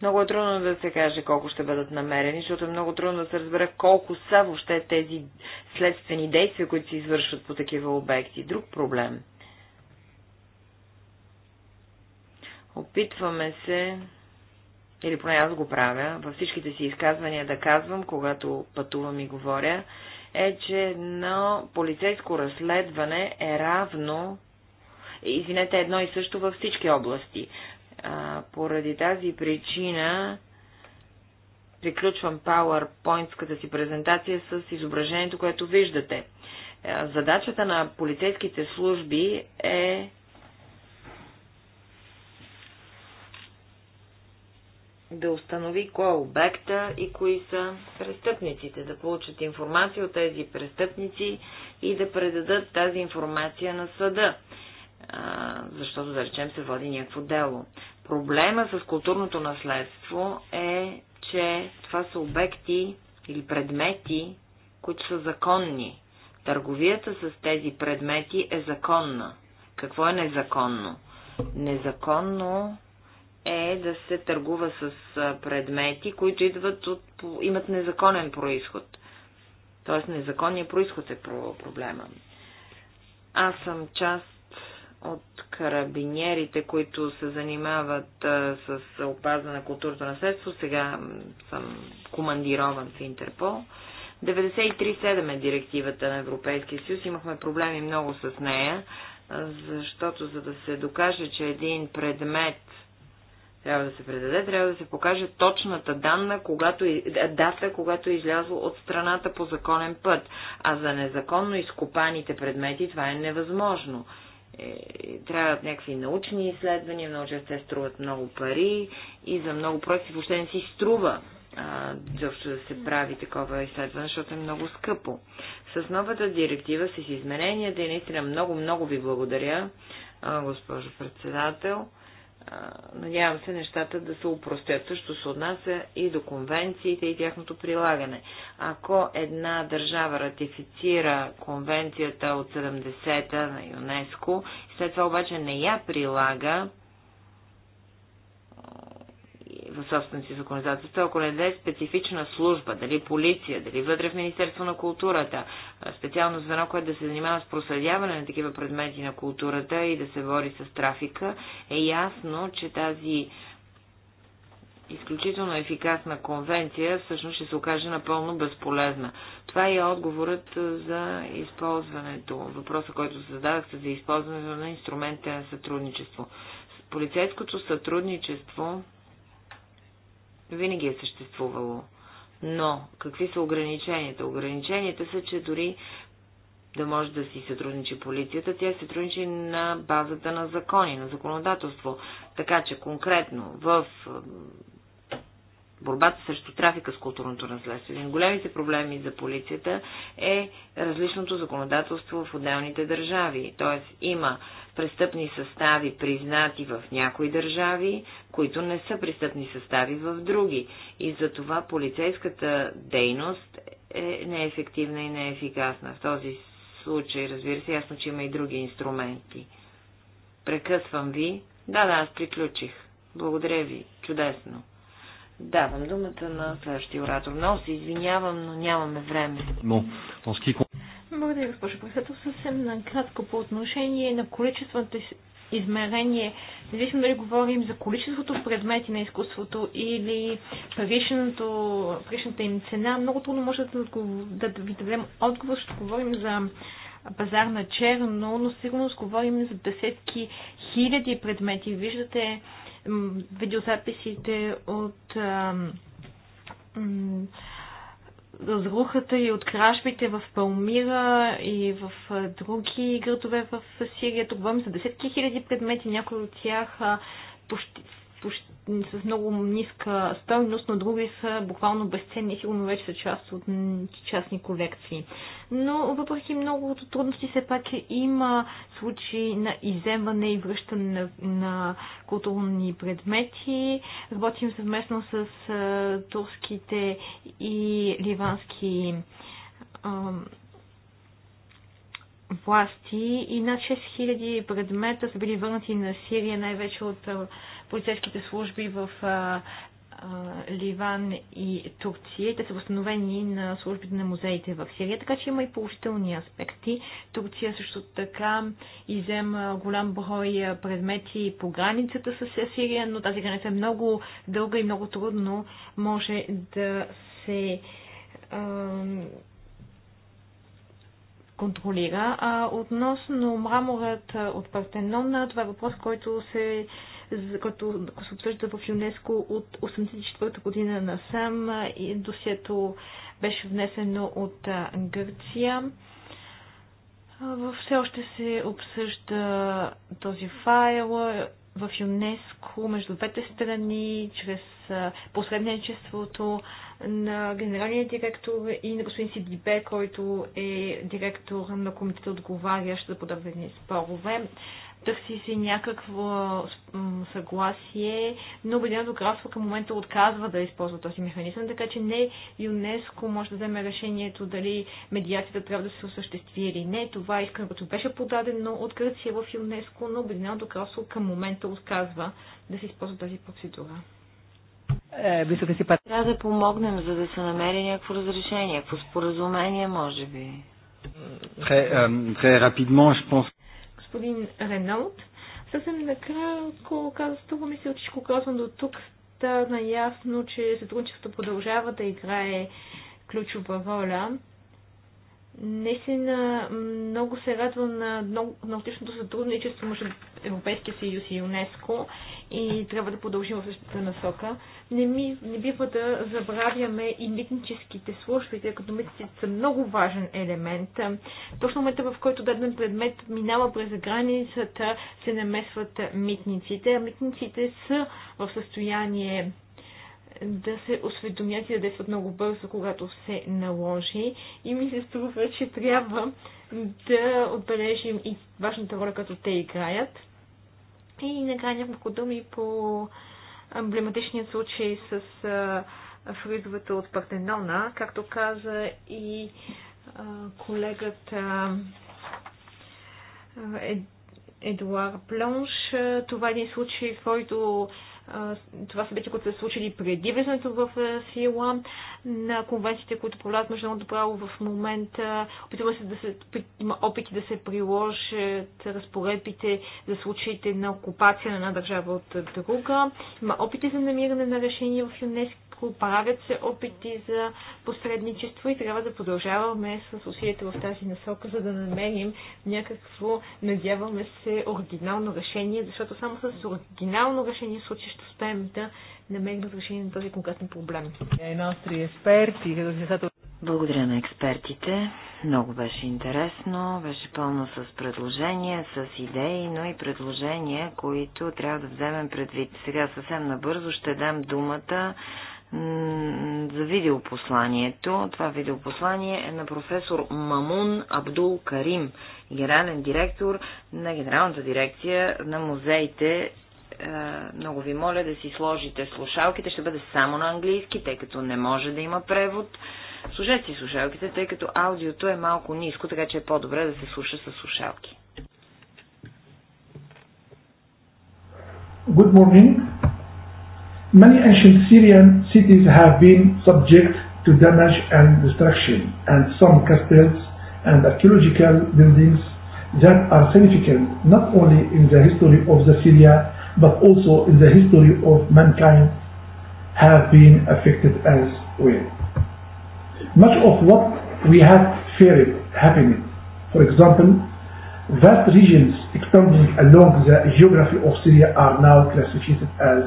Много е трудно да се каже колко ще бъдат намерени, защото е много трудно да се разбере колко са въобще тези следствени действия, които се извършват по такива обекти. Друг проблем. Опитваме се, или поне аз го правя, във всичките си изказвания да казвам, когато пътувам и говоря, е, че едно полицейско разследване е равно извинете, едно и също във всички области. А, поради тази причина приключвам PowerPoint-ската си презентация с изображението, което виждате. Задачата на полицейските служби е да установи кой е обекта и кои са престъпниците, да получат информация от тези престъпници и да предадат тази информация на съда защото, да речем, се води някакво дело. Проблема с културното наследство е, че това са обекти или предмети, които са законни. Търговията с тези предмети е законна. Какво е незаконно? Незаконно е да се търгува с предмети, които идват от, имат незаконен происход. Тоест незаконният происход е проблема. Аз съм част от карабинерите, които се занимават а, с опазване на културното наследство. Сега съм командирован в Интерпол. 93.7 е директивата на Европейския съюз. Имахме проблеми много с нея, защото за да се докаже, че един предмет трябва да се предаде, трябва да се покаже точната данна, когато, е, дата, когато е излязло от страната по законен път. А за незаконно изкопаните предмети това е невъзможно. Е, трябват някакви научни изследвания, много често те струват много пари и за много проекти въобще не си струва защо да се прави такова изследване, защото е много скъпо. С новата директива, с измененията и наистина много-много ви благодаря, госпожо председател надявам се нещата да се упростят. Също се отнася и до конвенциите и тяхното прилагане. Ако една държава ратифицира конвенцията от 70-та на ЮНЕСКО, след това обаче не я прилага, в собствената си законодателство, е ако не даде специфична служба, дали полиция, дали вътре в Министерство на културата, специално звено, което да се занимава с проследяване на такива предмети на културата и да се бори с трафика, е ясно, че тази изключително ефикасна конвенция всъщност ще се окаже напълно безполезна. Това е отговорът за използването, въпроса, който зададахте за използването на инструмента на сътрудничество. Полицейското сътрудничество винаги е съществувало. Но какви са ограниченията? Ограниченията са, че дори да може да си сътрудничи полицията, тя се сътрудничи на базата на закони, на законодателство. Така че конкретно в борбата срещу трафика с културното наследство. Един от големите проблеми за полицията е различното законодателство в отделните държави. Т.е. има престъпни състави, признати в някои държави, които не са престъпни състави в други. И за това полицейската дейност е неефективна и неефикасна. В този случай, разбира се, ясно, че има и други инструменти. Прекъсвам ви. Да, да, аз приключих. Благодаря ви. Чудесно. Давам думата на следващия оратор. Много се извинявам, но нямаме време. Благодаря, госпожо председател. Съвсем накратко по отношение на количественото измерение, независимо дали говорим за количеството предмети на изкуството или паричната им цена, много трудно може да, да ви дадем отговор, ще говорим за пазар на черно, но сигурно говорим за десетки хиляди предмети. Виждате видеозаписите от разрухата и от кражбите в Палмира и в други градове в Сирия. Тук говорим за десетки хиляди предмети, някои от тях почти с много ниска стойност, но други са буквално безценни, сигурно вече са част от частни колекции. Но въпреки многото трудности, все пак има случаи на иземване и връщане на, на културни предмети. Работим съвместно с а, турските и ливански а, власти и над 6000 предмета са били върнати на Сирия, най-вече от полицейските служби в Ливан и Турция. Те са възстановени на службите на музеите в Сирия, така че има и положителни аспекти. Турция също така изема голям брой предмети по границата с Сирия, но тази граница е много дълга и много трудно може да се контролира. А относно мраморът от Партенона, това е въпрос, който се който се обсъжда в ЮНЕСКО от 1984 година насам. И досието беше внесено от Гърция. Все още се обсъжда този файл в ЮНЕСКО между двете страни, чрез посредничеството на генералния директор и на господин Сидибе, който е директор на комитета отговарящ за подобни спорове търси си някакво съгласие, но Обединеното кралство към момента отказва да използва този механизъм, така че не ЮНЕСКО може да вземе решението дали медиацията трябва да се осъществи или не. Това искането беше подадено от Гърция в ЮНЕСКО, но Обединеното кралство към момента отказва да се използва тази процедура. Е, трябва да помогнем, за да се намери някакво разрешение, някакво споразумение, може би. Très, euh, très rapidement, je pense господин Ренолд. Съвсем накратко, каза, това ми се, че казвам до тук, стана ясно, че сътрудничеството продължава да играе ключова роля Наистина много се радвам на научното сътрудничество между Европейския съюз и ЮНЕСКО и трябва да продължим в същата насока. Не, ми, не бива да забравяме и митническите служби, тъй като митниците са много важен елемент. Точно момента, в който даден предмет минава през границата, се намесват митниците. митниците са в състояние да се осведомят и да действат много бързо, когато се наложи. И ми се струва, че трябва да отбележим и важната роля, като те играят. И накрая няколко думи по емблематичния случай с а, фризовете от Партенона. Както каза и а, колегата Едуар Плонш, това е един случай, който който това събитие, което са се случили преди влизането в сила на конвенциите, които проявляват международното право в момента. Опитва се да се, има опити да се приложат разпоредбите за случаите на окупация на една държава от друга. Има опити за намиране на решение в ЮНЕСКО Кратко, правят се опити за посредничество и трябва да продължаваме с усилията в тази насока, за да намерим някакво, надяваме се, оригинално решение, защото само с оригинално решение в случай ще успеем да намерим решение на този конкретен проблем. Благодаря на експертите. Много беше интересно, беше пълно с предложения, с идеи, но и предложения, които трябва да вземем предвид. Сега съвсем набързо ще дам думата за видеопосланието. Това видеопослание е на професор Мамун Абдул Карим, генерален директор на Генералната дирекция на музеите е, много ви моля да си сложите слушалките. Ще бъде само на английски, тъй като не може да има превод. Служете си слушалките, тъй като аудиото е малко ниско, така че е по-добре да се слуша с слушалки. Good morning. Many ancient Syrian cities have been subject to damage and destruction, and some castles and archaeological buildings that are significant not only in the history of the Syria but also in the history of mankind have been affected as well. Much of what we have feared happening, for example, vast regions extending along the geography of Syria are now classified as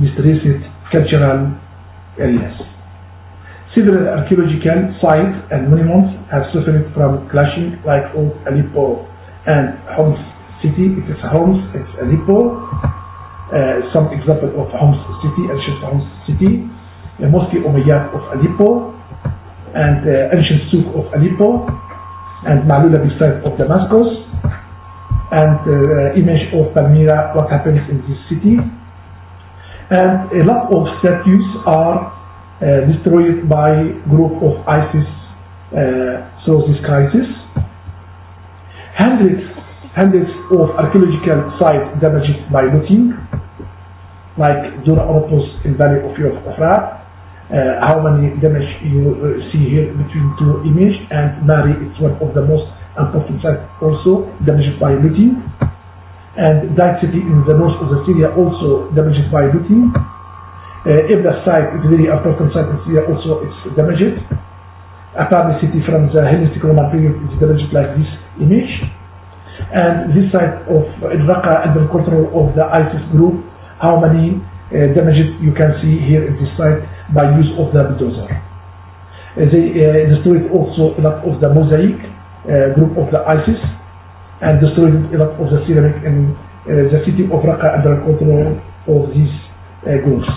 mysterious cultural areas. Several archaeological sites and monuments have suffered from clashing like old Aleppo and Homs city. It is Homs, it's Aleppo. Uh, some example of Homs city, ancient Homs city. The mostly Umayyad of Aleppo and uh, ancient souk of Aleppo and Malula beside of Damascus and uh, image of Palmyra, what happens in this city and a lot of statues are uh, destroyed by group of ISIS uh, through this crisis. Hundreds, hundreds of archaeological sites damaged by looting, like Dura Oropos in Valley of Yofra. Uh, how many damage you uh, see here between two images, and Mari is one of the most important sites also damaged by looting and that city in the north of the Syria also damaged by looting. Uh, Ibla site is very important site in Syria also it's damaged. public city from the Hellenistic Roman period is damaged like this image. And this site of Raqqa and the control of the ISIS group, how many uh, damages you can see here in this site by use of the bulldozer. Uh, they uh, destroyed also a lot of the mosaic uh, group of the ISIS and destroying lot of the ceramic and uh, the city of Raqqa under control of these uh, groups.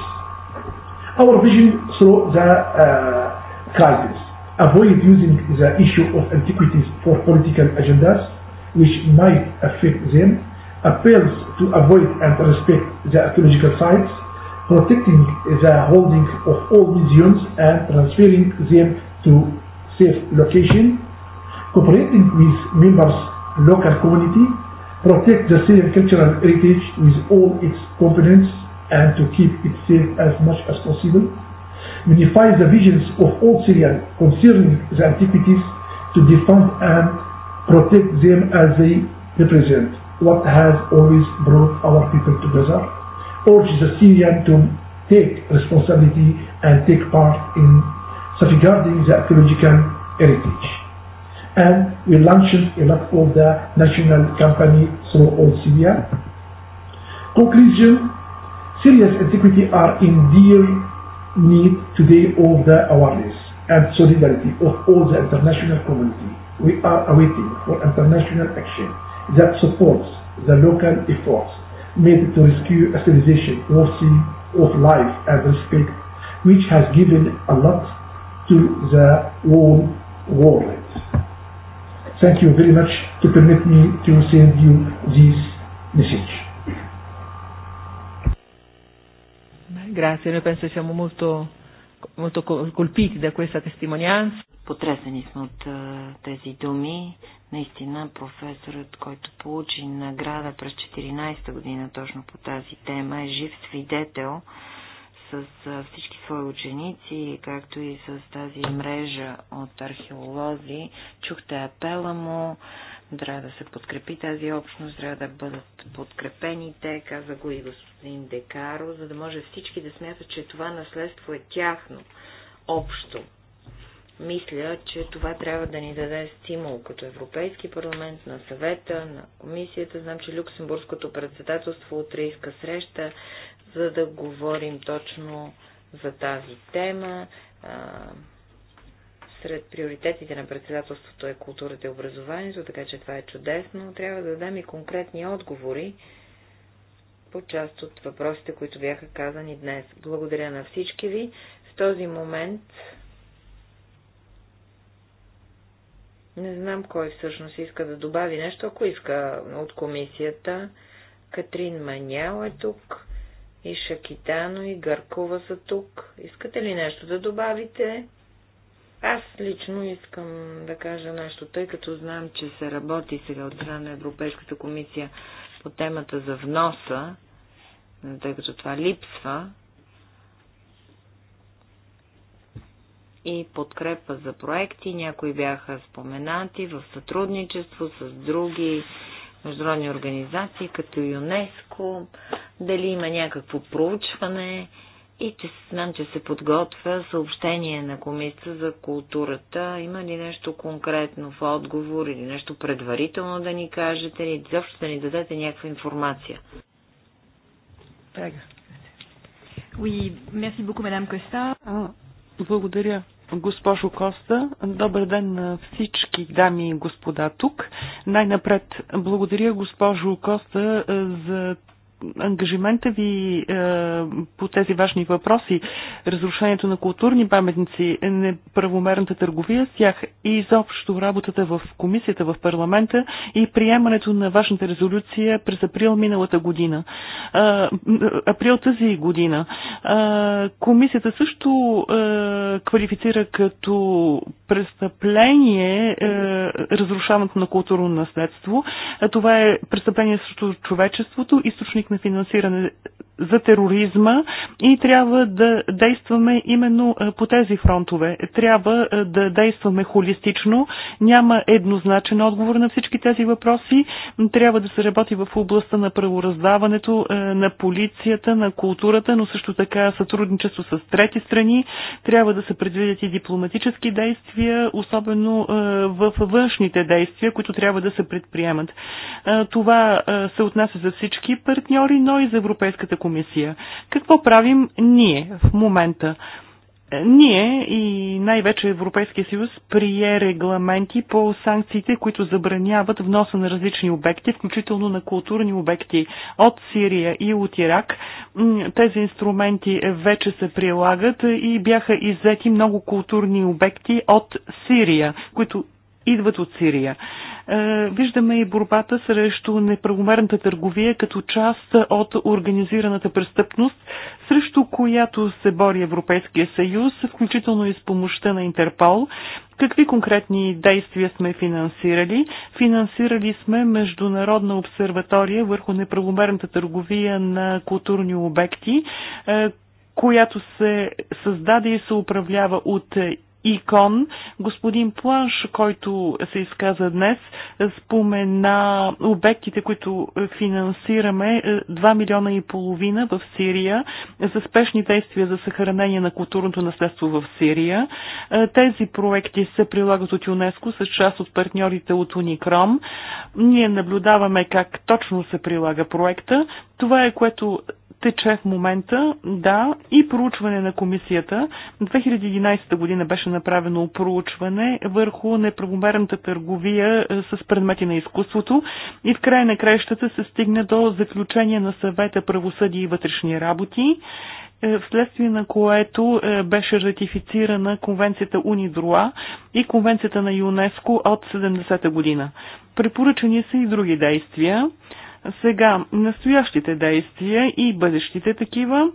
Our vision through the uh, crisis. Avoid using the issue of antiquities for political agendas which might affect them. Appeals to avoid and respect the archaeological sites, protecting the holding of all museums and transferring them to safe location, cooperating with members local community, protect the Syrian cultural heritage with all its components and to keep it safe as much as possible, unify the visions of all Syrians concerning the antiquities to defend and protect them as they represent what has always brought our people together, urge the Syrian to take responsibility and take part in safeguarding the archaeological heritage and we launched a lot of the national company through all Syria. Conclusion, Syria's antiquity are in dear need today of the awareness and solidarity of all the international community. We are awaiting for international action that supports the local efforts made to rescue a civilization worthy of life and respect, which has given a lot to the whole world. Thank you very much to permit me to send you this message. Grazie, noi penso siamo molto, molto colpiti da questa testimonianza. Потресени сме от тези думи. Наистина професорът, който получи награда през 14 година точно по тази тема, е жив свидетел с всички свои ученици, както и с тази мрежа от археолози. Чухте апела му, трябва да се подкрепи тази общност, трябва да бъдат подкрепени те, каза го и господин Декаро, за да може всички да смятат, че това наследство е тяхно, общо. Мисля, че това трябва да ни даде стимул като Европейски парламент, на съвета, на комисията. Знам, че Люксембургското председателство утре иска среща за да говорим точно за тази тема. Сред приоритетите на председателството е културата и образованието, така че това е чудесно. Трябва да дадем и конкретни отговори по част от въпросите, които бяха казани днес. Благодаря на всички ви. В този момент не знам кой всъщност иска да добави нещо, ако иска от комисията. Катрин Манял е тук. И Шакитано, и Гъркова са тук. Искате ли нещо да добавите? Аз лично искам да кажа нещо, тъй като знам, че се работи сега от страна на Европейската комисия по темата за вноса, тъй като това липсва, и подкрепа за проекти. Някои бяха споменати в сътрудничество с други международни организации, като ЮНЕСКО, дали има някакво проучване и че знам, че се подготвя съобщение на Комисията за културата. Има ли нещо конкретно в отговор или нещо предварително да ни кажете или защо да ни дадете някаква информация? Прега. Oui, merci beaucoup, Madame Costa. благодаря, госпожо Коста. Добър ден на всички дами и господа тук. Най-напред благодаря госпожо Коста за ангажимента ви е, по тези важни въпроси, разрушението на културни паметници, неправомерната търговия с тях и изобщо работата в комисията, в парламента и приемането на важната резолюция през април миналата година. Е, април тази година. Е, комисията също квалифицира като престъпление разрушаването на културно наследство. Това е престъпление срещу човечеството, източник сме финансиране за тероризма и трябва да действаме именно по тези фронтове. Трябва да действаме холистично. Няма еднозначен отговор на всички тези въпроси. Трябва да се работи в областта на правораздаването, на полицията, на културата, но също така сътрудничество с трети страни. Трябва да се предвидят и дипломатически действия, особено в външните действия, които трябва да се предприемат. Това се отнася за всички партньори партньори, но и за Европейската комисия. Какво правим ние в момента? Ние и най-вече Европейския съюз прие регламенти по санкциите, които забраняват вноса на различни обекти, включително на културни обекти от Сирия и от Ирак. Тези инструменти вече се прилагат и бяха иззети много културни обекти от Сирия, които идват от Сирия. Е, виждаме и борбата срещу неправомерната търговия като част от организираната престъпност, срещу която се бори Европейския съюз, включително и с помощта на Интерпол. Какви конкретни действия сме финансирали? Финансирали сме Международна обсерватория върху неправомерната търговия на културни обекти, е, която се създаде и се управлява от икон. Господин Планш, който се изказа днес, спомена обектите, които финансираме 2 е, милиона и половина в Сирия за спешни действия за съхранение на културното наследство в Сирия. Е, тези проекти се прилагат от ЮНЕСКО с част от партньорите от Уникром. Ние наблюдаваме как точно се прилага проекта. Това е което тече в момента, да, и проучване на комисията. 2011 година беше направено проучване върху неправомерната търговия е, с предмети на изкуството и в края на краищата се стигна до заключение на съвета правосъдие и вътрешни работи, е, вследствие на което е, беше ратифицирана конвенцията Унидроа и конвенцията на ЮНЕСКО от 70-та година. Препоръчени са и други действия. Сега, настоящите действия и бъдещите такива.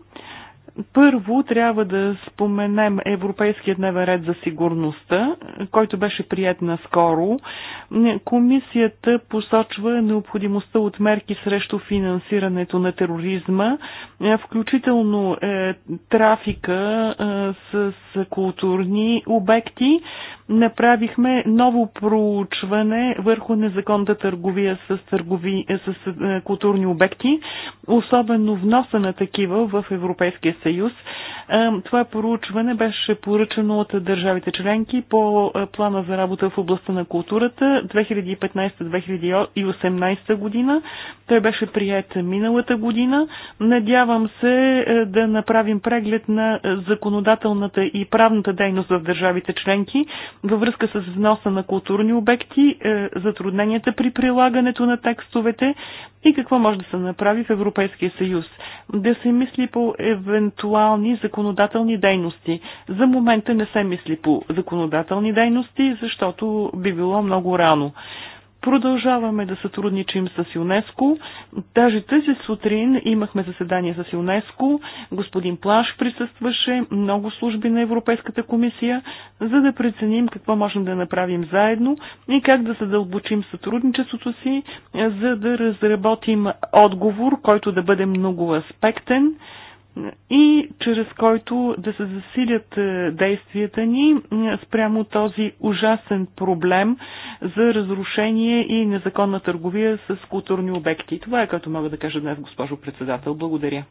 Първо трябва да споменем Европейския дневен ред за сигурността, който беше прият наскоро. Комисията посочва необходимостта от мерки срещу финансирането на тероризма, включително е, трафика е, с, с културни обекти, направихме ново проучване върху незаконната търговия с, търгови, е, с е, културни обекти, особено вноса на такива в Европейския съюз. Е, това поручване беше поръчено от държавите членки по е, плана за работа в областта на културата 2015-2018 година. Той беше прият миналата година. Надявам се е, да направим преглед на законодателната и правната дейност в държавите членки във връзка с вноса на културни обекти, затрудненията при прилагането на текстовете и какво може да се направи в Европейския съюз. Да се мисли по евентуални законодателни законодателни дейности. За момента не се мисли по законодателни дейности, защото би било много рано. Продължаваме да сътрудничим с ЮНЕСКО. Даже тази сутрин имахме заседание с ЮНЕСКО. Господин Плаш присъстваше, много служби на Европейската комисия, за да преценим какво можем да направим заедно и как да задълбочим сътрудничеството си, за да разработим отговор, който да бъде много аспектен и чрез който да се засилят е, действията ни е, спрямо този ужасен проблем за разрушение и незаконна търговия с културни обекти. Това е като мога да кажа днес, госпожо председател. Благодаря.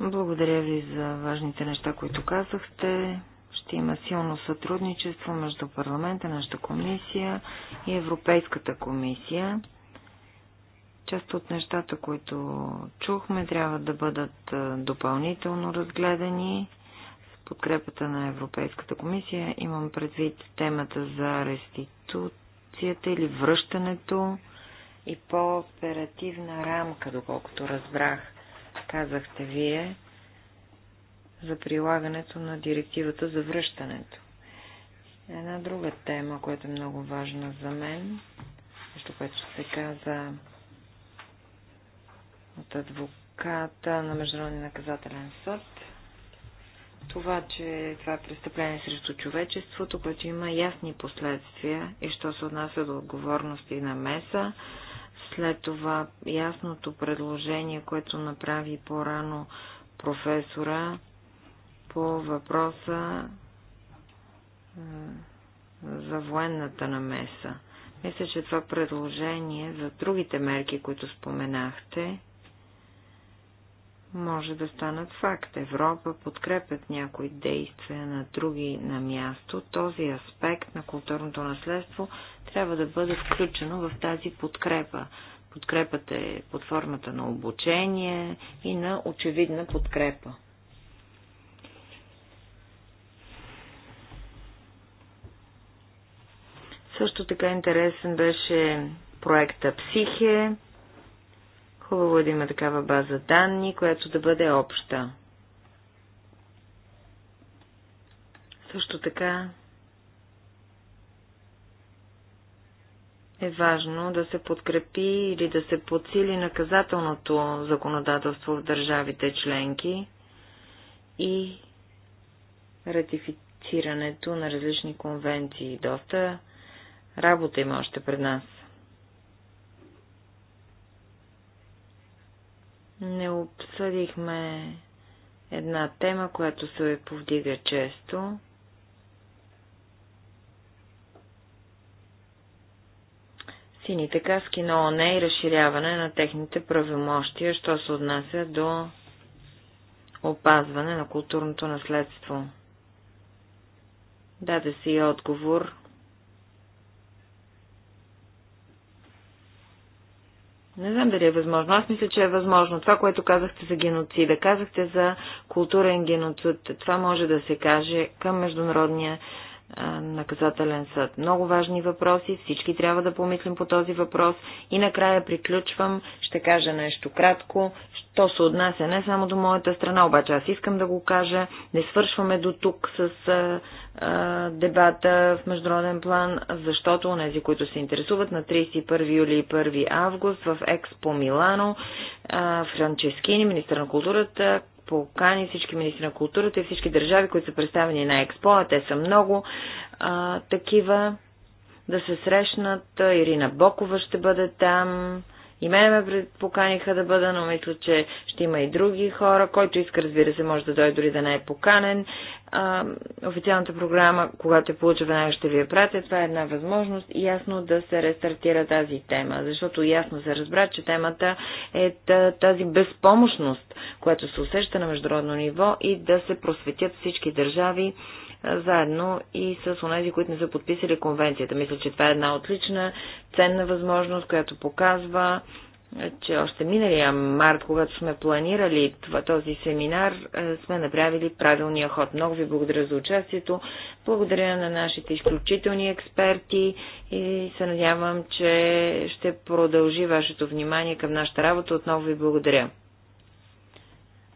Благодаря ви за важните неща, които казахте. Ще има силно сътрудничество между парламента, нашата комисия и Европейската комисия. Част от нещата, които чухме, трябва да бъдат допълнително разгледани с подкрепата на Европейската комисия. Имам предвид темата за реституцията или връщането и по-оперативна рамка, доколкото разбрах, казахте вие, за прилагането на директивата за връщането. Една друга тема, която е много важна за мен, нещо, което се каза от адвоката на Международния наказателен съд. Това, че това е престъпление срещу човечеството, което има ясни последствия и що се отнася до отговорности на меса, след това ясното предложение, което направи по-рано професора по въпроса за военната намеса. Мисля, че това предложение за другите мерки, които споменахте, може да станат факт. Европа подкрепят някои действия на други на място. Този аспект на културното наследство трябва да бъде включено в тази подкрепа. Подкрепата е под формата на обучение и на очевидна подкрепа. Също така интересен беше проекта Психе, Хубаво е да има такава база данни, която да бъде обща. Също така е важно да се подкрепи или да се подсили наказателното законодателство в държавите членки и ратифицирането на различни конвенции. Доста работа има още пред нас. не обсъдихме една тема, която се повдига често. Сините каски на ОНЕ и разширяване на техните правомощия, що се отнася до опазване на културното наследство. Даде се и отговор Не знам дали е възможно. Аз мисля, че е възможно. Това, което казахте за геноцида, казахте за културен геноцид. Това може да се каже към международния наказателен съд. Много важни въпроси, всички трябва да помислим по този въпрос и накрая приключвам, ще кажа нещо кратко, то се отнася не само до моята страна, обаче аз искам да го кажа, не свършваме до тук с а, а, дебата в международен план, защото тези, които се интересуват на 31 юли и 1 август в Експо Милано, а, Франческини, министър на културата, покани всички министри на културата и всички държави, които са представени на Експо, а те са много а, такива, да се срещнат. Ирина Бокова ще бъде там, и мене ме поканиха да бъда, но мисля, че ще има и други хора. Който иска, разбира се, може да дойде дори да не е поканен. А, официалната програма, когато я получа, веднага ще ви я пратя. Това е една възможност ясно да се рестартира тази тема, защото ясно се разбра, че темата е тази безпомощност, която се усеща на международно ниво и да се просветят всички държави заедно и с онези, които не са подписали конвенцията. Мисля, че това е една отлична, ценна възможност, която показва, че още миналия март, когато сме планирали това, този семинар, сме направили правилния ход. Много ви благодаря за участието. Благодаря на нашите изключителни експерти и се надявам, че ще продължи вашето внимание към нашата работа. Отново ви благодаря.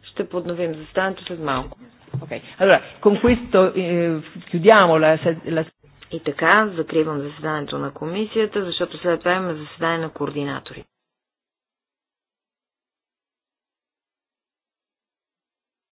Ще подновим застането след малко. Ok, Allora, con questo eh, chiudiamo la, la... И така, закривам заседанието на комисията, защото след това има заседание на координатори.